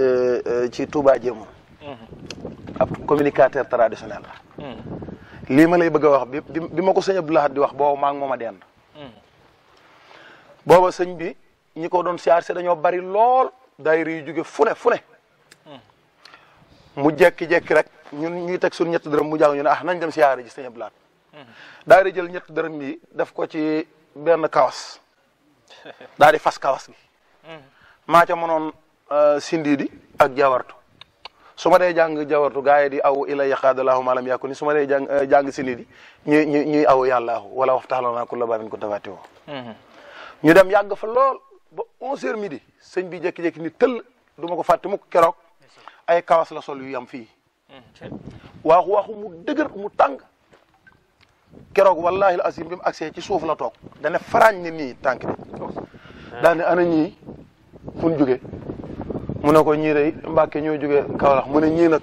euh, euh, ci Touba Jéemu ab communicateur traditionnel la lii ma lay bëgg a wax bi bi ma ko sëñ Abdou Lahad di wax boobu maa moom a dend booba sëñ bi ñi ko doon siyaar si dañoo bari lool daayira yu jóge fu ne fu ne hmm. mu jekki-jekki rek ñun ñuy teg su ñetti dërëm mu jàng ñu ne ah, nañ dem siyaare ji sëñ Abdou Lahad hmm. daayira jël ñetti dërëm yi def ko ci benn kawas daal di fas kawas gi hmm. maa ca mënoon euh, sindi ak jawartu su ma dee jàng jawartu gars yi di aw ila yaqaadalaahu maalam yàkku ni su ma dee jàng euh, jàng ñuy ñuy aw yàllaahu wala waxtaxlanaa kulla baabin kunta faatihu ñu dem yàgg fa lool ba 11h midi sëñ bi jékki-jékki ni tëll duma ko fàtte mukk keroog ay kawas la sol yu yam fii. waaxu waaxu mu dëgër mu tàng keroog wallahi al azim bi mu agsee ci suuf la toog dane faraañ ni nii tànk bi daane ana ñii fu ñu jóge ne ko ñii day Mbàkke ñoo jóge Kaolack mu ne ñii nag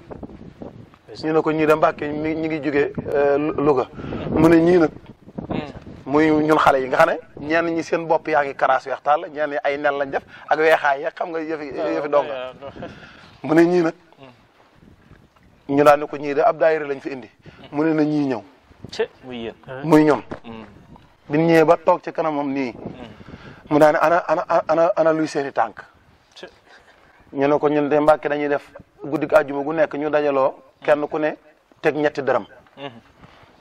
ne ko ñii de Mbàkke ñi ngi jóge euh, Louga mu ne ñii nag muy ñun xale yi nga xam ne ñenn ñi seen bopp yaa ngi karaas weextaal la ñenn ñi ay nel lañ def ak weexaay yeeg xam nga yëfi ah, yëfi dong mu ne ñii nag hmm. ñu daan ne ko ñii de ab daayira lañ fi indi hmm. mu na ñii ñëw muy yéen ah. ñun hmm. bi ñëwee ba toog ci kanamam nii mun daan ne ana ana ana ana luy seeni tànk ñu ne ko ñun de mbàkke dañuy def guddi àjjuma gu nekk ñu dajaloo kenn ku ne teg ñetti dërëm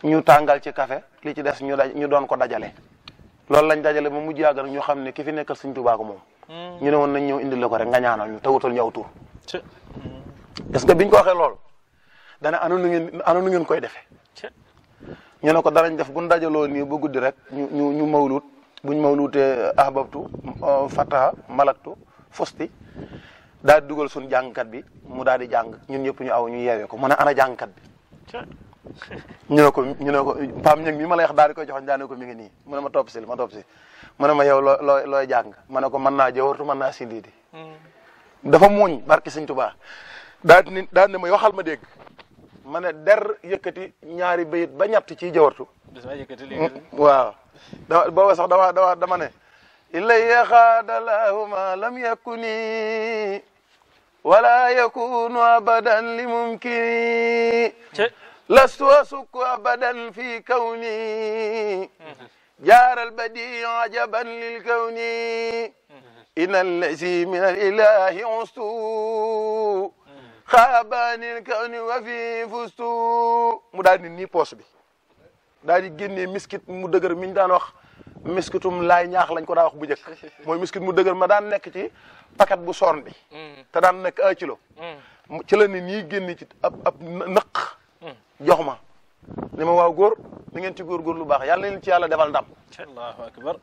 ñu tàngal ci café li ci des ñu daj ñu doon ko dajale loolu lañ dajale moom mujj yàgg nag ñu xam ne ki fi nekkal Sëñ Tuubaa ko moom hmm. ñu ne woon nañ ñëw indi la ko rek nga ñaanal ñu tawutal ñu aw tur est-ce que biñ ko waxee lool dana ana nu ngeen ana ngeen koy defee ñu ne ko danañ def buñ dajaloo nii ba guddi rek ñu ñu ñu mawlut buñ mawlutee ahbabtu euh, fataha malaktu fosti daal di dugal suñ jàngkat bi mu daal di jàng ñun ñëpp ñu aw ñu yeewee ko mu ne ana jàngkat bi ñu ne ko ñu ne ko Pam ñëg mi ma lay wax daal di koy joxoon daal di ko mi ngi nii mu ne ma topp si ma topp si mu ne ma yow loo loo looy jàng ma ne ko mën naa jëwartu mën naa sindiidi mm. dafa muuñ barki sëñ Tuubaa daal di ma dégg ma der yëkkati ñaari ba ñett ciy jëwartu mm, waaw da booba sax dama dama dama ne ilaya xaadalahuma lam yakuni wala yakunu abadan li mumkini lastu asukku abadan fi kawni jaaral badi ajaban lil kawni ina allazi min al ilahi ustu xaabaanil kawni wa fi fustu mu daal di nii poos bi daal di génnee miskit mu dëgër mi ñu daan wax miskitum laay ñaax lañ ko daa wax bu njëkk mooy miskit mu dëgër ma daan nekk ci paquet bu sorn bi mm. te daan nekk un kilo mm. ci la ne nii génne ci ab ab nëq jox ma ne ma waaw góor na ngeen ci góorgóor lu baax yàlla na leen ci yàlla defal ndam. allahu akbar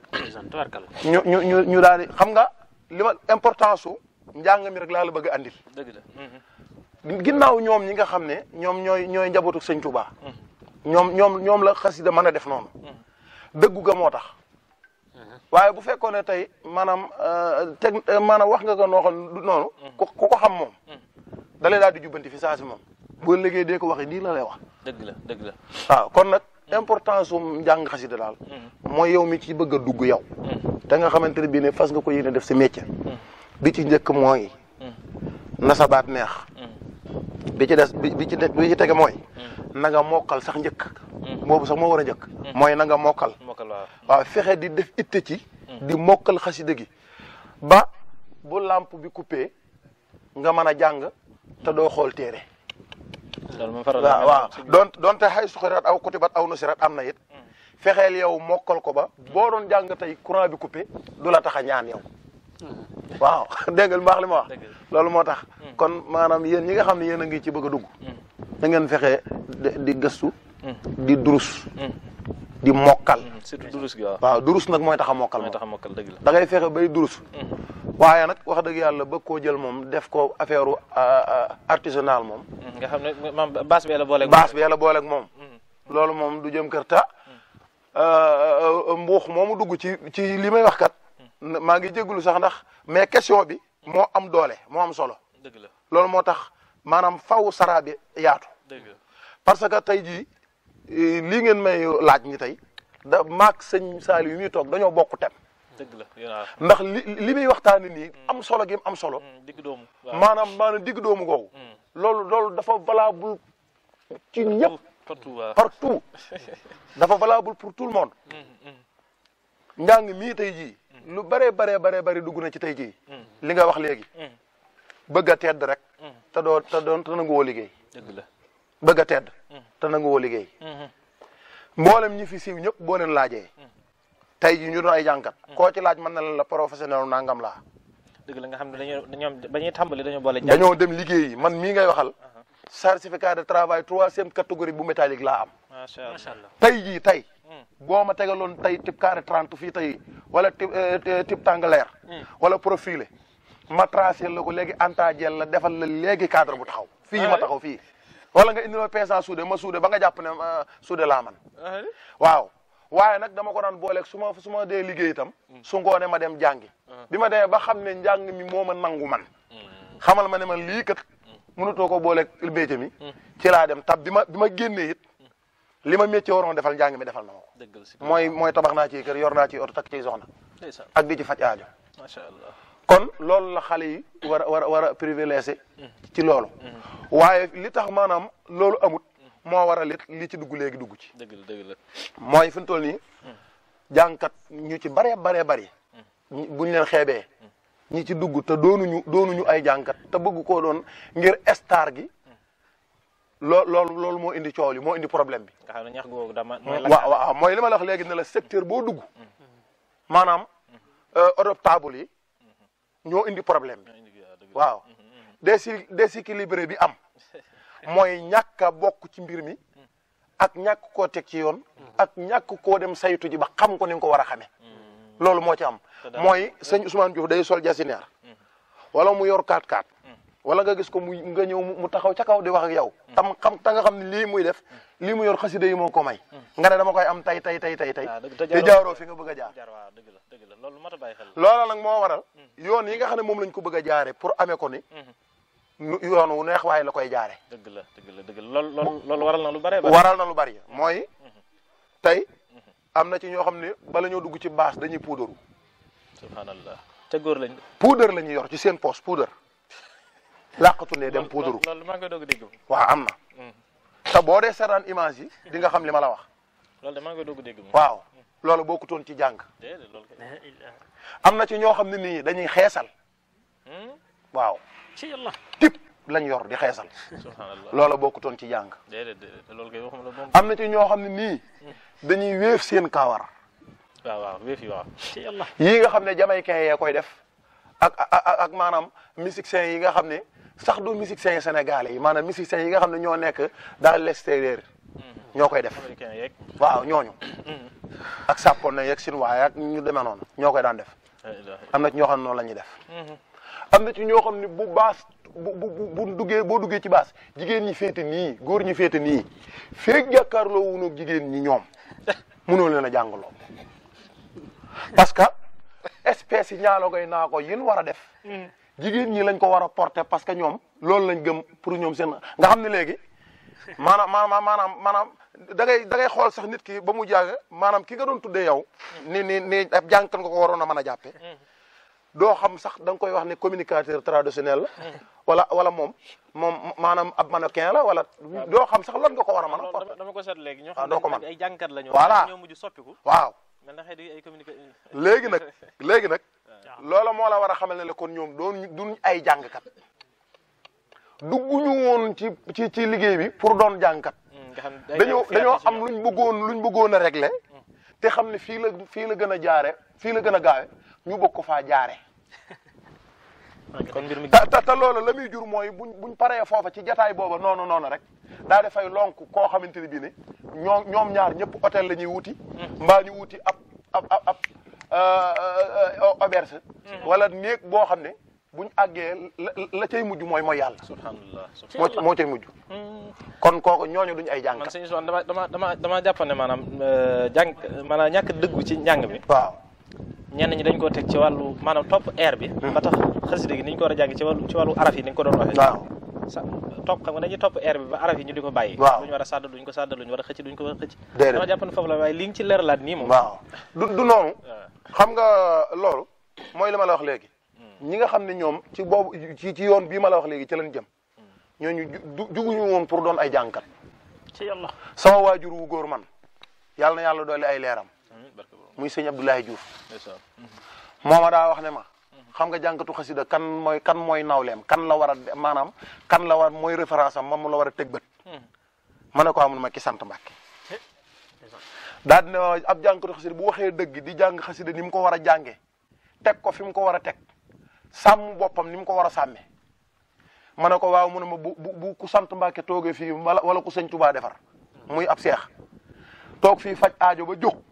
ñu ñu ñu ñu daal di xam nga li ma importance su njàng mi rek laa la bëgg a andil. dëgg la mhm. ñoom ñi nga xam ne ñoom ñooy ñooy njabootu sëñ Touba. Mhm. ñoom ñoom ñoom la xasida mën a def noonu. Mhm. dëggu ga moo tax. waaye bu fekkoon ne tey maanaam euh, teg euh, maanaam wax nga ko noo xam du noonu. ku ko xam moom. dalee daal di jubbanti fi saa si moom. boo liggéey dee ko waxee nii la lay wax. dëgg la dëgg la. waaw kon nag importance su njàng xasida daal. Mm-hmm. mooy yow mi ci bëgg a dugg yow. Mm-hmm. te nga xamante ne bii ne fas nga ko yéene def si métier. Mm-hmm. bi ci njëkk mooy. na sa baat neex. bi ci des bi na nga mokkal sax njëkk. boobu sax moo war a njëkk. mooy na nga mokkal. mokkal waaw waaw fexe di def itte ci. di mokkal xasida gi ba bu làmp bi coupé nga mën a jàng te doo xool téere. waaw waaw don donte xay suxiraat aw kutibat aw nusiraat am na it mm. fexeel yow mokkal ko ba boo doon jàng tey courant bi coupé du la tax a ñaan yow mm. waaw dégg nga baax li ma wax loolu moo tax mm. kon maanaam yéen ñi nga xam ne yéen a ngi ci bëgg a dugg da ngeen fexe di gëstu di durus di mokkal. Mm, surtout durus gi waaw waaw durus nag mooy tax a mokkal. mooy tax a mokkal dëgg la da ngay fexe bay durus. Mm. waaye nag wax dëgg yàlla bëgg koo jël moom def ko affaire artisanal moom. Mm, nga xam ne maam bâche bi yàlla booleeg moom bâche moom. loolu moom du jëm kër ta mbuux moomu dugg ci ci li may wax kat. maa ngi jégalu sax ndax mais question bi moo am doole moo am solo. dëgg la loolu moo tax maanaam faw saraa bi yaatu. parce que tey jii. lii ngeen may laaj ni tey da maag sëñ Saliou yi muy toog dañoo bokk tem dëgg la ndax li li muy waxtaane nii mm. am solo gi am solo mm, digg doomu maanaam maanaam digg doomu googu mm. loolu loolu dafa valable ci ñëpp partout dafa valable pour tout le monde njàng mii tey jii lu bare bare bare dugg na ci tey ji li nga wax léegi bëgg a tedd rek te doo te doon te nanguwoo liggéey dëgg a tedd te nanguwoo liggéey. Mm-hmm. mboolem ñi fi siiw ñëpp boo leen laajee. Mm-hmm. tey ji ñu doon ay jànkat. Mm-hmm. koo ci laaj mën na leen la professionnel nangam laa. dëgg la nga xam ne dañoo dañoo ba ñuy tàmbali dañoo boole. dañoo dem liggéeyi man mii ngay waxal. Uh-huh. certificat de travail troisième catégorie bu métallique laa am. macha allah tey jii tey. Mm. boo ma tegaloon tey type carré trente fii tey wala euh, type type tangalaire. Mm. wala profilé. ma tracé la ko léegi antaajeel la defal la léegi cadre bu taxaw. fii ma taxaw fii. wala nga indi ma pince suude ma suude ba nga jàpp ne euh, souder laa man waaw waaye nag dama ko daan booleeg su ma su ma dee liggéey tam mm. su ngoone ma dem jàngi uh-huh. bi ma demee ba xam ne njàng mi moo ma nangu man mm. xamal ma ne man lii kat mm. mënutoo ko booleeg béyte mi ci laa dem tab bi ma bi ma génnee li ma métier waroon defal njàng mi defal na ma ko mooy mooy tabax naa ci kër yor naa ci oto takk ciy soxna ak di ci faj aajo macha allah kon loolu la xale yi war a war a war a privilégié ci loolu waaye li tax maanaam loolu amut moo war a li li ci dugg léegi dugg ci dëgg la la mooy fi mu toll nii ñu ci bare bare bari buñ leen xeebee ñi ci dugg te doonuñu doonuñu ay jàngkat te bëgg koo doon ngir star gi loo loolu loolu moo indi coow li moo indi problème bi. nga xam ne ñax googu dama. mooy li ma la léegi ne la secteur boo dugg. maanaam euh, oto yi. ñoo indi problème bi ah, waaw mm-hmm, mm-hmm. dési déséquilibre bi am mooy ñàkk a bokk ci mbir mi ak ñàkk koo teg ci yoon mm-hmm. ak ñàkk koo dem saytu ji ba xam ko ni nga ko war a xamee loolu moo ci am mooy sëñ Ousmane Diouf day sol jasineer wala mu yor 4-4 wala nga gis ko mu nga ñëw mu taxaw ca kaw di wax ak yow mm. tam xam ta nga xam ne lii muy def mm. lii mu yor xasida yi moo ko may mm. nga ne dama koy am tay tay tay tay tay ah, di jaaroo fi nga bëgg a jaar waaw dëgg la dëgg la loolu mat a bàyyi xel loola nag moo waral yoon yi nga xam ne moom lañ ko bëgg jaare pour amee ko ni mm-hmm. yoon wu neex waaye la koy jaare dëgg la dëgg la dëgg la loolu loolu waral na lu bari na lu bari mooy mm-hmm. tay mm-hmm. am na ci ñoo xam ne bala ñoo dugg ci baas dañuy puudaru subhanallah ca góor lañ puudar la ñuy yor ci seen poos puudar làqatu ne dem poudre loolu maa ngi koy doog a dégg. Hmm. boo dee seetaan image yi di nga xam li ma la wax. loolu de maa ngi dégg. waaw loolu bokkutoon ci jàng. na ci ñoo xam ne nii dañuy xeesal. Hmm? waaw. ci yàlla yor di xeesal. loola bokkutoon ci jàng. am na ci ñoo xam ne nii. dañuy wéef seen kaawar. waaw waaw yii nga xam ne jamaïcain ye koy def. ak ak ak maanaam musiciens yi nga xam ne. sax du musiciens yi sénégalais yi maanaam musiciens yi nga xam ne ñoo nekk dans l'extérieur mm-hmm. ñoo koy def waaw ñooñu mm-hmm. ak sàppoon na yeeg chinois ak ñu demee noonu ñoo koy daan def am na ñoo xam ne noonu la ñuy def mm-hmm. am na ci ñoo xam ne bu baas bu bu bu duggee boo duggee ci baas jigéen ñi féete nii góor ñi féete nii feeg jàkkaarloo wuñu jigéen ñi ñoom mënoo leen a jàngaloo parce que espèce yi ñaalo koy naa ko yin war a def jigéen ñi lañ ko war a porter parce que ñoom loolu lañ gëm pour ñoom seen nga xam ne léegi maanaam maanaam maanam maanaam da ngay da xool sax nit ki ba mu jàng maanaam ki nga doon tuddee yow. ni ni ni ab jàngkat nga ko waroon a mën a jàppee. doo xam sax da koy wax ne communicateur traditionnel la. wala wala moom moom maanaam ab mannequin la wala. doo xam sax lan nga ko war a mën a. porter ko seet léegi ñoo ah, xam ne ay jàngkat la ñu. voilà ñoo mujj soppiku. waaw. léegi nag léegi nag. loola moo la war a xamal ne la kon ñoom doon duñ ay jàngkat dugguñu woon ci ci ci liggéey bi pour doon jàngkat mm, dañoo dañoo am luñ bëggoon luñ bëggoon a régler mm. te xam ne fii la fii la gën a jaare fii la gën a gaawe ñu bëgg ko faa jaare kon mbir mi te la muy jur mooy buñ buñ paree foofa ci jataay booba noonu noonu rek daal di fay ko koo xamante ne bii ne ñoom ñoom ñaar ñëpp hôtel la wuti. Mm. mbaa ñu wuti ab ab Euh, euh, euh, auberge mhm. wala néeg boo xam ne buñ àggee la cay mujj mooy mooy yàlla subhanallah moo moo cay mujj mhm. kon kooku ñooñu duñ ay jàng sëñ Ousmane dama dama dama dama jàpp ne maanaam jàng maanaam ñàkk dëggu ci njàng mi waaw ñenn ñi dañ koo teg ci wàllu maanaam topp air bi hmm. ba tax xasida gi ni ko war a jàng ci wàllu ci wàllu araf yi ni ñu ko doon waxee sa topp xam nga dañuy topp air bi ba araf yi ñu di ko bàyyi waaw ñu war a sàdd duñ ko sàdd lu ñu war a xëcc duñ ko war a xëcc dama jàpp ne foofu la waaye li nga ci leeralaat nii moom du du noonu xam nga uh, loolu mooy li ma la wax léegi hmm. ñi nga xam ne ñoom ci boobu ci ci yoon bii ma la wax léegi ci lañ jëm hmm. ñooñu juguñu woon pour doon ay jàngkat ci yàlla sama waajur wu góor man yàlla na yàlla doole ay leeram muy sëñ Abdoulaye Diouf mm-hmm. a daa wax ne ma mm-hmm. xam nga jàngatu xasida kan mooy kan mooy nawleem kan la war maanaam kan la war mooy référence am moom la war a teg bët mm-hmm. ma ne ko amul ah, ma ki sant Mbàkke daal dina ab jàngatu xasida bu waxee dëgg di jàng xasida ni mu ko war a jànge teg ko fi mu ko war a teg sàmm boppam ni ko war a sàmmee ma ne ko waaw mu ne ma bu bu ku sant Mbàkke toogee fii wala ku sëñ Tubaa defar muy ab seex toog fii faj aajo ba jóg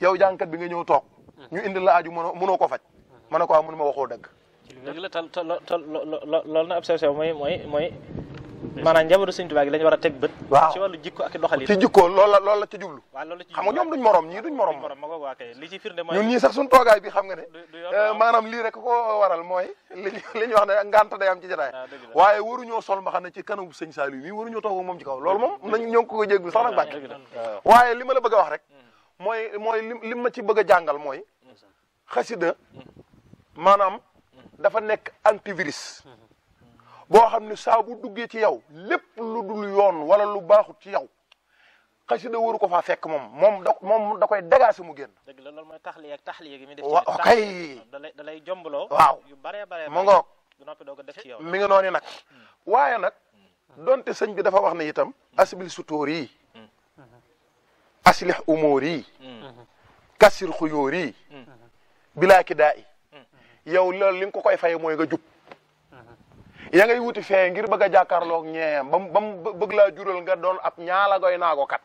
yow jàngkat bi nga ñëw toog hmm. ñu indi la aju mënoo mënoo ko faj hmm. ma ne ko ah ma waxoo dëgg. dëgg la tal tal loolu na ab sew sew mooy mooy mooy maanaam njabootu Sëñ Tuubaa gi lañ war a teg bët. waaw ci wàllu jikko ak doxalin. ci jikko la loolu la ci jublu. waaw loolu la ci jublu xam nga ñoom duñ morom ñii duñ morom. li ñii sax suñu toogaay bi xam nga ne. Euh, maanaam lii rek ko waral mooy li ñu wax ne ngànt day am ci jotaay. Ah, waaye waruñoo sol ma xam ne ci kanamu Sëñ Saliou mii waruñoo toog moom ci kaw loolu moom nañ ñoo ngi ko ko jéggu sax nag ah, bàcc ah. waaye li la bëgg a wax rek hmm. mooy mooy li ma ci bëgg a jàngal mooy xasida maanaam dafa nekk antivirus boo xam ne saa duggee ci yow lépp lu dul yoon wala lu baaxut ci yow xasida waru ko faa fekk moom moom da moom da koy dégaasi mu génn. dëgg la loolu mooy taxliya ak taxliya gi mi def waaw kay da lay da lay jombloo. waaw yu bare bare mu ngoog du ko def ci yow mi ngi noonu nag. Hmm. waaye nag donte sëñ bi dafa wax na itam. Hmm. asbil sutóor yi. aslih umuri kasir xuyóori bilaa ki daa i yow loolu li nga ko koy fay mooy nga jub ya ngay wuti fee ngir bëgg a jàkkaarloog ñeem bam bam bëgg laa jural nga doon ab ñaala goy naago kat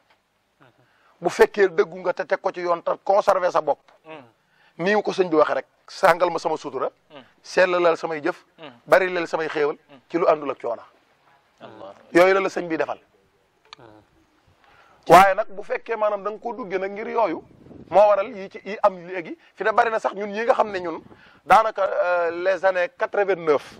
bu fekkee dëggu nga te teg ko ci yoon te conserver sa bopp nii ko sëñ bi wax rek sàngal ma sama sutura sellalal samay jëf mm. bari leel samay xéewal mm. ci lu ak coona yooyu la la sëñ bi defal waaye nag bu fekkee maanaam da nga ko duggee nag ngir yooyu moo waral yi ci yi am léegi fi ne bari na sax ñun yi nga xam ne ñun daanaka euh, les années quatre-vingt-neuf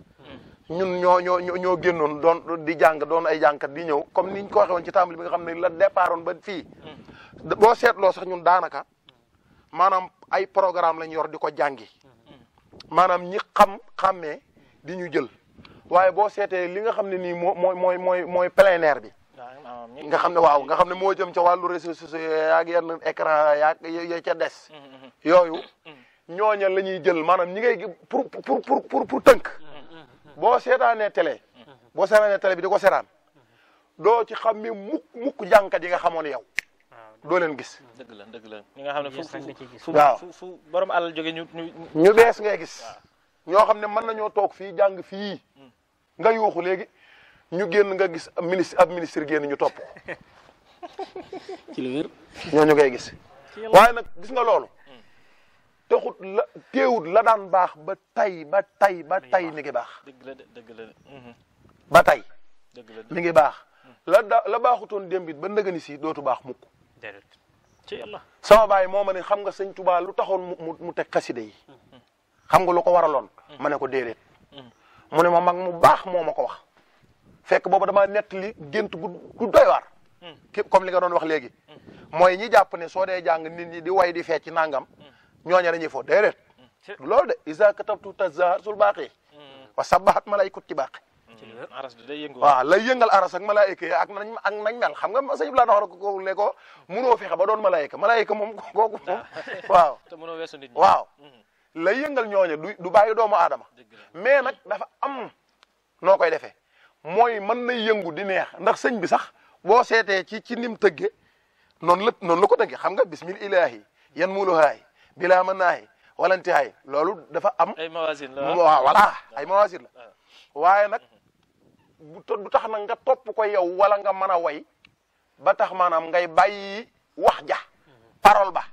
ñun ñoo ñoo ñoo génnoon doon di jàng doon ay jàngkat di ñëw comme niñ ko waxee ci tàmbali bi nga xam ne la départoon ba fii hmm. boo seetloo sax ñun daanaka maanaam ay programme lañ yor di ko jàngi maanaam ñi xam xàmmee di ñu jël waaye boo seetee li nga xam ne nii moo mooy mooy mooy mooy plein bi nga xam ne waaw nga xam ne moo jëm ca wàllu réseaux sociaux yaag yenn écran yaag ya ca des mm-hmm, mm-hmm. yooyu mm-hmm. ñooña la ñuy jël maanaam ñi ngay pour pour pour pour pour tënk boo seetaanee télé boo seetaanee télé bi di ko seetaan doo ci xam ne mukk mukk jànkat yi xamoon yow ah, doo leen gis. dëgg la dëgg la ñi nga xam ne fu fu fu borom alal jóge ñu ñu. ñu bees ngay gis. ñoo xam ne mën nañoo toog fii jàng fii. Mm. nga yuuxu léegi ñu génn nga gis ab ministre ab génn ñu topp ci lu wér ñooñu ngay gis waaye nag gis nga loolu taxut la teewut la daan baax ba tay ba tay ba tay mi ngi baax dëgg la la mhm. ba tay mi ngi baax mhm. la da la baaxutoon démb ba ndëgëni si dootu baax mukk ci yàlla sama baay moo ma ne xam nga sëñ Tuubaa lu taxoon mu mu teg xaside yi mhm. xam nga lu ko waraloon ma ne ko déedéet mu ne ma mag mu baax moo ma ko wax fekk boobu damaa nettali gént gu gu doy waar. Hmm. comme li nga doon wax léegi. Hmm. mooy ñi jàpp ne soo dee jàng nit ñi di way di fecc nangam. Hmm. ñooña dañuy fo déedéet. loolu de isa katabtu tazahar sul baaqi wa sabahat malaykut ci baaqi waaw lay yëngal aras ak malaayika yi ak nañ ak nañ mel xam nga sëñ Ibrahima wax ko ne ko mënoo ba doon malaayika malaayika moom kooku moom waaw te mënoo weesu nit ñi waaw lay yëngal du du bàyyi doomu aadama mais nag dafa am noo koy defee mooy man na yëngu di neex ndax sëñ bi sax boo seetee ci ci nim tëgge noonu la noonu la ko tëgge xam nga bismil ilahi yan muuluhaayi bilaa mën naayi walantihaay loolu dafa am ay mawasin la waaw voilà ay mawasin la ah. waaye nag du tax nag nga topp ko yow wala nga mën a way ba tax maanaam ngay bàyyi wax ja parole ba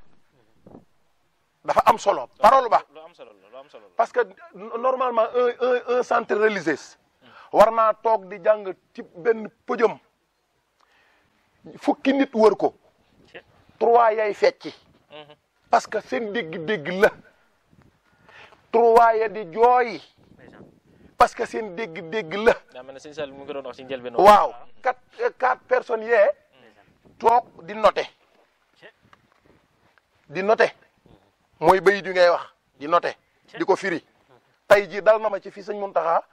dafa am solo parole ba parce que normalement un un un centre religieux war naa toog di jàng ti benn pëjëm fukki nit wër ko trois yay fecci parce que seen dégg-dégg la trois ya di jooy parce que seen dégg-dégg la waaw quatre quatre personnes yee toog di note di note mooy bayit yu ngay wax di note di ko firi tey jii dal na ma ci fii sëñ Muntaxa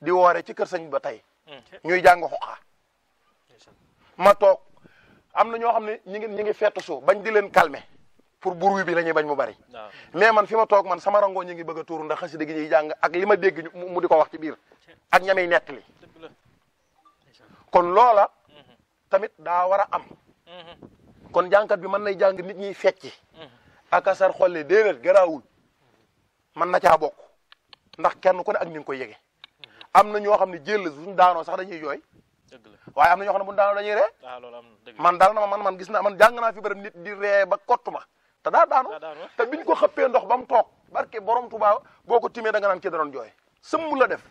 di woore ci kër sëñ ba tey mm. ñuy jàng xuqaa ah. ma toog am na ñoo xam ne ñu ngi ñu ngi fettu suuf bañ di leen calmer pour bruit bi la bañ mu bari mais man fi ma toog man sama rangoo ñu ngi bëgg tuur tuuru ndax xasida gi ñuy jàng ak li ma dégg mu di ko wax ci biir ak ñamey nett li kon loola mm-hmm. tamit daa war a am mm-hmm. kon jànkat bi mën nay jàng nit ñiy fecci mm-hmm. ak asar xolle déedéet garaawul mën na caa bokk ndax kenn ku ne ak ni koy yëge am na ñoo xam ne jël suñu daanoo sax dañuy jooy waaye am na ñoo xam ne bu ñu daanoo dañuy ah, man daal na ma man man gis na man jàng naa fi bëram nit di ree ba kottuma te daa daanu te biñ ko xëppee ndox ba mu toog barke borom Tuubaa boo ko timee da nga naan ci daroon jooy sëmm la def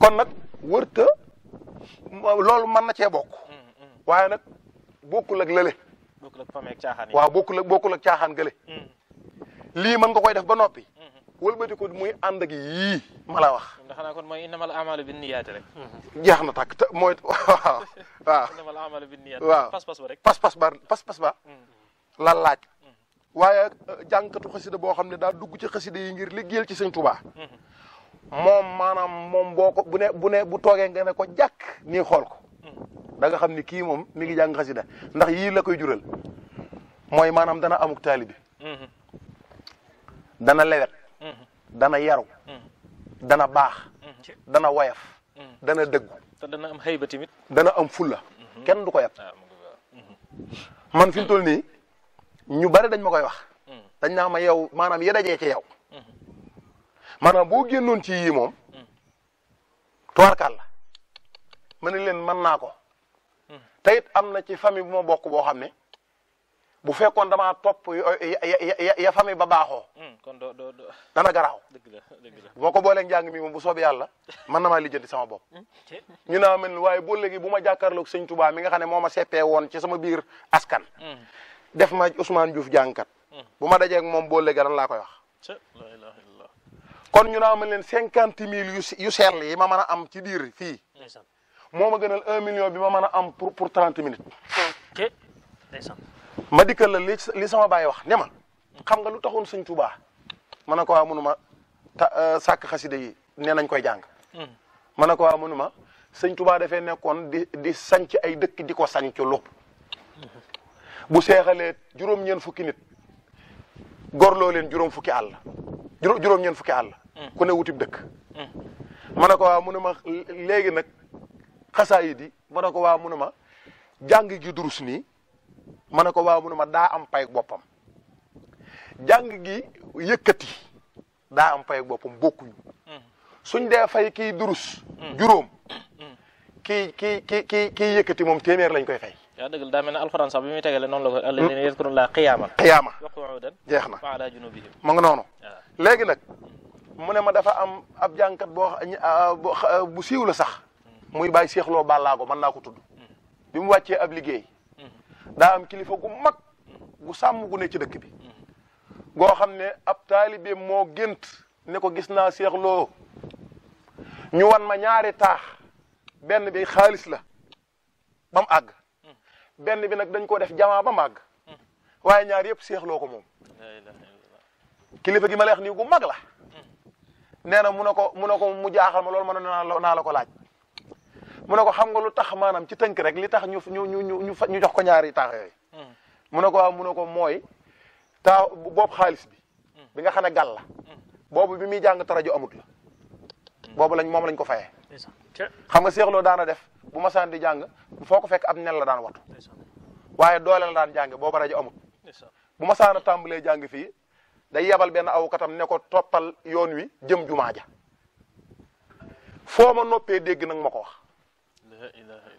kon nag wërta loolu mën na cee bokk mm, mm. waaye nag bokkul ak lële bokkul ak caaxaan waaw bokkul ak bokkul mm. lii mën nga koy def ba noppi wëlbatiku muy ànd ak yii ma la wax. ndax xanaa kon mooy innamal jeex na tàkk te mooy waaw. waaw innamal amalu bin niyaat waaw pas-pas ba rek. pas-pas ba pas-pas ba. Mm. la laaj. waaye euh, jànkatu xasida boo xam ne daa dugg ci xasida yi ngir liggéeyal ci sëñ Tuubaa. Mm-hmm. moom maanaam moom boo ko bu ne bu toogee nga ko jàkk nii xool ko. Mm. da xam ni kii moom mi ngi jàng xasida ndax yii la koy jural mooy maanaam dana amuk taalibi mm-hmm. dana lewet dana yaru dana baax dana woyaf dana dëggu te dana am xayba tamit dana am fulla mhm. kenn du ko yab ah, mhm. man fi mu toll nii ñu bari dañ ma koy wax mhm. dañ naa ma yow maanaam yi dajee ci yow maanaam boo génnoon ci yii moom tuwarkal la ma ne leen mën naa ko te it am na ci famille bu ma bokk boo xam ne bu fekkoon damaa topp ya fami ba baaxoo. Hmm, kon doo doo doo. dana garaaw. dëgg la ko boolee njàng mi moom bu soobee yàlla man na maa lijjanti sama bopp. Hmm, ñu naa mel waaye boo léegi bu ma jàkkaarloog sëñ Touba mi nga xam ne moo ma seppee woon ci sama biir askan. Hmm. def ma Ousmane Diouf jàngkat. bu ma dajee moom boo léegi la laa koy wax. kon ñu naa mel leen cinquante mille yu yu yi ma mën a am ci biir fii. moo ma gënal un million bi ma ma a am pour pour trente minutes. ma dikkal la li li sama baay wax ne ma xam nga lu taxoon sëñ Tuubaa ma ne ko waa ah, mënu ma ta euh, sàkk nañ koy jàng hmm. ma ne ko ah, ma sëñ Tuubaa nekkoon di di sanc ay dëkk di ko sanc lu bu seexalee juróom-ñeen fukki nit gorloo leen juróom fukki àll juróom-ñeen fukki àll hmm. ku ne wutib dëkk hmm. ma ne ko waa ah, mënu ma léegi nag xasaa yi di ma ko waa mënu ma gi durus nii ma ne ko waaw mu ma daa am pay boppam jàng gi yëkkati daa am pay boppam bokkuñu hmm. suñ dee fay kii durus. Hmm. juróom kii hmm. kii kii kii kii yëkkati moom téeméer lañ koy fay. yaa dëgg la daa mel ne alxuraan sax bi muy tegale noonu la ko alladina yadkurullaha qiyaaman na wa ala junubihim mu noonu léegi nag mu ne ma dafa am ab jànkat boo bu siiw sax muy bàyyi seexloo bàllaago man naa ko tudd bi mu wàccee ab liggéey daa kilifa gu mag gu sàmm gu ne ci dëkk bi goo xam ne ab taalibe moo gént ne ko gis naa Seex Lo ñu wan ma ñaari taax benn bi xaalis la ba mu àgg benn bi nag dañ ko def jamaa ba mu àgg ñaar yëpp Seex Lo ko moom kilifa gi ma lay wax nii gu mag la nee na mu ne ko mu ne ko mu jaaxal ma loolu ma ne naa la ko laaj mu ne ko xam nga lu tax maanaam ci tënk rek li tax ñu ñu ñu ñu ñu jox ko ñaari taax yooyu. Hmm. mu ne ko waaw mu ne ko mooy taa boobu xaalis bi. Hmm. bi nga xam ne gàll la. Hmm. boobu bi muy jàng tarajo amut boobu lañ moom lañ ko fayee. xam nga seexloo daana def bu masaan di jàng foo ko fekk ab nel la daan waaye doole la daan jàng rajo amut. masaan a jàng fii day yebal benn aw katam ne ko toppal yoon wi jëm jumaa ja ma noppee dégg nag ma ko wax.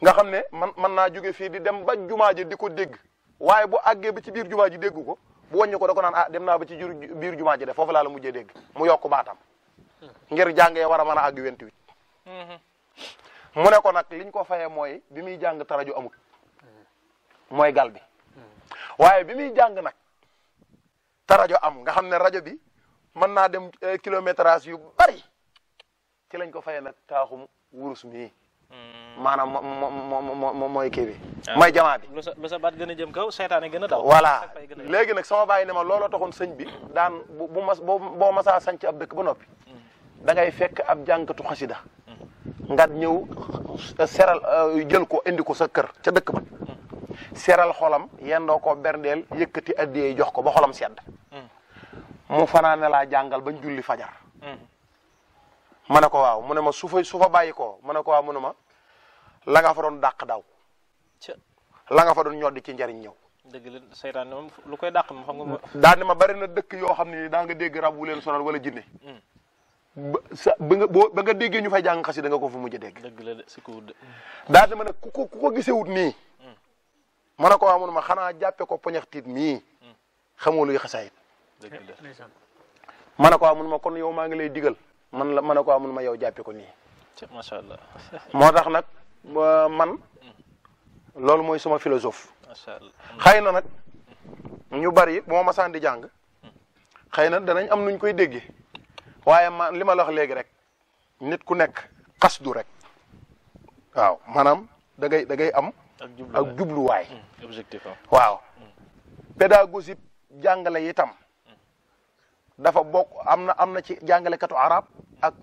nga xam ne man mën naa jóge fii di dem ba jumaa ji di ko dégg waaye bu àggee ba ci biir jumaa ji dégg ko bu wàññi ko da ko naan ah dem naa ba ci biir jumaa ji de foofu laa mu mujjee dégg mu yokk baatam ngir jàngee war a mën a àgg wentiwit mm-hmm. mu ne ko nag liñ ko fayee mooy bi muy jàng rajo amut mooy gal bi mm-hmm. waaye bi muy jàng nag te rajo am nga xam ne rajo bi mën naa dem eh, kilométrage yu bari ci lañ ko fayee nag taaxum wurus mii maanaam moo moo moo mooy kii bi. Ah. mooy jamaa bi. lu sa lu sa baat gën a jëm kaw seytaane gën a daw. voilà léegi nag sama bàyyi ne ma looloo taxoon sëñ bi daan bu bu mas boo masaa sanc ab dëkk ba noppi. Mm. da ngay fekk ab jàngatu xasida mm. nga ñëw uh, seral uh, jël ko indi ko sa kër ca dëkk ba. Mm. seral xolam yendoo ko berndeel yëkkati addiyee jox ko ba xolam sedd. mu fanaane laa jàngal bañ julli fajar. ma ne ko waaw mu ne ma su fa su fa bàyyi koo ma ne ko waaw mu ne ma. la nga fa doon dàq daw la nga fa doon ñoddi ci njariñ ñëw dëgg la seytaan moom lu koy dàq moom xam nga ma bari na dëkk yoo xam ne daa nga dégg rab wu leen sonal wala jinne hmm. ba sa ba nga boo ba nga déggee ñu fay jàng xas nga ko fa mujj a dégg dëgg la si ko wut daan ne ma ne ku ko ku ko gisewut nii hmm. ma ne ko waa mun ma xanaa jàppe ko poñaxtiit mii hmm. xamoo luy xasaayit dëgg la ma ne ko ma kon yow maa ngi lay digal man la ma ko waa ma yow jàppe ko nii macha allah moo tax nag man loolu mooy sama philosophe xëy na nag ñu bari bu ma masaan di jàng xëy na danañ am nuñ koy déggee waaye li ma la léegi rek nit ku nekk xas du rek waaw maanaam dagay ngay am ak jubluwaay mm, objectif waaw mm. pédagogie jàngale itam mm. dafa bokk am na am na ci jàngalekatu arab ak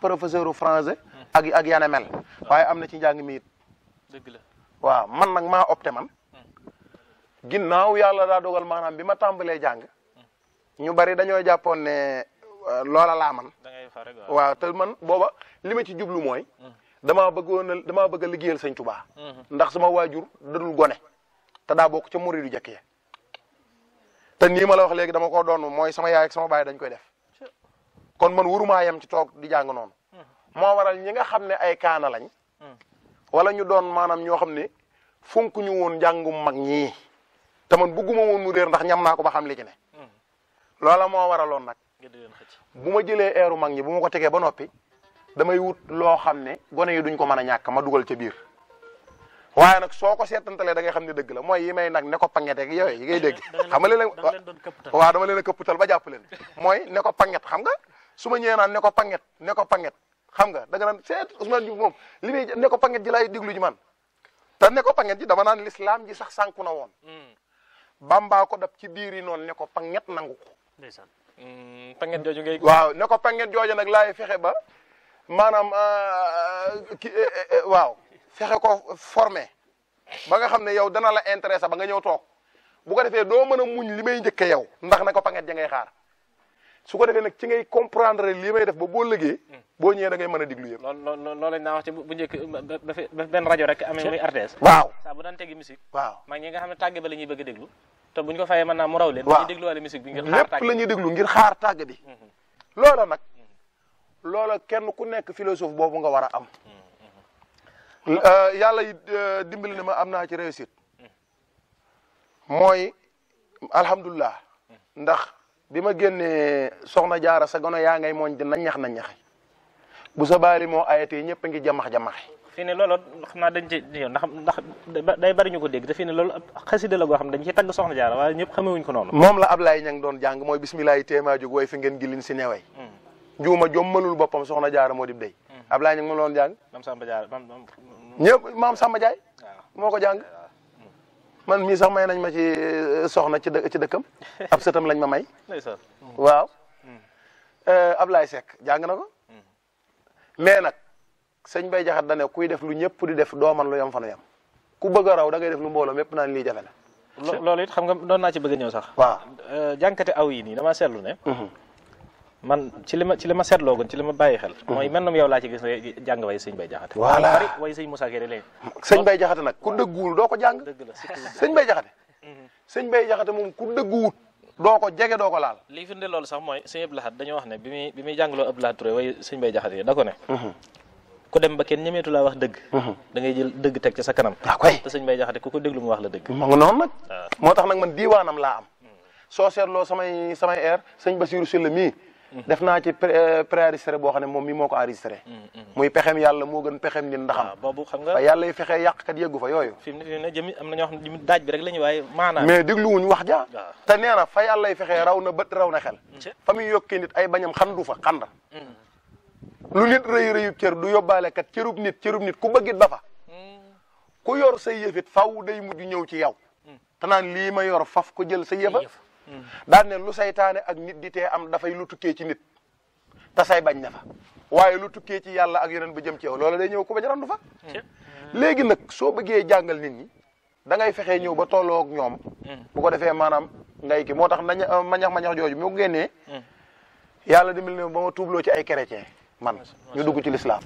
professeur français ak ak yana mel waaye am na ci njàng mi it la waaw man nag maa opté man hmm. ginnaaw yàlla daa dogal maanaam bi ma tàmbalee jàng hmm. ñu bari dañoo jàppoon ne euh, loola laa man waaw te man booba li ma ci jublu mooy hmm. damaa bëggoon damaa bëgg a liggéeyal sëñ Tuubaa ndax sama waajur dadul gone te daa bokk ca muridu jëkk ya te nii la wax léegi dama ko doon mooy sama yaay ak sama baay dañ koy def kon man warumaa yem ci toog di jàng noonu moo waral ñi nga xam ne ay kaana lañ hmm. wala ñu doon maanaam ñoo xam ne fonku ñu woon njàngum mag ñi te man bugguma woon mu réer ndax ñam naa ko ba xam li ci ne hmm. loola moo waraloon nag bu ma jëlee eeru mag ñi bu ma ko tegee ba noppi damay wut loo xam ne gone yi duñ ko mën a ñàkk ma dugal ca biir waaye nag soo ko seetantalee da ngay xam ne dëgg la mooy yi may nag ne ko panget ak yooyu yi ngay dégg xam nga leen waaw dama leen a këpputal ba jàpp leen mooy ne ko panget xam nga su ma ñëwee naan ne ko panget xam nga da nga naan seet Ousmane Diouf moom li muy ne ko panget ji lay déglu ji man te ne ko panget ji dama naan lislaam ji sax sànku na woon hmm. bambaa ko dab ci biir yi noonu ne ko panget nangu ko ndeysaan hmm, panget jooju ngay waaw ne ko panget jooju nag laay fexe ba maanaam euh, euh, ki euh, waaw fexe ko formé ba nga xam ne yow dana la intéressé ba nga ñëw toog bu ko defee doo mën a muñ li may njëkke yow ndax ne ko panget ja ngay xaar su ko dee nag ci ngay comprendre lii may def ba boo liggéey. Hmm. boo ñëwee da ngay mën a diglu yëpp. loolu loolu loolu lañ naa wax ci bu njëkk ba benn rajo rek amee muy RTS. waaw saa bu xam ne tàgge ba la ñuy bëgg a déglu. bu ñu ko fayee mën naa mu raw leen. waaw dañuy dégluwaale musique bi ngir xaar tàgge lépp la ñuy bi. Hmm, hmm. loola nag. loola kenn ku nekk philosophe boobu nga war a am. Euh, yàlla yi euh, dimbali na ma am naa ci réussite. mooy alhamdulilah bi ma génnee soxna jaara sa gono yaa ngay mooñ di na ñax na ñaxe bu sa baari moo ayatee a ngi jamax jamaxe fii ne loolu xam naa dañ ci yow ndax ndax day bari ñu la goo xam dañ ci tagg soxna jaara waaye ñëpp xamewuñ ko noonu moom la Ablaye Ñang doon jàng mooy bisimilahi téemaa jóg way fi ngeen gilin si newey hmm. njuuma jommalul boppam soxna jaara moo dib day hmm. Ablaye Ñang mu loon jàng maam maam Samba Jaay moo ko jàng man mii sax may nañ ma ci euh, soxna ci dë ci dëkkam ab sëtam lañ ma may. waaw. Mm. Euh, Ablaye Seck jàng na ko. Mm. mais nag sëñ Bay Jaxat da ne kuy def lu ñëpp di def doo man lu yem fa nu ku bëgg a raw da def lu mbooloo mépp naan lii jafe la. loolu it xam nga doon naa ci bëgg ñëw sax. waa euh, jànkate aw yi nii dama seetlu ne. Mm-hmm. man ci li ma ci li ma seetloogoon ci li ma bàyyi xel mhm. mooy mel nam yow laa ci gis jàng way sëñ bay jaxate nag ku dëgguwul doo ko jàng la sëñ bay jaxate mhm. sëñ bay jaxate moom ku dëgguwut doo ko jege doo ko laal lii firnde loolu sax mooy sëñ Abdou Lahad dañoo wax ne bi muy bi muy jàngaloo Abdou Lahad Touré way sëñ bay jaxate yi da ko ne mhm. ku dem ba kenn ñemeetu laa wax dëgg da ngay jël dëgg teg ci sa kanam waaw ah, sëñ bay jaxate ku ko déglu mu wax la dëgg def naa ci euh, préenregistré boo xam ne moom mi moo ko enregistré mm, mm. muy pexem yàlla moo gën pexem nit ndaxam ah, boobu xam nga fa yàlla yi fexee yàqkat yëggu fa yooyu fi mu ne jëmi am na ñoo xam ne la ñu waaye maanaam mais dégluwuñ wax ja ah. te nee fa yàlla yi fexe raw na bët raw na xel mm. fa muy yokkee nit ay bañam xandu fa xanda lu nit rëy rëyub cër du yóbbaale kat cërub nit cërub nit ku bëggit ba fa ku yor say yëfit faw day mujj ñëw ci yow te naan lii ma yor faf ko jël sa yëfa daan ne lu saytaane ak nit di tee am dafay lu tukkee ci nit ta say bañ na fa waaye lu tukkee ci yàlla ak yeneen ba jëm ci yow loola day ñëw ku bañ randu fa léegi nag soo bëggee jàngal nit ñi da ngay fexee ñëw ba tolloo ak ñoom mm. bu ko defee maanaam ngay ki moo tax nañ euh, mañax mañax jooju mu ngeen ne mm. yàlla dimbali ne ba ma tuubloo ci ay chrétien man ñu dugg ci lislaam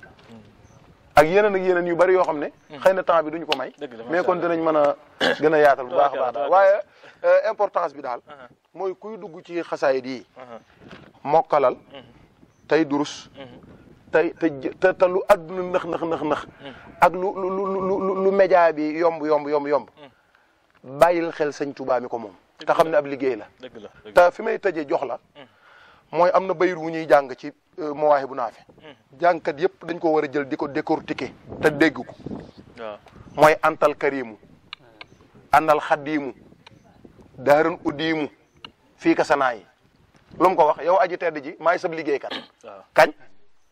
ak yeneen ak yeneen yu bari yoo xam ne hmm. xëy na temps bi duñu ko may mais kon dinañ mën a gën a yaatal bu baax a baax daal waaye euh, importance bi daal uh-huh. mooy kuy dugg ci xasaayid yi uh-huh. mokkalal uh-huh. tey durus tey te te lu adduna nax nax nax ak lu lu lu lu média bi yomb yomb yomb yomb bàyyil xel sañ tubaa mi ko moom te xam ne ab liggéey la te fi may tëjee jox la mooy am na bayir wu ñuy jàng ci euh, mawaahi bu naafi hmm. jàngkat yëpp dañ ko war a jël di ko décortiquer te dégg ko mooy antal karimu anal xadimu daaran uddiimu fii ka sanaa yi lu mu ko wax yow aji tedd ji maay sab liggéeykat kañ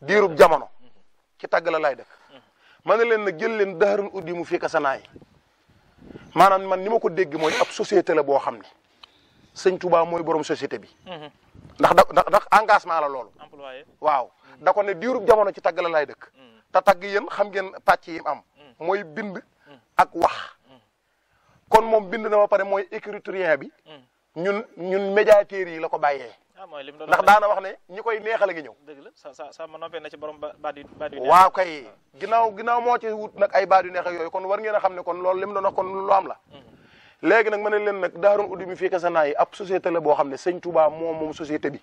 diirub jamono hmm. ci tàgg la lay def hmm. ma ne leen nag jël leen daaran uddiimu fii kasanaay sanaa man ni ma ko dégg mooy ab société la boo xam ne sëñ Tuubaa mooy borom société bi ndax da ndax ndax engagement la loolu. employé waaw mm. da ko ne diirub jamono ci tagg la laay dëkk. Mm. te tagg yéen xam ngeen pàcc yi am. Mm. mooy bind. ak wax. kon moom bind na ba pare mooy écriturien bi. ñun ñun médiateurs yi la ko bàyyee. Ah, ndax daana wax ne ñi koy neexale gi ñëw. dëgg la sa sa sa ma noppee na ci borom baat yu baat yu neex. waaw kay ah. ginnaaw ginnaaw moo ci wut nag ay baat yu yooyu kon war ngeen a xam ne kon loolu lim doon wax kon lu am la. léegi nag ma ne leen nag daarun uddi mi fii ka sa naa yi ab société la boo xam ne sëñ Touba moom moom société bi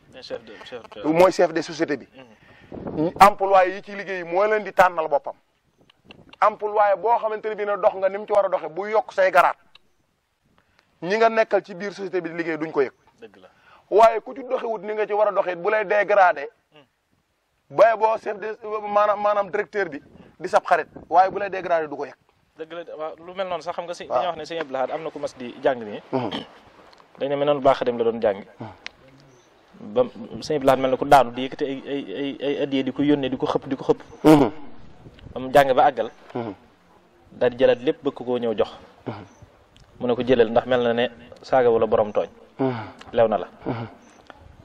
mooy chef de société bi mm-hmm. employé yi ci liggéey moo leen di tànnal boppam employé boo xamante ne bi ne dox nga ni mu ci war a doxe bu yokk say garaat ñi nga nekkal ci biir société bi liggéey duñ ko yëg waaye ku ci doxewut ni nga ci war a doxee bu lay dégradé mm. bay boo chef de maanaam maanaam directeur bi di sab xarit waaye bu lay dégradé du ko yëg dëgg la waaw lu mel noonu sax xam nga si dañoo wax ne sëñ Abdou Lahad am na ku mas di jàng nii mhm. dañ ne mel baax dem la doon jàng mhm. ba sëñ Abdou Lahad mel na ku daanu di yëkkati ay di ko yónnee di ko xëpp di ko xëpp mhm. ba mu daal jëlaat lépp bëgg koo ñëw jox mu ne ko jëlal ndax mel na ne saaga wala borom tooñ lew na la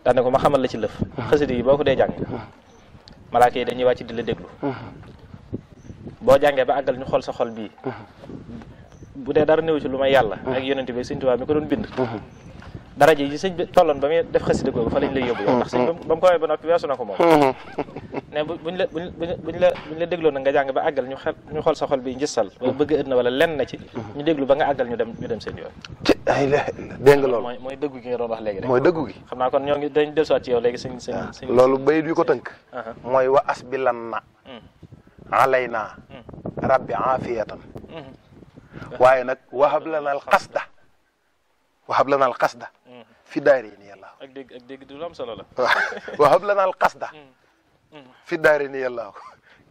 daane ko ma xamal la ci lëf xasida yi boo ko dee jàng malaaka dañuy wàcc di la déglu boo jàngee ba àggal ñu xool sa xol bii mm-hmm. bu dee dara néew ci lu may yàlla mm-hmm. ak yonent bi sëñ Tuubaa mi ko doon bind mm-hmm. dara ji sëñ tolloon ba muy def xasida googu fa ba mu ko waxee ba noppi weesu na ko moom ne buñ la buñ buñ la dégloo na nga jàng ba àggal ñu xel ñu xool sa xol bi njësal wala bëgg ëdd na lenn ci ñu déglu ba nga àggal ñu dem ñu dem seen yoon ci ay la dégg nga loolu mooy dëggu gi nga doon wax léegi rek mooy dëggu gi xam naa kon ñoo ngi dañ dellusiwaat ci yow léegi sëñ sëñ ah. loolu bayit yu ko tënk uh-huh. mooy wa as bi lan na mm. alayna rabbi aafiyatan waaye nag wahab lana al qasda wahab lana al qasda fi daarayni yàllaahu ak dégg ak dégg du lu am solo la wahab lana al qasda mm. mm. fi daarayni yàllaahu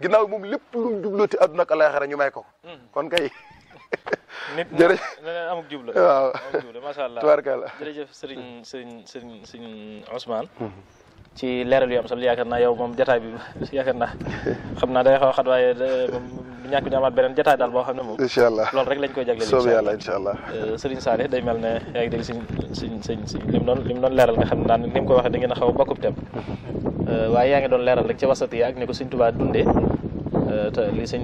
ginnaaw moom lépp lu mu jublooti àdduna ak alaxira ñu may ko mm. kon kay nit jërëjëf leneen amuk jubla waaw amuk jubla macha allah tubaarkalla jërëjëf sëriñ sëriñ sëriñ sëriñ Ousmane mm-hmm. ci leeral yu am solo yaakaar naa yow moom jataay bi yaakaar naa xam naa day xaw xat waaye euh, du ñàkk ñu beneen jataay daal boo xam ne moom incha allah loolu rek lañ koy jagleel soob yàlla incha euh, sëriñ Saliou day mel ne yaa ngi dégg siñ siñ siñ siñ li mu doon li mu leeral nga xam naa ni mu ko waxee da ngeen a xaw a euh, waaye yaa ngi doon leeral rek ci wasat yi ak ni ko sëñ Tuubaa dundee te li sëñ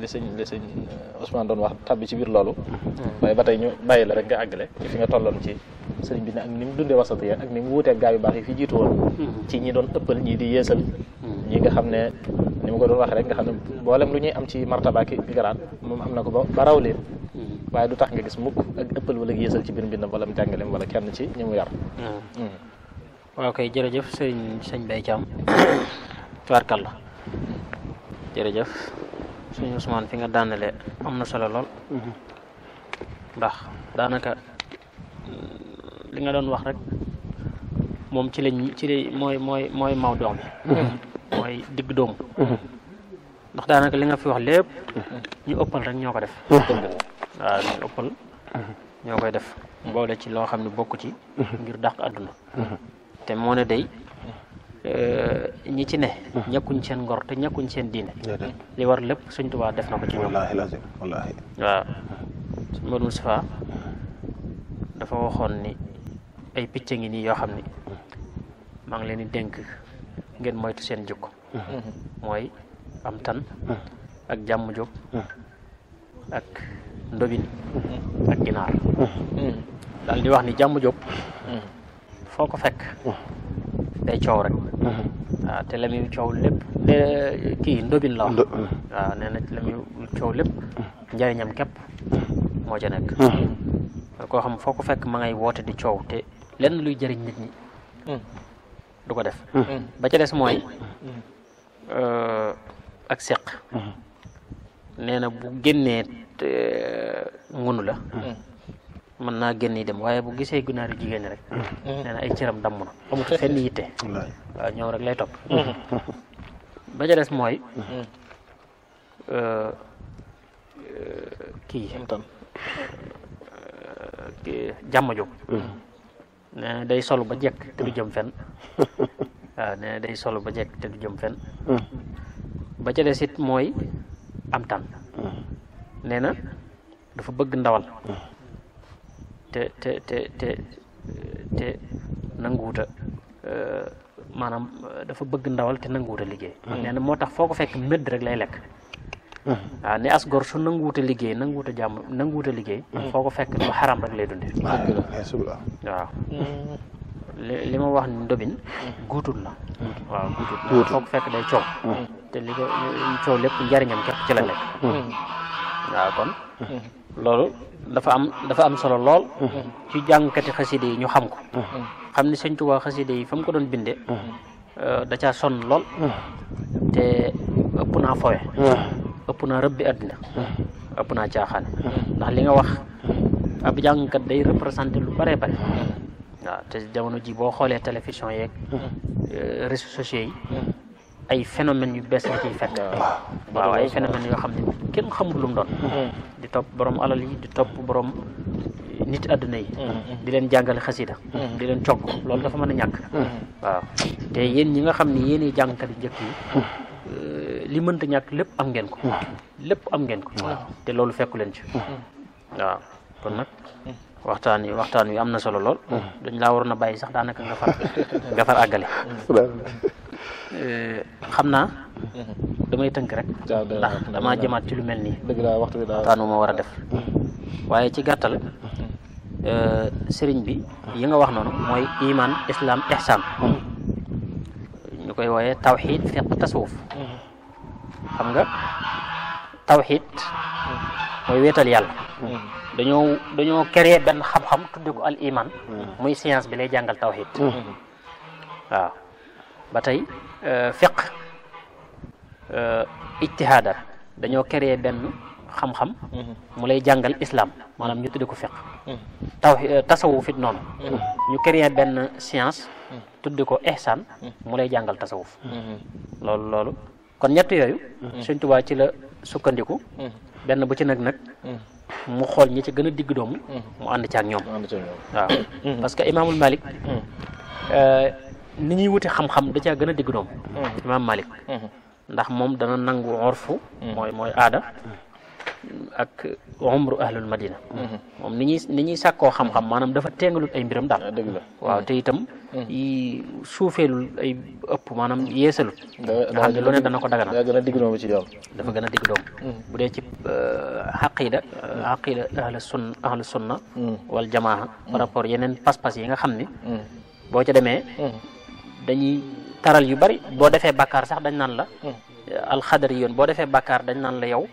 li sëñ li doon wax tabbi ci biir loolu mm-hmm. waaye ba tey ñu bàyyi la rek nga àggale fi nga tolloon ci sëriñ bi nag ni mu dundee wasatiya ak ni mu wuuteeg gaa yu baax yi fi jiitu woon hmm. ci ñi doon ëppal ñii di yeesal hmm. ñi nga xam ne ni ma ko doon waxee rek nga xam ne mboolem lu ñuy am ci martaba ki garaat moom am na ko ba ba raw leen hmm. waaye du tax nga gis mukk ak ëppal wala yeesal ci biir mbindam wala mu jàngaleem wala kenn ci ñu mu yar waaw kay jërëjëf sëriñ sëñ Bay Caam tubaarkàlla jërëjëf suñu Ousmane fi nga daanale am na solo lool ndax daanaka li nga doon wax rek moom ci lañ ci mooy mooy mooy mawdu bi mhm. mooy digg doomu mhm. ndax daanaka li nga fi wax lépp ñu ëppal rek ñoo ko def mhm. waaw ñoo koy def boole ci loo xam ne bokku ci ngir dàq àdduna te moo ne day euh, ñi ci ne ñëkkuñ seen ngor te ñàkkuñ seen diine li war lépp Sëñ Tuubaa def na ko ci ñoom waaw suñ Moodu Mustafaa dafa waxoon ni ay picc ngi nii yoo xam ne maa ngi leen di dénk ngeen moytu seen jikko mooy am tan ak jàmm jóg ak ndobin ak ginaar daal di wax ni jàmm jóg foo ko fekk day coow rek waaw te la muy coow lépp kii ndobin la wax waaw nee la muy coow lépp njariñam képp moo ca nekk koo xam foo ko fekk ma ngay woote di coow te lenn luy jëriñ nit ñi mm. du ko def mm. Mm. ba ca des mooy euh, ak seq mm-hmm. nee bu génnee ngunu la mën naa génn dem waaye bu gisee gunaaru jigéen ñi rek nee ay cëram damm na amut fenn yitte waaw ñoom rek lay topp mm-hmm. ba ca mooy euh, euh, kii jàmm jóg ne day solu ba jekk te du jëm fenn waaw ne day solu ba jekk te du jëm fenn hmm. ba ca des it mooy am tànn hmm. nee na dafa bëgg ndawal hmm. te te te te te nanguwuta euh, maanaam euh, dafa bëgg ndawal te nanguwuta liggéey nee na moo tax foo ko fekk mbëdd rek lay lekk waaw ne as gor su nanguwut a liggéey nanguwut a jàmm a liggéey. foo ko fekk lu xaram rek lay dundee. Mm. li ma wax ni ndobin mm. guutut la mm. waaw guutut foo ko fekk day coow te li ko coow lépp njariñam képp ci la nekk waaw kon loolu dafa am dafa am solo lool ci jàngkati xaside yi ñu xam ko xam ni sëñ Tuubaa xaside yi fa mu ko doon binde euh, da caa sonn lool te ëpp naa fowe ëpp naa rëbbi àddina hmm. ëpp naa caaxaan hmm. ndax li nga wax hmm. ab jàngkat day représenté lu bare bare waaw te jamono ji boo xoolee télévision yeeg euh, réseaux sociaux yi ay phénomène yu bees la ciy fekk waaw ay phénomène yoo xam ne kenn xamul lu mu doon di topp borom alal yi di topp borom nit àdduna yi di leen jàngale xasida di leen cogg loolu dafa mën a ñàkk waaw te yéen ñi nga xam ne yéen jàngkat yi njëkk yi li mënta ñàkk lépp am ngeen ko hmm. lépp am ngeen ko te loolu fekku leen ci hmm. waaw kon nag waxtaan wi waxtaan wi am na solo lool hmm. dañ laa waroon a bàyyi sax daanaka nga far àggale eh, xam naa damay tënk rek ndax damaa ci lu mel nii waxtaan wu a def waaye ci gàttal eh, sëriñ bi yi nga wax noonu mooy iman islam ihsan ñu koy wooyee tawxiid fiq tasawuf mm-hmm. xam nga tawxiid mooy wéetal yàlla mm-hmm. dañoo dañoo créé benn xam-xam tudde ko mm-hmm. muy science bi lay jàngal tawxiid waaw ba tey euh, fiq euh, ijtihaada dañoo créé benn xam-xam mu lay jàngal islam maanaam ñu tudde fiq taw euh, tasawuf noonu ñu créé benn science tuddi ko ihsaan mu lay jàngal tasawuf mm-hmm. loolu loolu kon ñett yooyu mm-hmm. sëñ Tuubaa ci la sukkandiku mm-hmm. benn bu ci nag nag mu xool ñi ci gën a digg doomu mu ànd ci ak ñoom waaw parce que imaamul Malik euh, ni ñuy wuti xam-xam da caa gën a digg doomu imaam Malik ndax moom dana nangu orfu mooy mooy aada ak umru ahlul madina mm-hmm. moom ni ñuy ni ñuy sàkkoo xam-xam mm-hmm. maanaam dafa teengalul ay mbiram daal ah, waaw te itam mm-hmm. yi suufeelul ay ëpp maanaam yeesalul nga xam ne lu ne dana ko dagana dafa gën a digg doom bu dee ci xaqida euh, xaqida ahlu sunna ahlu sunna wal jamaa par rapport yeneen pas-pas yi nga xam ni boo ca demee dañuy taral yu bari boo defee bàkkaar sax dañ naan la alxadari yoon boo defee bàkkaar dañ naan la yow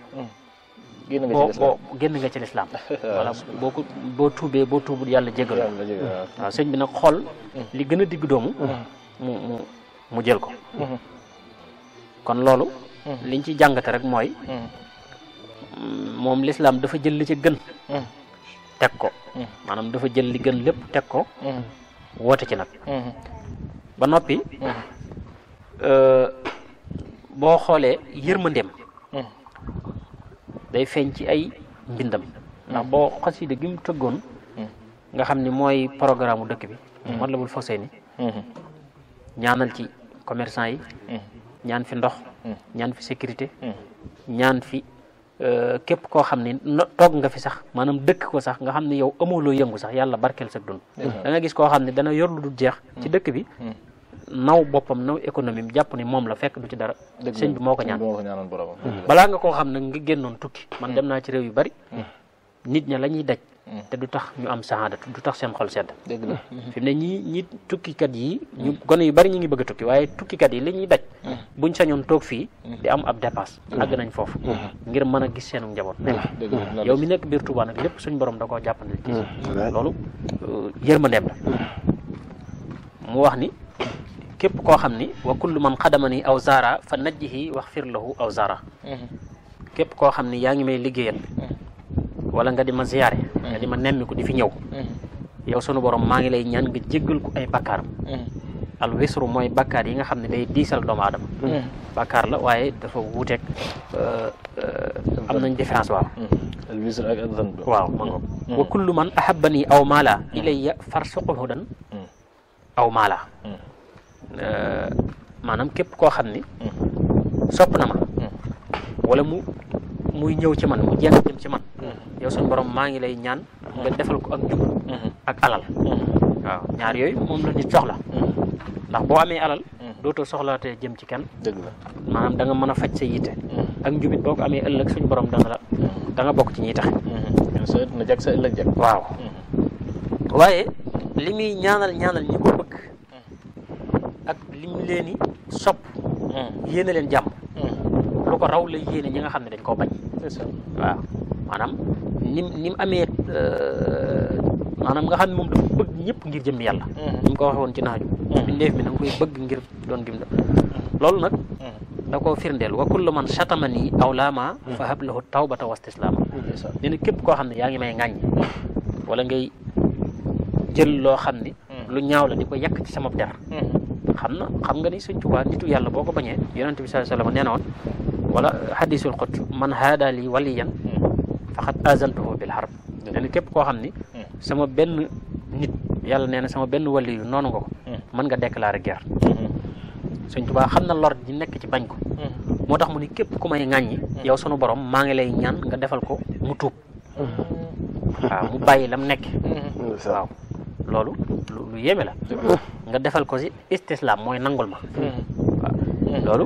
génn nga ci lislaam génn nga ci lislaam voilà boo ko boo tuubee boo tuubul yàlla jégal waaw sëñ bi nag xool li gën a digg doomu mm-hmm. mu mu mu jël ko mm-hmm. kon loolu mm-hmm. liñ ci jàngate rek mooy moom lislaam dafa jël li ci gën teg ko maanaam dafa jël li gën lépp teg ko woote ci nag ba noppi euh, boo xoolee yërmandeem day feeñ ci ay mbindam ndax boo xasida gi mu tëggoon nga xam ni mooy programme u dëkk bi man la bul fosee ni ñaanal ci commerçant yi ñaan fi ndox ñaan fi sécurité ñaan fi euh, képp koo xam ne toog nga fi sax maanaam dëkk ko sax nga xam ne yow amoo loo yëngu sax yàlla barkeel sa dund da gis koo xam ne dana yor lu dul jeex ci dëkk bi mm. naw boppam naw économie am jàpp ne moom la fekk du ci dara. sëñ bi moo ko ñaan hmm. balaa nga koo xam ne nga génnoon tukki. man dem naa ci réew yu bari. Hmm. nit ña la ñuy daj. Hmm. te du tax ñu am saxaada du tax seen xol sedd. dëgg la fi mu ne ñii ñii tukkikat yi. ñu gone yu bari ñu ngi bëgg a tukki waaye tukkikat yi li ñuy daj. buñ sañoon toog fii. di am ab dépasse. àgg nañ foofu. ngir mën a gis seenu njaboot. yow mi nekk biir Touba nag lépp suñ borom da koo jàppandil. loolu uh, yërmandeem la mu wax ni. képp koo xam ni wa kullu man xadamani aw zaara fa yi wax fir lahu aw zaara mhm. képp koo xam ni yaa ngi may liggéeyal mhm. wala nga di ma ziyaare mhm. nga di ma nemmiku di fi ñëw yow sunu borom maa ngi lay ñaan nga jéggal ko ay bakkaaram al wisru mooy bakkaar yi nga xam ne day diisal doomu aadama bakkaar la waaye dafa wuuteeg euh, euh, am nañ différence waaw waaw ma nga wa kullu man ahabbani aw maala ilayya farsuqhu dan aw maala mm. euh, maanaam képp koo xam ni mm. sopp na ma mm. wala muy ñëw ci man mu jeng jëm ci man yow suñ borom maa ngi lay ñaan defal ko ak jub mm-hmm. ak alal mm-hmm. ñaar yooyu moom la nit soxla ndax boo amee alal dootoo soxlaatee jëm ci kenn dëgg la maanaam da nga mën a faj sa yitte ak njubit boo ko amee ëllëg suñ borom dana la da bokk ci ñiy tax mm-hmm. sa jag sa ëllëg jag waaw waaye li muy ñaanal ñaanal ñi ko lim leen i sopp hmm. yéene leen jàmm hmm. lu ko raw lay yéene ñi nga xam ne dañ koo bañ waaw maanaam nim ni mu amee euh, maanaam nga xam ne moom dafa bëgg ñëpp ngir jëmmi yàlla hmm. ni mu ko waxee woon ci naaju bindeef bi na nga koy bëgg ngir doon gim la loolu nag da koo firndeel wa kullu man chatamani aw laama fa hab lahu tawbata wa istislaama nee na képp koo xam ne yaa ngi may ŋàññ wala ngay jël loo xam ne lu ñaaw la di ko yàq ci sama der xam na xam nga ni sëñ Tuubaa nitu yàlla boo ko bañee yonente bi sallallahu alayhi wasallam nee na woon wala hadisul qudsi man haada li waliyan faqad azantuhu bil harb nee na képp koo xam ni hmm. sama benn nit yàlla nee na sama benn waliyu noonu nga ko hmm. mën nga déclarer guerre hmm. sëñ Tuubaa xam na lor di nekk ci bañ ko moo tax mu ni képp ku may ŋàññi yow sunu borom maa ngi lay ñaan nga defal ko mu tuub waaw mu bàyyi lam nekk loolu lu yéeme la nga defal ko si istislaam mooy nangul ma hmm. waaw hmm. loolu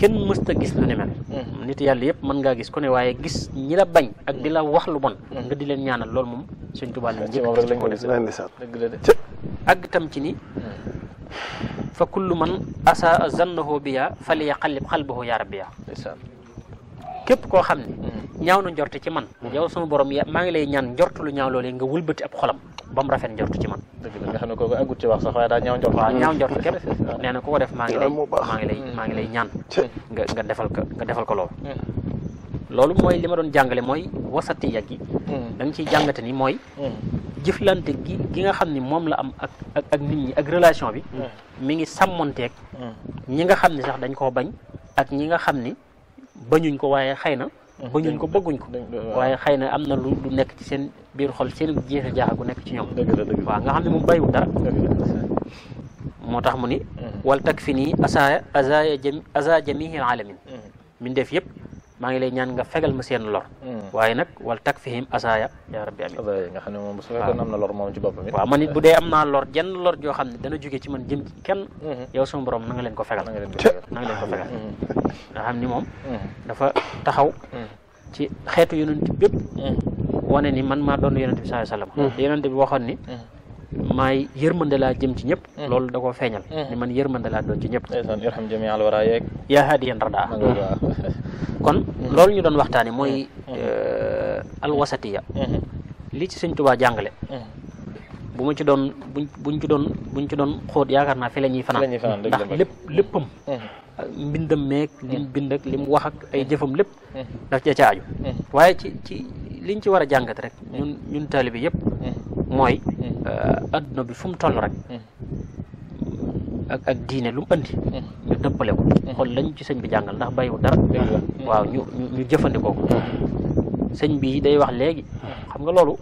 kenn mësta gis lu ni mel hmm. nit yàlla yëpp mën ngaa gis ku ne waaye gis ñi la bañ ak di la wax lu bon nga di leen ñaanal loolu moom suñ tubaab lañ njëkk ak tam ci ni fa kullu man asa zannahu biya fali yaqallib qalbahu ya rabbiya képp koo xam ne hmm. ñaaw na njort ci man hmm. yow sama borom maa ngi lay ñaan njort lu ñaaw loolee nga wëlbati ab xolam ba mu rafet njort ci man dëgg la nga xam ne kooku agut ci wax sax waaye daal ñaaw njort waaw ñaaw njort képp nee na ku ko def maa ngi lay maa ngi lay maa ngi lay ñaan hmm. nga nga defal ko nga defal ko loolu loolu mooy li ma doon jàngale mooy wasatiya gi da nga ciy jàngate ni mooy jëflante gi nga xam ni moom la am ak nit ñi ak relation bi mi ngi sàmmonteeg ñi nga xam ni sax dañ koo bañ ak ñi nga xam ni bañuñ ko waaye xëy na hmm. bañuñ ko bëgguñ ko waaye xëy na am na lu lu nekk ci seen biir xol seen jeexe jaaxa gu nekk ci ñoom waaw nga xam ne moom bàyyiwul dara moo tax mu ni hmm. wal takfi nii asaaya azaaya jami aza jamihi alamin mu hmm. def yëpp maa ngi lay ñaan nga fegal ma seen lor mm. waaye nag wal tak fihim asaaya yaa rabbi amin nga xam ne moom su na lor moom ci boppam it waaw man bu dee am naa lor jenn lor joo xam ne dana jóge ci man jëm kenn mm-hmm. yow sama borom na nga leen ko fegal na nga leen ko fegal mm-hmm. nga xam ni moom mm-hmm. dafa taxaw ci xeetu yonent bépp wane ni man maa doon yonent bi sallallahu alayhi wasallam yonent bi waxoon ni maay yërmande laa jëm ci ñëpp mm-hmm. loolu da koo feeñal mm-hmm. ni man yërmande laa doon ci ñëpp irham jami al wara yeeg yaa hadiyan radaa kon mm-hmm. loolu ñu doon waxtaani mooy euh, alwasatiya li ci sëñ Tuubaa jàngale bu ma ci doon buñ buñ ci doon buñ ci naa fi la ñuy fanaan ndax lépp léppam mbindam meeg lim bind ak lim wax ak ay jëfam lépp daf ca caaju waaye ci ci ci war a jàngat rek ñun ñun yëpp mooy mm. euh, adduna bi fu mu toll rek mm. ak diine lu mu andi mm. ñu dëppale xool lañ ci sëñ bi jàngal ndax bàyyiwu dara waaw ñu ñu jëfandikoo ko sëñ bi day wax léegi xam nga loolu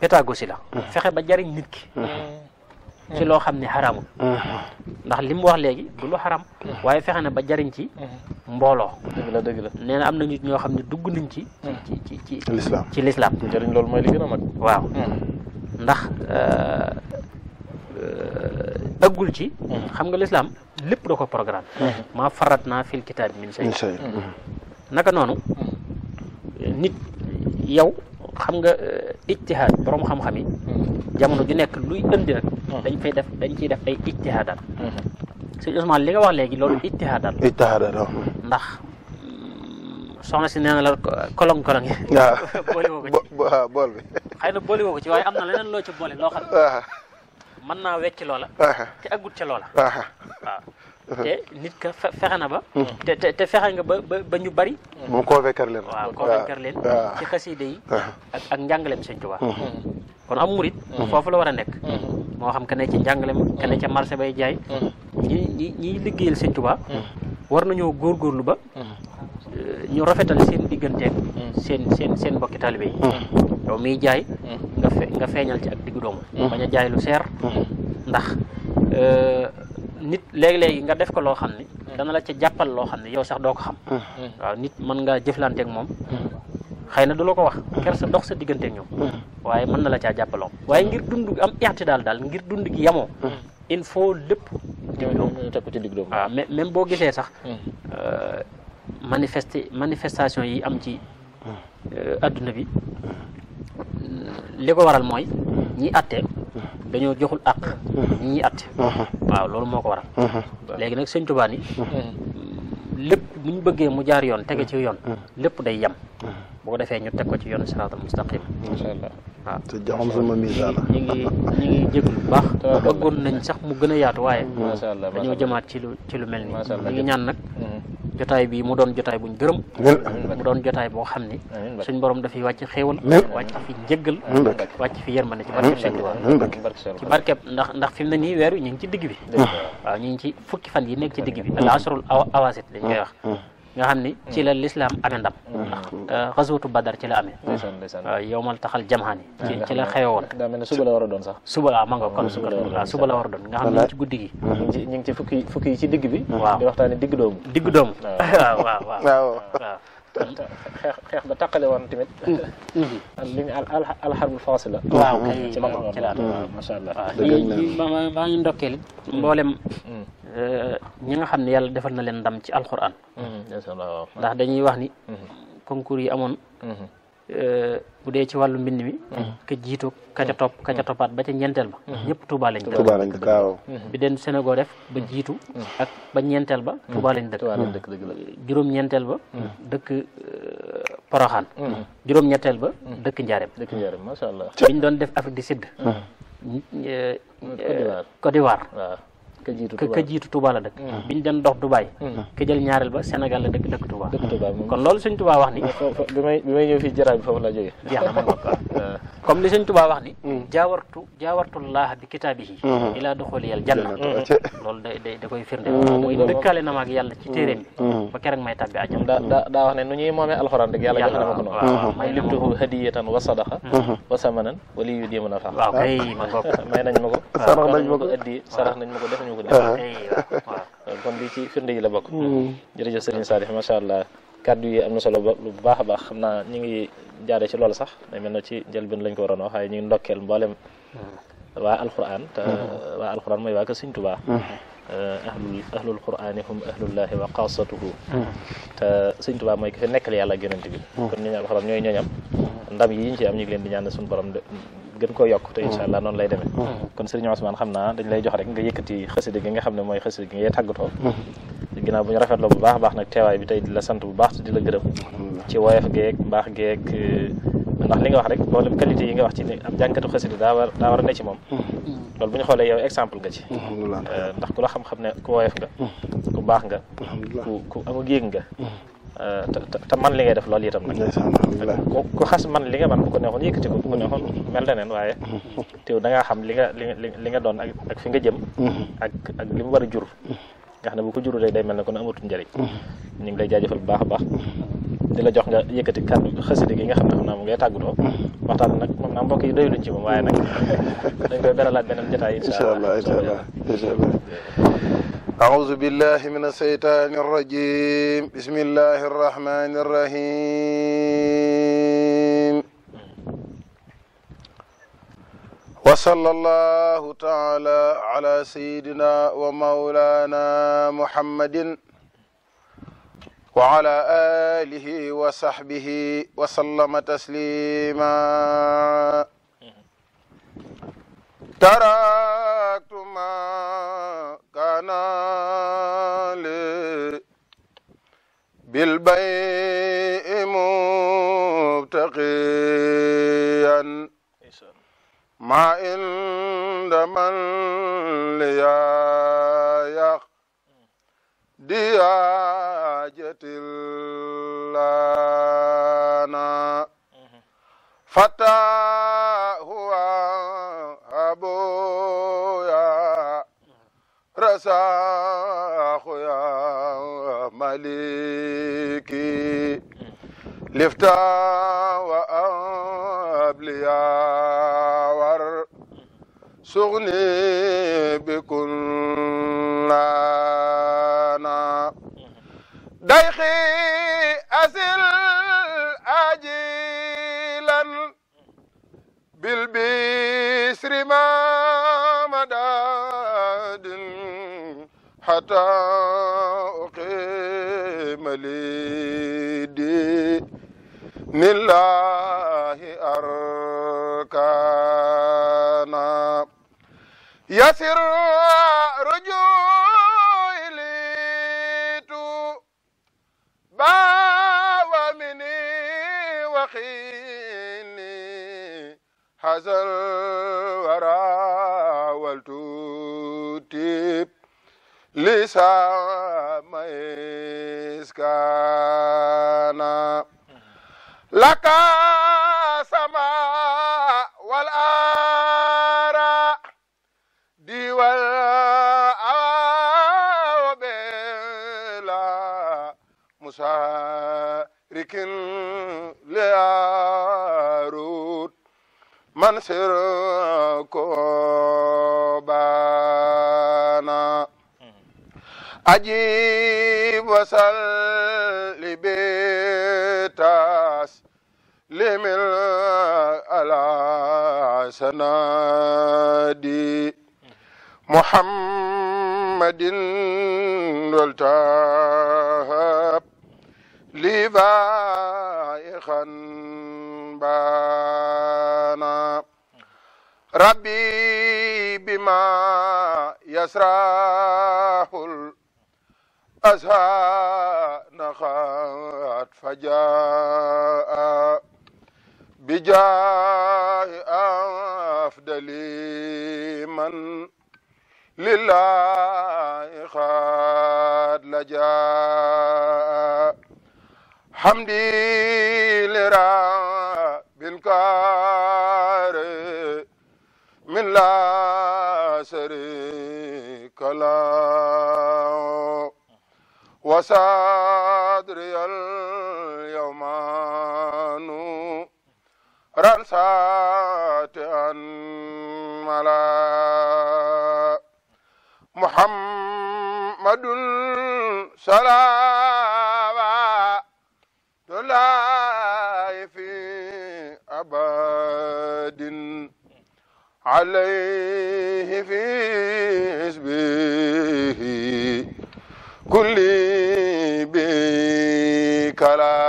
pédagogie la fexe ba jariñ nit ki loo xam ne xaraamul ndax li mu wax léegi du lu xaram waaye fexe na ba jariñ ci mbooloo dëgg la dëgg la am na nit ñoo xam ne dugg nañ ci ci ci ci lislaam ci lislaam jariñ loolu mooy li a mag waaw ndax euh, euh, aggul ci mm-hmm. xam nga lislaam lépp da ko programme maa mm-hmm. farat naa fil kitaab min shay mm-hmm. naka noonu nit yow xam nga euh, ijtihaad borom xam-xam yi jamono ju nekk luy indi rek dañ fay def dañ ciy def ay ijtihaadaat sëñ Ousmane li nga wax léegi loolu ijtihaadaat ijtihaadaat ndax soxna si nee na la kolong-kolong yi. waaw waaw bool bi. xëy na boole woo ko ci waaye am na leneen loo ci boole loo xam. mën naa wecc loola. te aggut ca loola. Uh-huh. te nit ka fexe na ba. Hmm. te te fexe nga ba ba ñu bari. Hmm. mu convaincre leen. waaw convaincre leen. ci xasida yi. Uh-huh. ak ak njàngaleem Sëñ Tuubaa. Hmm. kon am murit foofu la war a nekk. moo xam ka ne ci njàngaleem ka ne ca marché bay jaay. ñi ñi ñiy liggéeyal Sëñ war nañoo góorgóorlu ba. ñu rafetal seen digganteeg mm. seen seen seen mbokki taalibe yi mm. yow miy jaay mm. nga fe feeñal ci ak diggu doomu bañ a jaay lu seer ndax euh, nit léegi-léegi nga def ko loo xam ne dana la ca jàppal loo xam ne yow sax doo ko xam waaw nit mën nga jëflanteeg moom xëy na du la ko wax ker sa dox sa digganteeg ñoom waaye mën na la caa jàppaloo waaye ngir dund am eexti daal daal ngir dund gi yamoo il faut lépp digg doomu waaw même boo gisee sax euh, manifeste manifestation yi am ci euh, adduna bi li ko waral mooy ñii atte dañoo joxul àq ñi ñi atte waaw loolu moo ko waral léegi nag sëñ Tuubaa ni lépp bu ñu bëggee mu jaar yoon teg ci yoon lépp day yem boo ko defee ñu teg ko ci yoon siraatal mustaqim macha allah waaw te joxam sama misaal ñu ngi ñu ngi jéglu bu baax bëggoon nañ sax mu gën a yaatu waaye dañoo jëmaat ci lu ci lu mel nii ñu ngi ñaan nag mm-hmm. jotaay bi mu doon jotaay buñ gërëm mu doon jotaay boo xam ni suñ borom dafay wàcc xéewal wàcc fi njëggal wàcc fi yërmande ci barkeb sëñ Tuubaa ci barkeb ndax ndax fi mu ne nii weer wi ñu ngi ci digg bi waaw ñu ngi ci fukki fan yi nekk ci digg bi al asrul awaasit lañ koy wax nga xam ni ci la lislaam amee ndam ndax mm. euh, xasuwatu badar ci la amee waaw euh, yowmal taxal jamxaan yi mm. ci la xewe suba la war a doon sax suba la ma nga kon suba waaw suba la a doon nga xam ne ci guddi gi mm. ñu ngi ci fukki yi ci digg bi waaw di waxtaane digg doomu digg doomu waaw xeex xeex ba taqale woon tamit. li mm-hmm. ñu al al alxarbul la. waaw kay ci la ci la waaw macha allah. waaw maa ngi ndokkeel mm. mboolem. Mm. Euh, ñi nga xam yàlla defal na leen ndam ci alxuraan. Mm-hmm. ndax dañuy wax ni. Mm-hmm. yi amoon. bu dee ci wàllu mbind mi mm-hmm. ka jiitu ka ca topp ka ca mm-hmm. toppaat ba ca ñeenteel ba mm-hmm. ñëpp Touba lañ dëkk Touba lañ dëkk waaw bi den Sénégal def ba jiitu ak ba ñeenteel ba Touba lañ dëkk juróom ñeenteel ba dëkk euh, Poroxaan juróom ñetteel ba dëkk Njaareem dëkk Njaareem macha allah biñ doon def Afrique du Sud Côte ka jiitu Touba la dëkk mm. biñ dem dox Dubaay mm. Mm. ka jël ñaareel ba Sénégal la dëkk dëkk Touba kon loolu sëñ Touba wax ni bi may bi may ñëw fii jaraay bi foofu laa jógee jeex na man comme li sëñ Touba wax ni jaawartu jaawartullah bi kitaabihi mm-hmm. ilaa duxuli yal janna loolu da da da koy firnde muy mm-hmm. dëkkaale na ma ak yàlla ci téeréem bi mm-hmm. ba keroog may tàbbi àjjana daa daa wax ne nu ñuy moomee alxuraan rek yàlla jox na may nañ ma ko nañ ma addi sarax nañ ma ko ko def ah. eh, waaw kon li ci firnde yi la bokk hmm. jërëjëf sëriñ Saalix macha allah kàddu yi am na solo lu baax a baax xam naa ñu ngi jaare ci loolu sax day mel na ci njëlbeen lañ ko waroon wax waaye ñu ngi ndokkeel mboolem waa alquran te hmm. waa alquran mooy waa ko sëriñ Tuubaa hmm. eh, ahlul ahlul qur'aani hum ahlullahi wa xaasatuhu te sëñ Tuubaa mooy ki fi nekkal yàlla ak yonent bi kon ñu ñaan xam ñooy ñooñam ndam yi ñu ci am ñu ngi leen di ñaan suñu borom de gën koo yokk te incha allah mm-hmm. noonu lay demee mm-hmm. kon sëriñ Ousmane xam naa dañ lay jox rek nga yëkkati xasida nga xam ne mooy xasida gi ngay tàggatoo mm-hmm. ginnaaw bu ñu rafetloo bu baax a baax nag teewaay bi tey di la la gërëm ci woyof geeg euh, ndax li nga wax rek mboolem qualité yi nga wax ci ne am jànkatu xasida daa war daa war a ne ci moom loolu bu ñu xoolee yow exemple nga ci euh, ndax ku la xam-xam ne ku woyof nga ku baax nga ku ku amu nga te man li ngay def loolu itam nag ku xas man li nga man bu ko neexoon yëkkati ko bu ko neexoon mel na neen waaye teew da ngaa xam li nga li li nga doon ak ak fi nga jëm mm-hmm. ak ak li jur nga xam ne bu ko juru day mel ne kon amatul njëriñ mm-hmm. ñu ngi lay jaajëfal bu baax a baax mm-hmm. di la jox nga yëkkati kàddu xasida gi nga xam ne xam naa mu ngay tàggatoo waxtaan nag moom naa mbokk yi doyluñ ci moom waaye nag dañ koy beralaat beneen jotaay incha allah incha allah أعوذ بالله من الشيطان الرجيم بسم الله الرحمن الرحيم وصلى الله تعالى على سيدنا ومولانا محمد وعلى آله وصحبه وسلم تسليما تركت ما كان لي بالبيع مبتقيا ما عند من ليا دياجة لنا فتاه الرساخ يا مليكي لفتا وأبليا ور سغني بكلانا دايخي أسل أجيلا بالبسر ما حتى أقيم لي دين الله أركانا يسر رجوعي ليت باومني وخيني حزر وراولتو لسام إسكانا لك سماء والآراء دي والأوبلا مسارك لأروت من سركوبا أجيب وسل بتاس لمن على سنادي محمد والتهب لبائخا بانا ربي بما يسراه أزهى نخات فجاء بجاه أفدل من لله قد لجاء حمدي لرب الكار من لا شريك له وصدري اليوم نورا ساطعا ملا محمد صلوات الله في أبد عليه في حزبه كله kala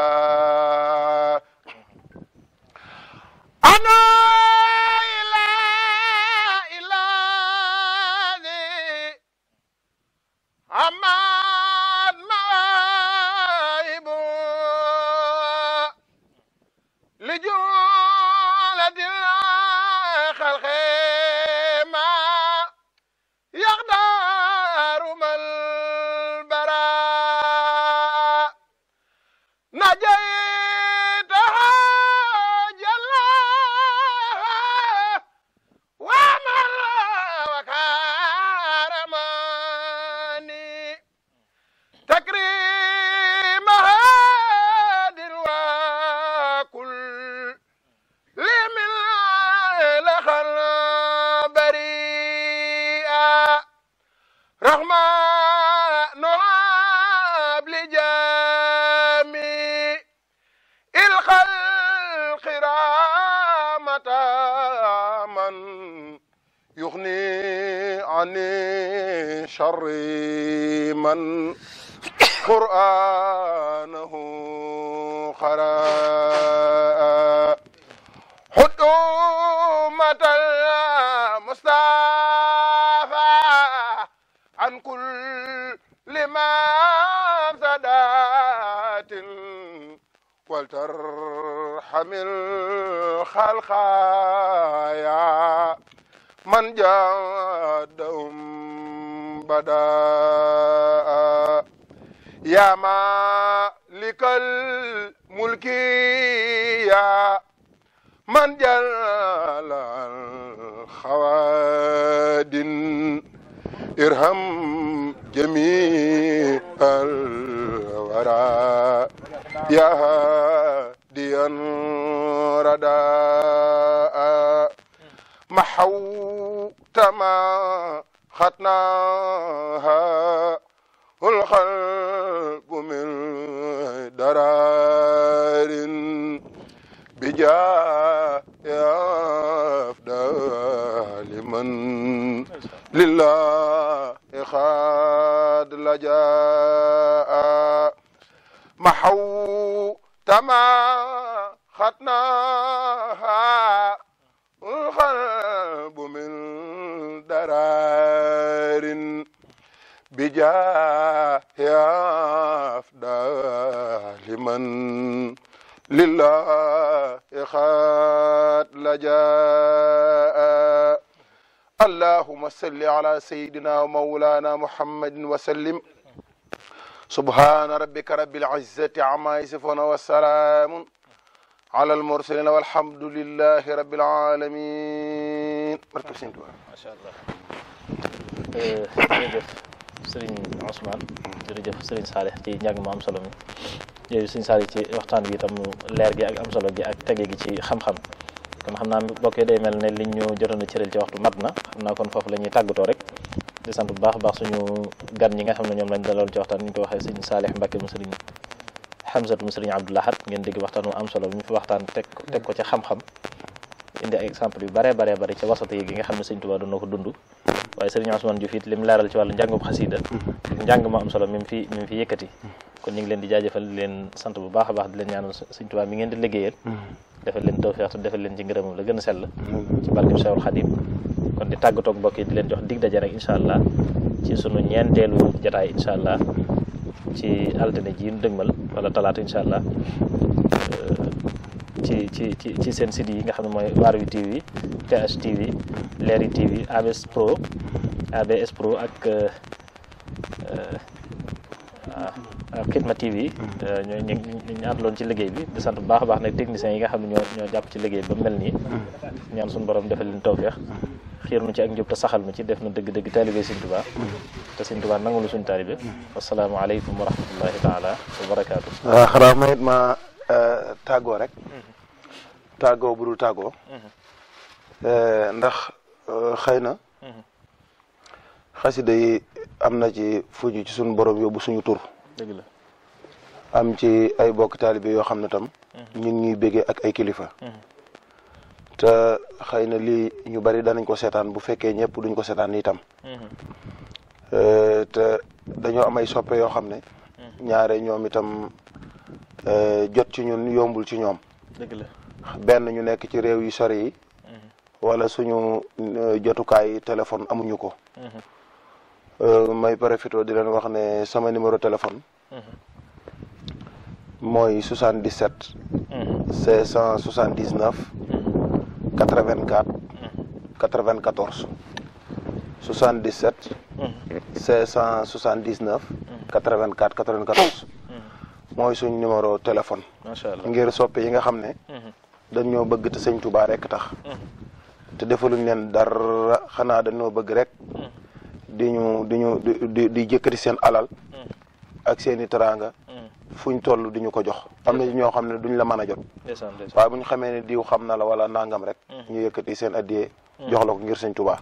شر من قرآنه قراء حدومة المصطفى عن كل ما زدات ولترحم الخلق يا من جادهم بداء يا مالك الملك يا من جل الخواد ارحم جميع الورى يا هاديا رداء محوت ما ختناها الخلق من درار بجاه أفضل من لله خاد لجاء محو تما ختناها الخلق من قرار بجاه أفضل من لله قد لجاء اللهم صل على سيدنا ومولانا محمد وسلم سبحان ربك رب العزة عما يصفون وسلام ala al mursalin walhamdulillahi rabbil alamin barke sëñ Tuubaa macha allah jërëjëf sëriñ Ousmane jërëjëf sëriñ Saalih ci njàng mu am solo mi yooyu sëriñ Saalih ci waxtaan bi itam leer gi ak am solo gi ak tege gi ci xam-xam kon xam naa mbokk yi day mel ne liñ ñu jotoon a cëral ci waxtu mat na xam naa kon foofu la ñuy tàggatoo rek di sant baax a baax suñu gan ñi nga xam ne ñoom lañ dalal ci waxtaan ni ñu ko waxee sëriñ Saalih Mbacke mu sëriñ Hamza mu sëriñ Abdou Lahad ngeen dégg waxtaan mu am solo bi fi waxtaan teg ko ci xam-xam indi exemple bare bare bare ci wasata yi nga xam ne sëriñ Tuubaa dund waaye sëriñ Ousmane Diouf lim leeral ci wàllu njàngum xasiida njàng am solo mu fi yëkkati kon ñu leen di jaajëfal leen sant bu baax a baax di leen ñaanal sëriñ Tuubaa mi ngeen di liggéeyal defal leen tawfeex te defal leen ci ngërëmam la gën a sell ci barkeb Seexul Xadiim kon di tàggatoog mbokk yi ci altine ji ñu dëgmal wala talaata incha allah euh, ci ci ci ci seen site yi nga xam ne mooy waar wi TV TH TV Leeri TV ABS Pro ABS Pro ak. Euh, euh, Xidma TV. Mm. Euh, ñooy ñu ñu àndaloon ci liggéey bi di sant bu baax a baax nag techniciens yi nga xam ne ñoo ñoo jàpp ci liggéey ba mu mel nii. Mm. ñaan suñu borom defal leen tawféex. Mm. xiir nu ci ak njub te saxal nu ci def nu dëgg-dëgg taalibe Sëñ Tuubaa. te Sëñ Tuubaa nangu nu suñu taalibe. asalaamaaleykum wa rahmatullahi taala wa barakaatu. waaw ah, ma it euh, rek. Mm-hmm. tàggoo bu dul tàggoo. Mm-hmm. Euh, ndax xëy na. Mm-hmm. xasida yi am na ci fu ñu ci suñu borom yóbbu suñu tur. am ci ay bokk taalibe yoo xam ne tam. Mhm. ñu ñuy béggee ak ay kilifa. Mhm. te xëy na lii ñu bari danañ ko seetaan bu fekkee ñëpp duñ ko seetaan itam. Mhm. Euh, te dañoo am ay soppe yoo xam ne. ñaare ñoom itam euh, jot ci ñun yombul ci ñoom. dëgg benn ñu nekk ci réew yu sori yi. wala suñu euh, jotukaay téléphone amuñu ko. Euh, may profité di leen wax ne sama numéro téléphone. Mm-hmm. mooy 77. 579. 84. 94. 77. 579. 84 94. mooy suñ numéro téléphone. ngir soppe yi nga xam ne. Mm-hmm. dañ bëgg te sëñ Touba rek tax. Mm-hmm. te defaluñ leen dara xanaa dañoo bëgg rek. di ñu di ñu di di jëkkati seen alal mm. ak seen teraanga mm. fu ñu toll di ñu ko jox am na mm. ñoo xam ne duñ la mën a jot waaye bu ñu xamee ne diw xam na la wala nangam rek ñu yëkkati seen addiyee jox la ko ngir sëñ Tuubaa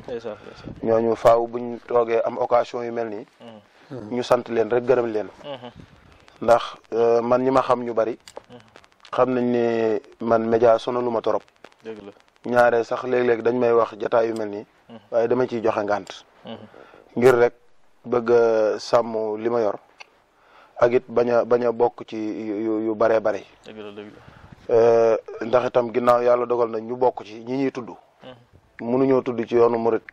ñooñu faaw buñ toogee am occasion yu mel ni ñu sant leen rek gërëm leen mm-hmm. ndax euh, man ñi ma xam ñu bari xam na ne man média sonalu ma torop ñaare sax léeg-léeg dañ may wax jataay yu mel ni mm-hmm. waaye dama ciy joxe ngànt mm-hmm. ngir rek bëgg sàmm li ma yor ak bañ a bañ a bokk ci yu yu baree bare. Euh, ndaxitam itam ginnaaw yàlla dogal nañ ñu bokk ci ñi ñuy tudd. mënuñoo mhm. tudd ci yoonu murit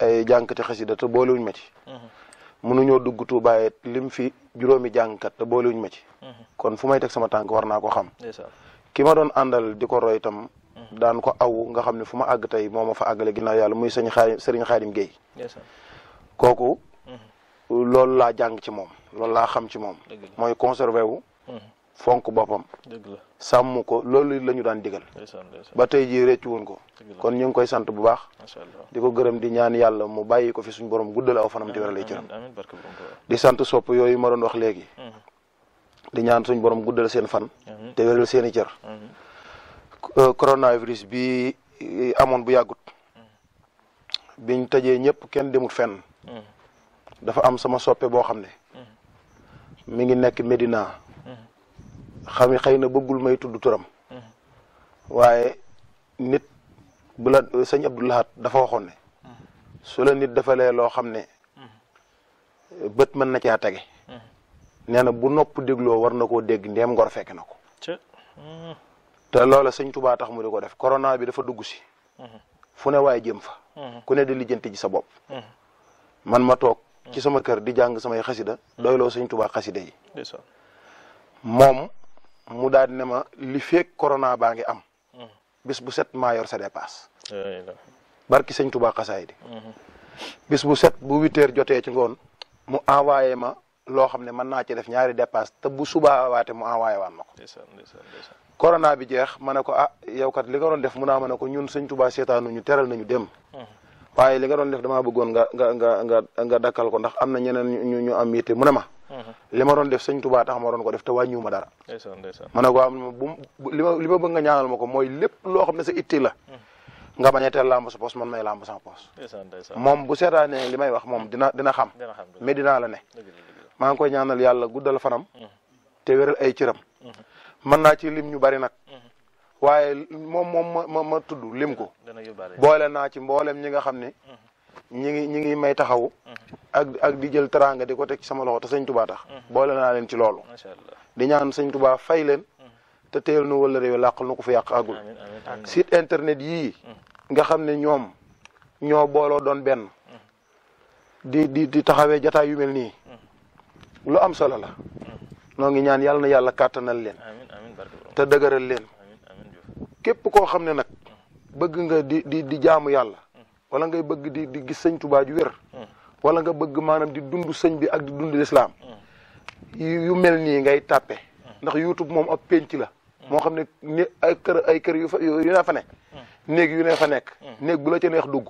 ay jànkati xasida te boolewuñ ma ci. mënuñoo mhm. dugg Tuubaa it lim fi juróomi jàngkat te boolewuñ ma ci. Mhm. kon fu may teg sama tànk war naa ko xam. ki ma doon àndal di ko roy itam. daan ko aw nga xam ne fu ma àgg tey moom ma fa àggale ginnaaw yàlla muy sëñ xaadim sëriñ xaadim Guèye. kooku mm-hmm. loolu laa jàng ci moom loolu laa xam ci moom mooy conservé wu mm-hmm. fonk boppam sàmm ko loolu la ñu daan digal ba tey jii réccu woon ko kon ñu ngi koy sant bu baax di ko gërëm di ñaan yàlla mu bàyyi ko fi suñu borom guddal aw fanam te wéral ay cëram di sant sopp yooyu ma doon wax léegi mm-hmm. di ñaan suñu borom guddal seen fan te wéral seen i cër euh, coronavirus bi euh, amoon bu yàggut biñ tëjee ñëpp kenn demut fenn dafa am sama soppe boo xam ne mi ngi nekk Medina xam xëy na bëggul may tudd turam waaye nit bu la sëñ Abdou Lahad dafa waxoon ne su la nit defalee loo xam ne bët mën na caa tege nee na bu nopp dégloo war na koo dégg ndeem ngor fekk na ko te loola sëñ Tuubaa tax mu di ko def corona bi dafa dugg si fu ne waaye jëm fa ku ne di lijjanti ji sa bopp man ma toog ci mm. sama kër di jàng samay xasida mm. doyloo sëñ Tuubaa xasida yi moom mu daal ne ma li feek corona baa ngi am mm. bis bu set maa yor sa dépasse barki sëñ Tuubaa xasaay di mm-hmm. bis bu set bu huit jotee ci ngoon mu envoyé ma loo xam ne mën naa ci def ñaari dépasse te bu subaa waate mu envoyé waan ma ko corona bi jeex ma ne ko ah yow kat li nga doon def mun naa ma ne ko ñun sëñ Tuubaa seetaanu ñu teral nañu dem mm-hmm. waaye li nga doon def damaa bëggoon nga nga nga nga nga dakkal ko ndax am na ñeneen ñu ñu am yitte mu ne ma mhm. li ma doon def sëñ Tuubaa tax ma doon ko def te wàññiwuma dara ma ne am bu li ma li ma bëgg nga ñaanal ma ko mooy lépp loo xam ne sa itti la mhm. nga bañ a teel làmb sa poos man may làmb sa poos moom bu seetaanee li may wax moom dina dina xam mais dinaa la ne maa ngi koy ñaanal yàlla guddal fanam mhm. te wéral ay cëram mën na ci lim ñu bari nag waaye moom moom ma ma tudd lim ko boole naa ci mboolem ñi nga xam ne mhm. ñi ngi ñi ngi may taxawu mhm. ak ak di jël teraanga di ko teg sama loxo te sëñ tubaa tax mhm. boole naa leen ci loolu di ñaan sëñ tubaa fay leen te teel nu wala réew làqal nu ko fi yàq agul si internet yii nga xam ne ñoom ñoo booloo doon benn di di di taxawee jataay yu mel nii lu am solo la noo ngi ñaan yàlla na yàlla kàttanal leen te dëgëral leen képp koo xam ne nag bëgg nga di di di jaamu yàlla wala ngay bëgg di di gis sëñ tubaa ju wér wala nga bëgg maanaam di dund sëñ bi ak di dund lislaam yu mel nii ngay tàppe ndax youtube moom ab penc la moo xam ne ni ay kër ay kër yu fa yu ne fa nekk néeg yu ne fa nekk néeg bu la ci neex dugg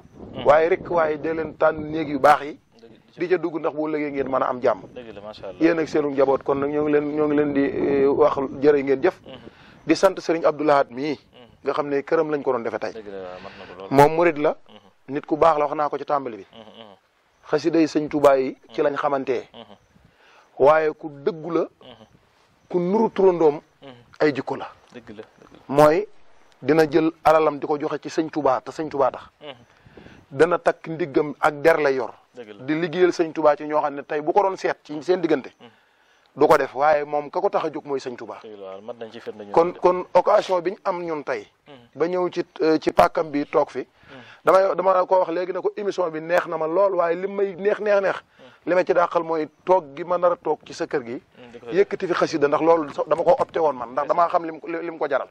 waaye rek waaye dee leen tànn néeg yu baax yi di ca dugg ndax boo lëgee ngeen mën a am jàmm yéen ak seenu njaboot kon nag ñoo ngi leen ñoo ngi leen di eh, wax jërë ngeen jëf uhuh. di sant sëriñ Abdoul Ahad mii nga xam ne këram lañ ko doon defe tey moom murid la mm-hmm. nit ku baax la wax naa ko ci tàmbali bi mm-hmm, mm-hmm. xasida yi sëñ Tuubaa yi ci lañ xamantee waaye ku dëggu la ku nuru turandoom ay jikko la mooy dina jël alalam di ko joxe ci sëñ Tuubaa te sëñ Tuubaa tax dana takk ndiggam ak der lay yor di liggéeyal sëñ Tuubaa ci ñoo xam ne tey bu ko doon seet ci seen diggante du ko def waaye moom ka ko tax a jóg mooy sëñ Tuubaa kon kon occasion bi ñu am ñun tey mm-hmm. ba ñëw ci euh, ci pàkkam bi toog fi damay dama ko wax léegi na ko émission bi neex na ma lool waaye li may neex neex neex hmm. li ma ci dàqal mooy toog gi ma nar toog ci sa kër gi hmm, yëkkati fi xasida ndax loolu dama ko opté woon man ndax damaa xam lim lim ko jaral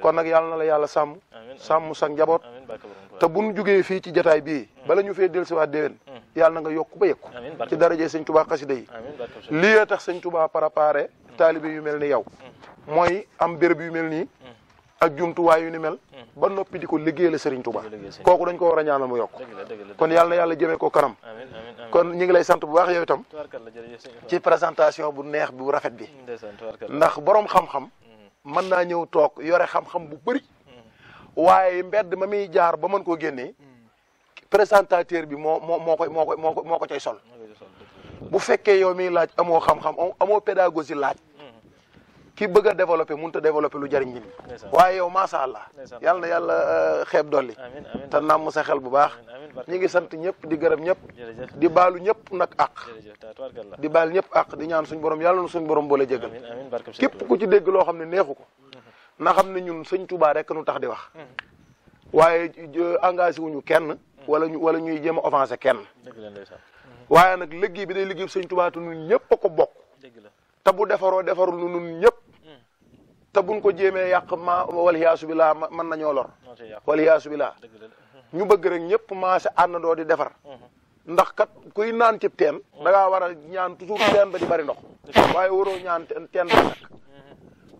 kon nag yàlla na la yàlla sàmm sàmm sa njaboot te buñ jugee fii ci jataay bii hmm. bala ñu fee del siwaat déwén yàlla nga yokk ba yëkku ci daraje sëñ tubaa xasida yi lii tax sëñ tubaa préparé taalibe yu mel ni yaw mooy am béréb yu mel nii ak jumtuwaay yu ni mel hmm. ba noppi di ko liggéeyal Serigne ba kooku dañ ko war a ñaanal mu yokk kon yàlla na yàlla jëmee ko kanam kon ñu ngi lay sant bu baax yow itam ci présentation bu neex bu rafet bi ndax borom xam-xam hmm. mën naa ñëw toog yore xam-xam bu bëri hmm. waaye mbedd ma muy jaar ba mën koo génnee présentateur bi moo moo moo koy moo koy moo ko moo ko cay sol bu fekkee yow miy laaj amoo xam-xam amoo pédagogie laaj ki bëgg a développé mënut a développé lu jariñ nit ñi waaye yow macha allah yàlla na yàlla euh, xeeb dolli te nàmm sa xel bu baax ñi ngi sant ñëpp di gërëm ñëpp di baalu ñëpp nag àq di baal ñëpp àq di ñaan suñu borom yal na suñu borom boole jégal képp ku ci dégg loo xam ne neexu ko mhm. na xam ne ñun sëñ Touba rek nu tax di wax mhm. waaye engagé wuñu kenn mhm. wala ñu wala ñuy jéem a offensé kenn waaye nag liggéey bi day liggéey sëñ Touba te ñun ñëpp a ko bokk te bu defaroo defarul ñun ñëpp te buñ ko jéemee yàq ma wal yaasu bi laa mën nañoo a wal yaasu bi laa ñu bëgg rek ñëpp maase àndandoo di defar mhm. ndax kat kuy naan cib teen mhm. da ngaa war a ñaan toujours teen ba di bari ndox waaye waroo ñaan teen ba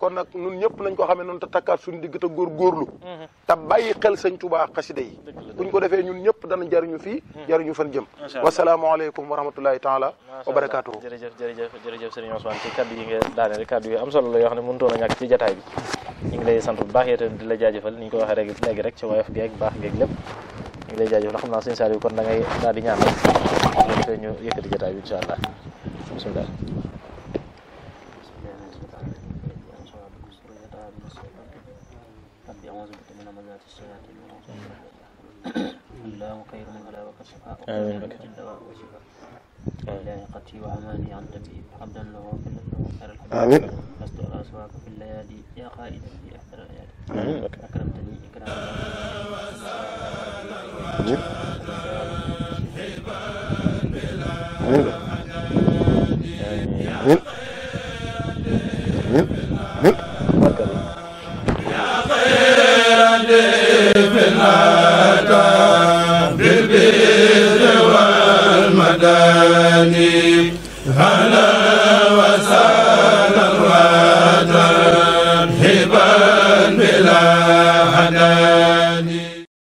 kon nag nun ñëpp nañ ko xamee noonu te takkaat suñu digg te góorgóorlu mm-hmm. te bàyyi xel sëñ Tuubaa xasida yi buñ ko defee ñun ñëpp dana jariñu fii mm-hmm. jariñu fan jëm wasalaamaaleykum wa rahmatullahi taala wa barakaatuhu jërëjëf jërëjëf ci kaddu yi nga daane rek yi am solo la yoo xam ne mënutoon a ñàkk ci jataay bi ñu ngi lay sant bu baax yéete di la jaajëfal ni ñu ko waxee rek léegi rek ci woyof geeg baax geeg lépp ñu ngi lay jaajëfal xam naa sëñ Saliou kon da ngay di ñaan rek ñu yëkkati jataay bi incha allah الصلاة والمطمئنة الله خير من هلاوك الشفاء آمين بك الدواء والشفاء إلهي قتي وعماني عن دمي حمدا له وكلا له خير الحمد آمين أصدر أسواك في الليالي يا خالدا في أحسن الليالي آمين بك أكرمتني إكراما جيب آمين آمين آمين آمين ala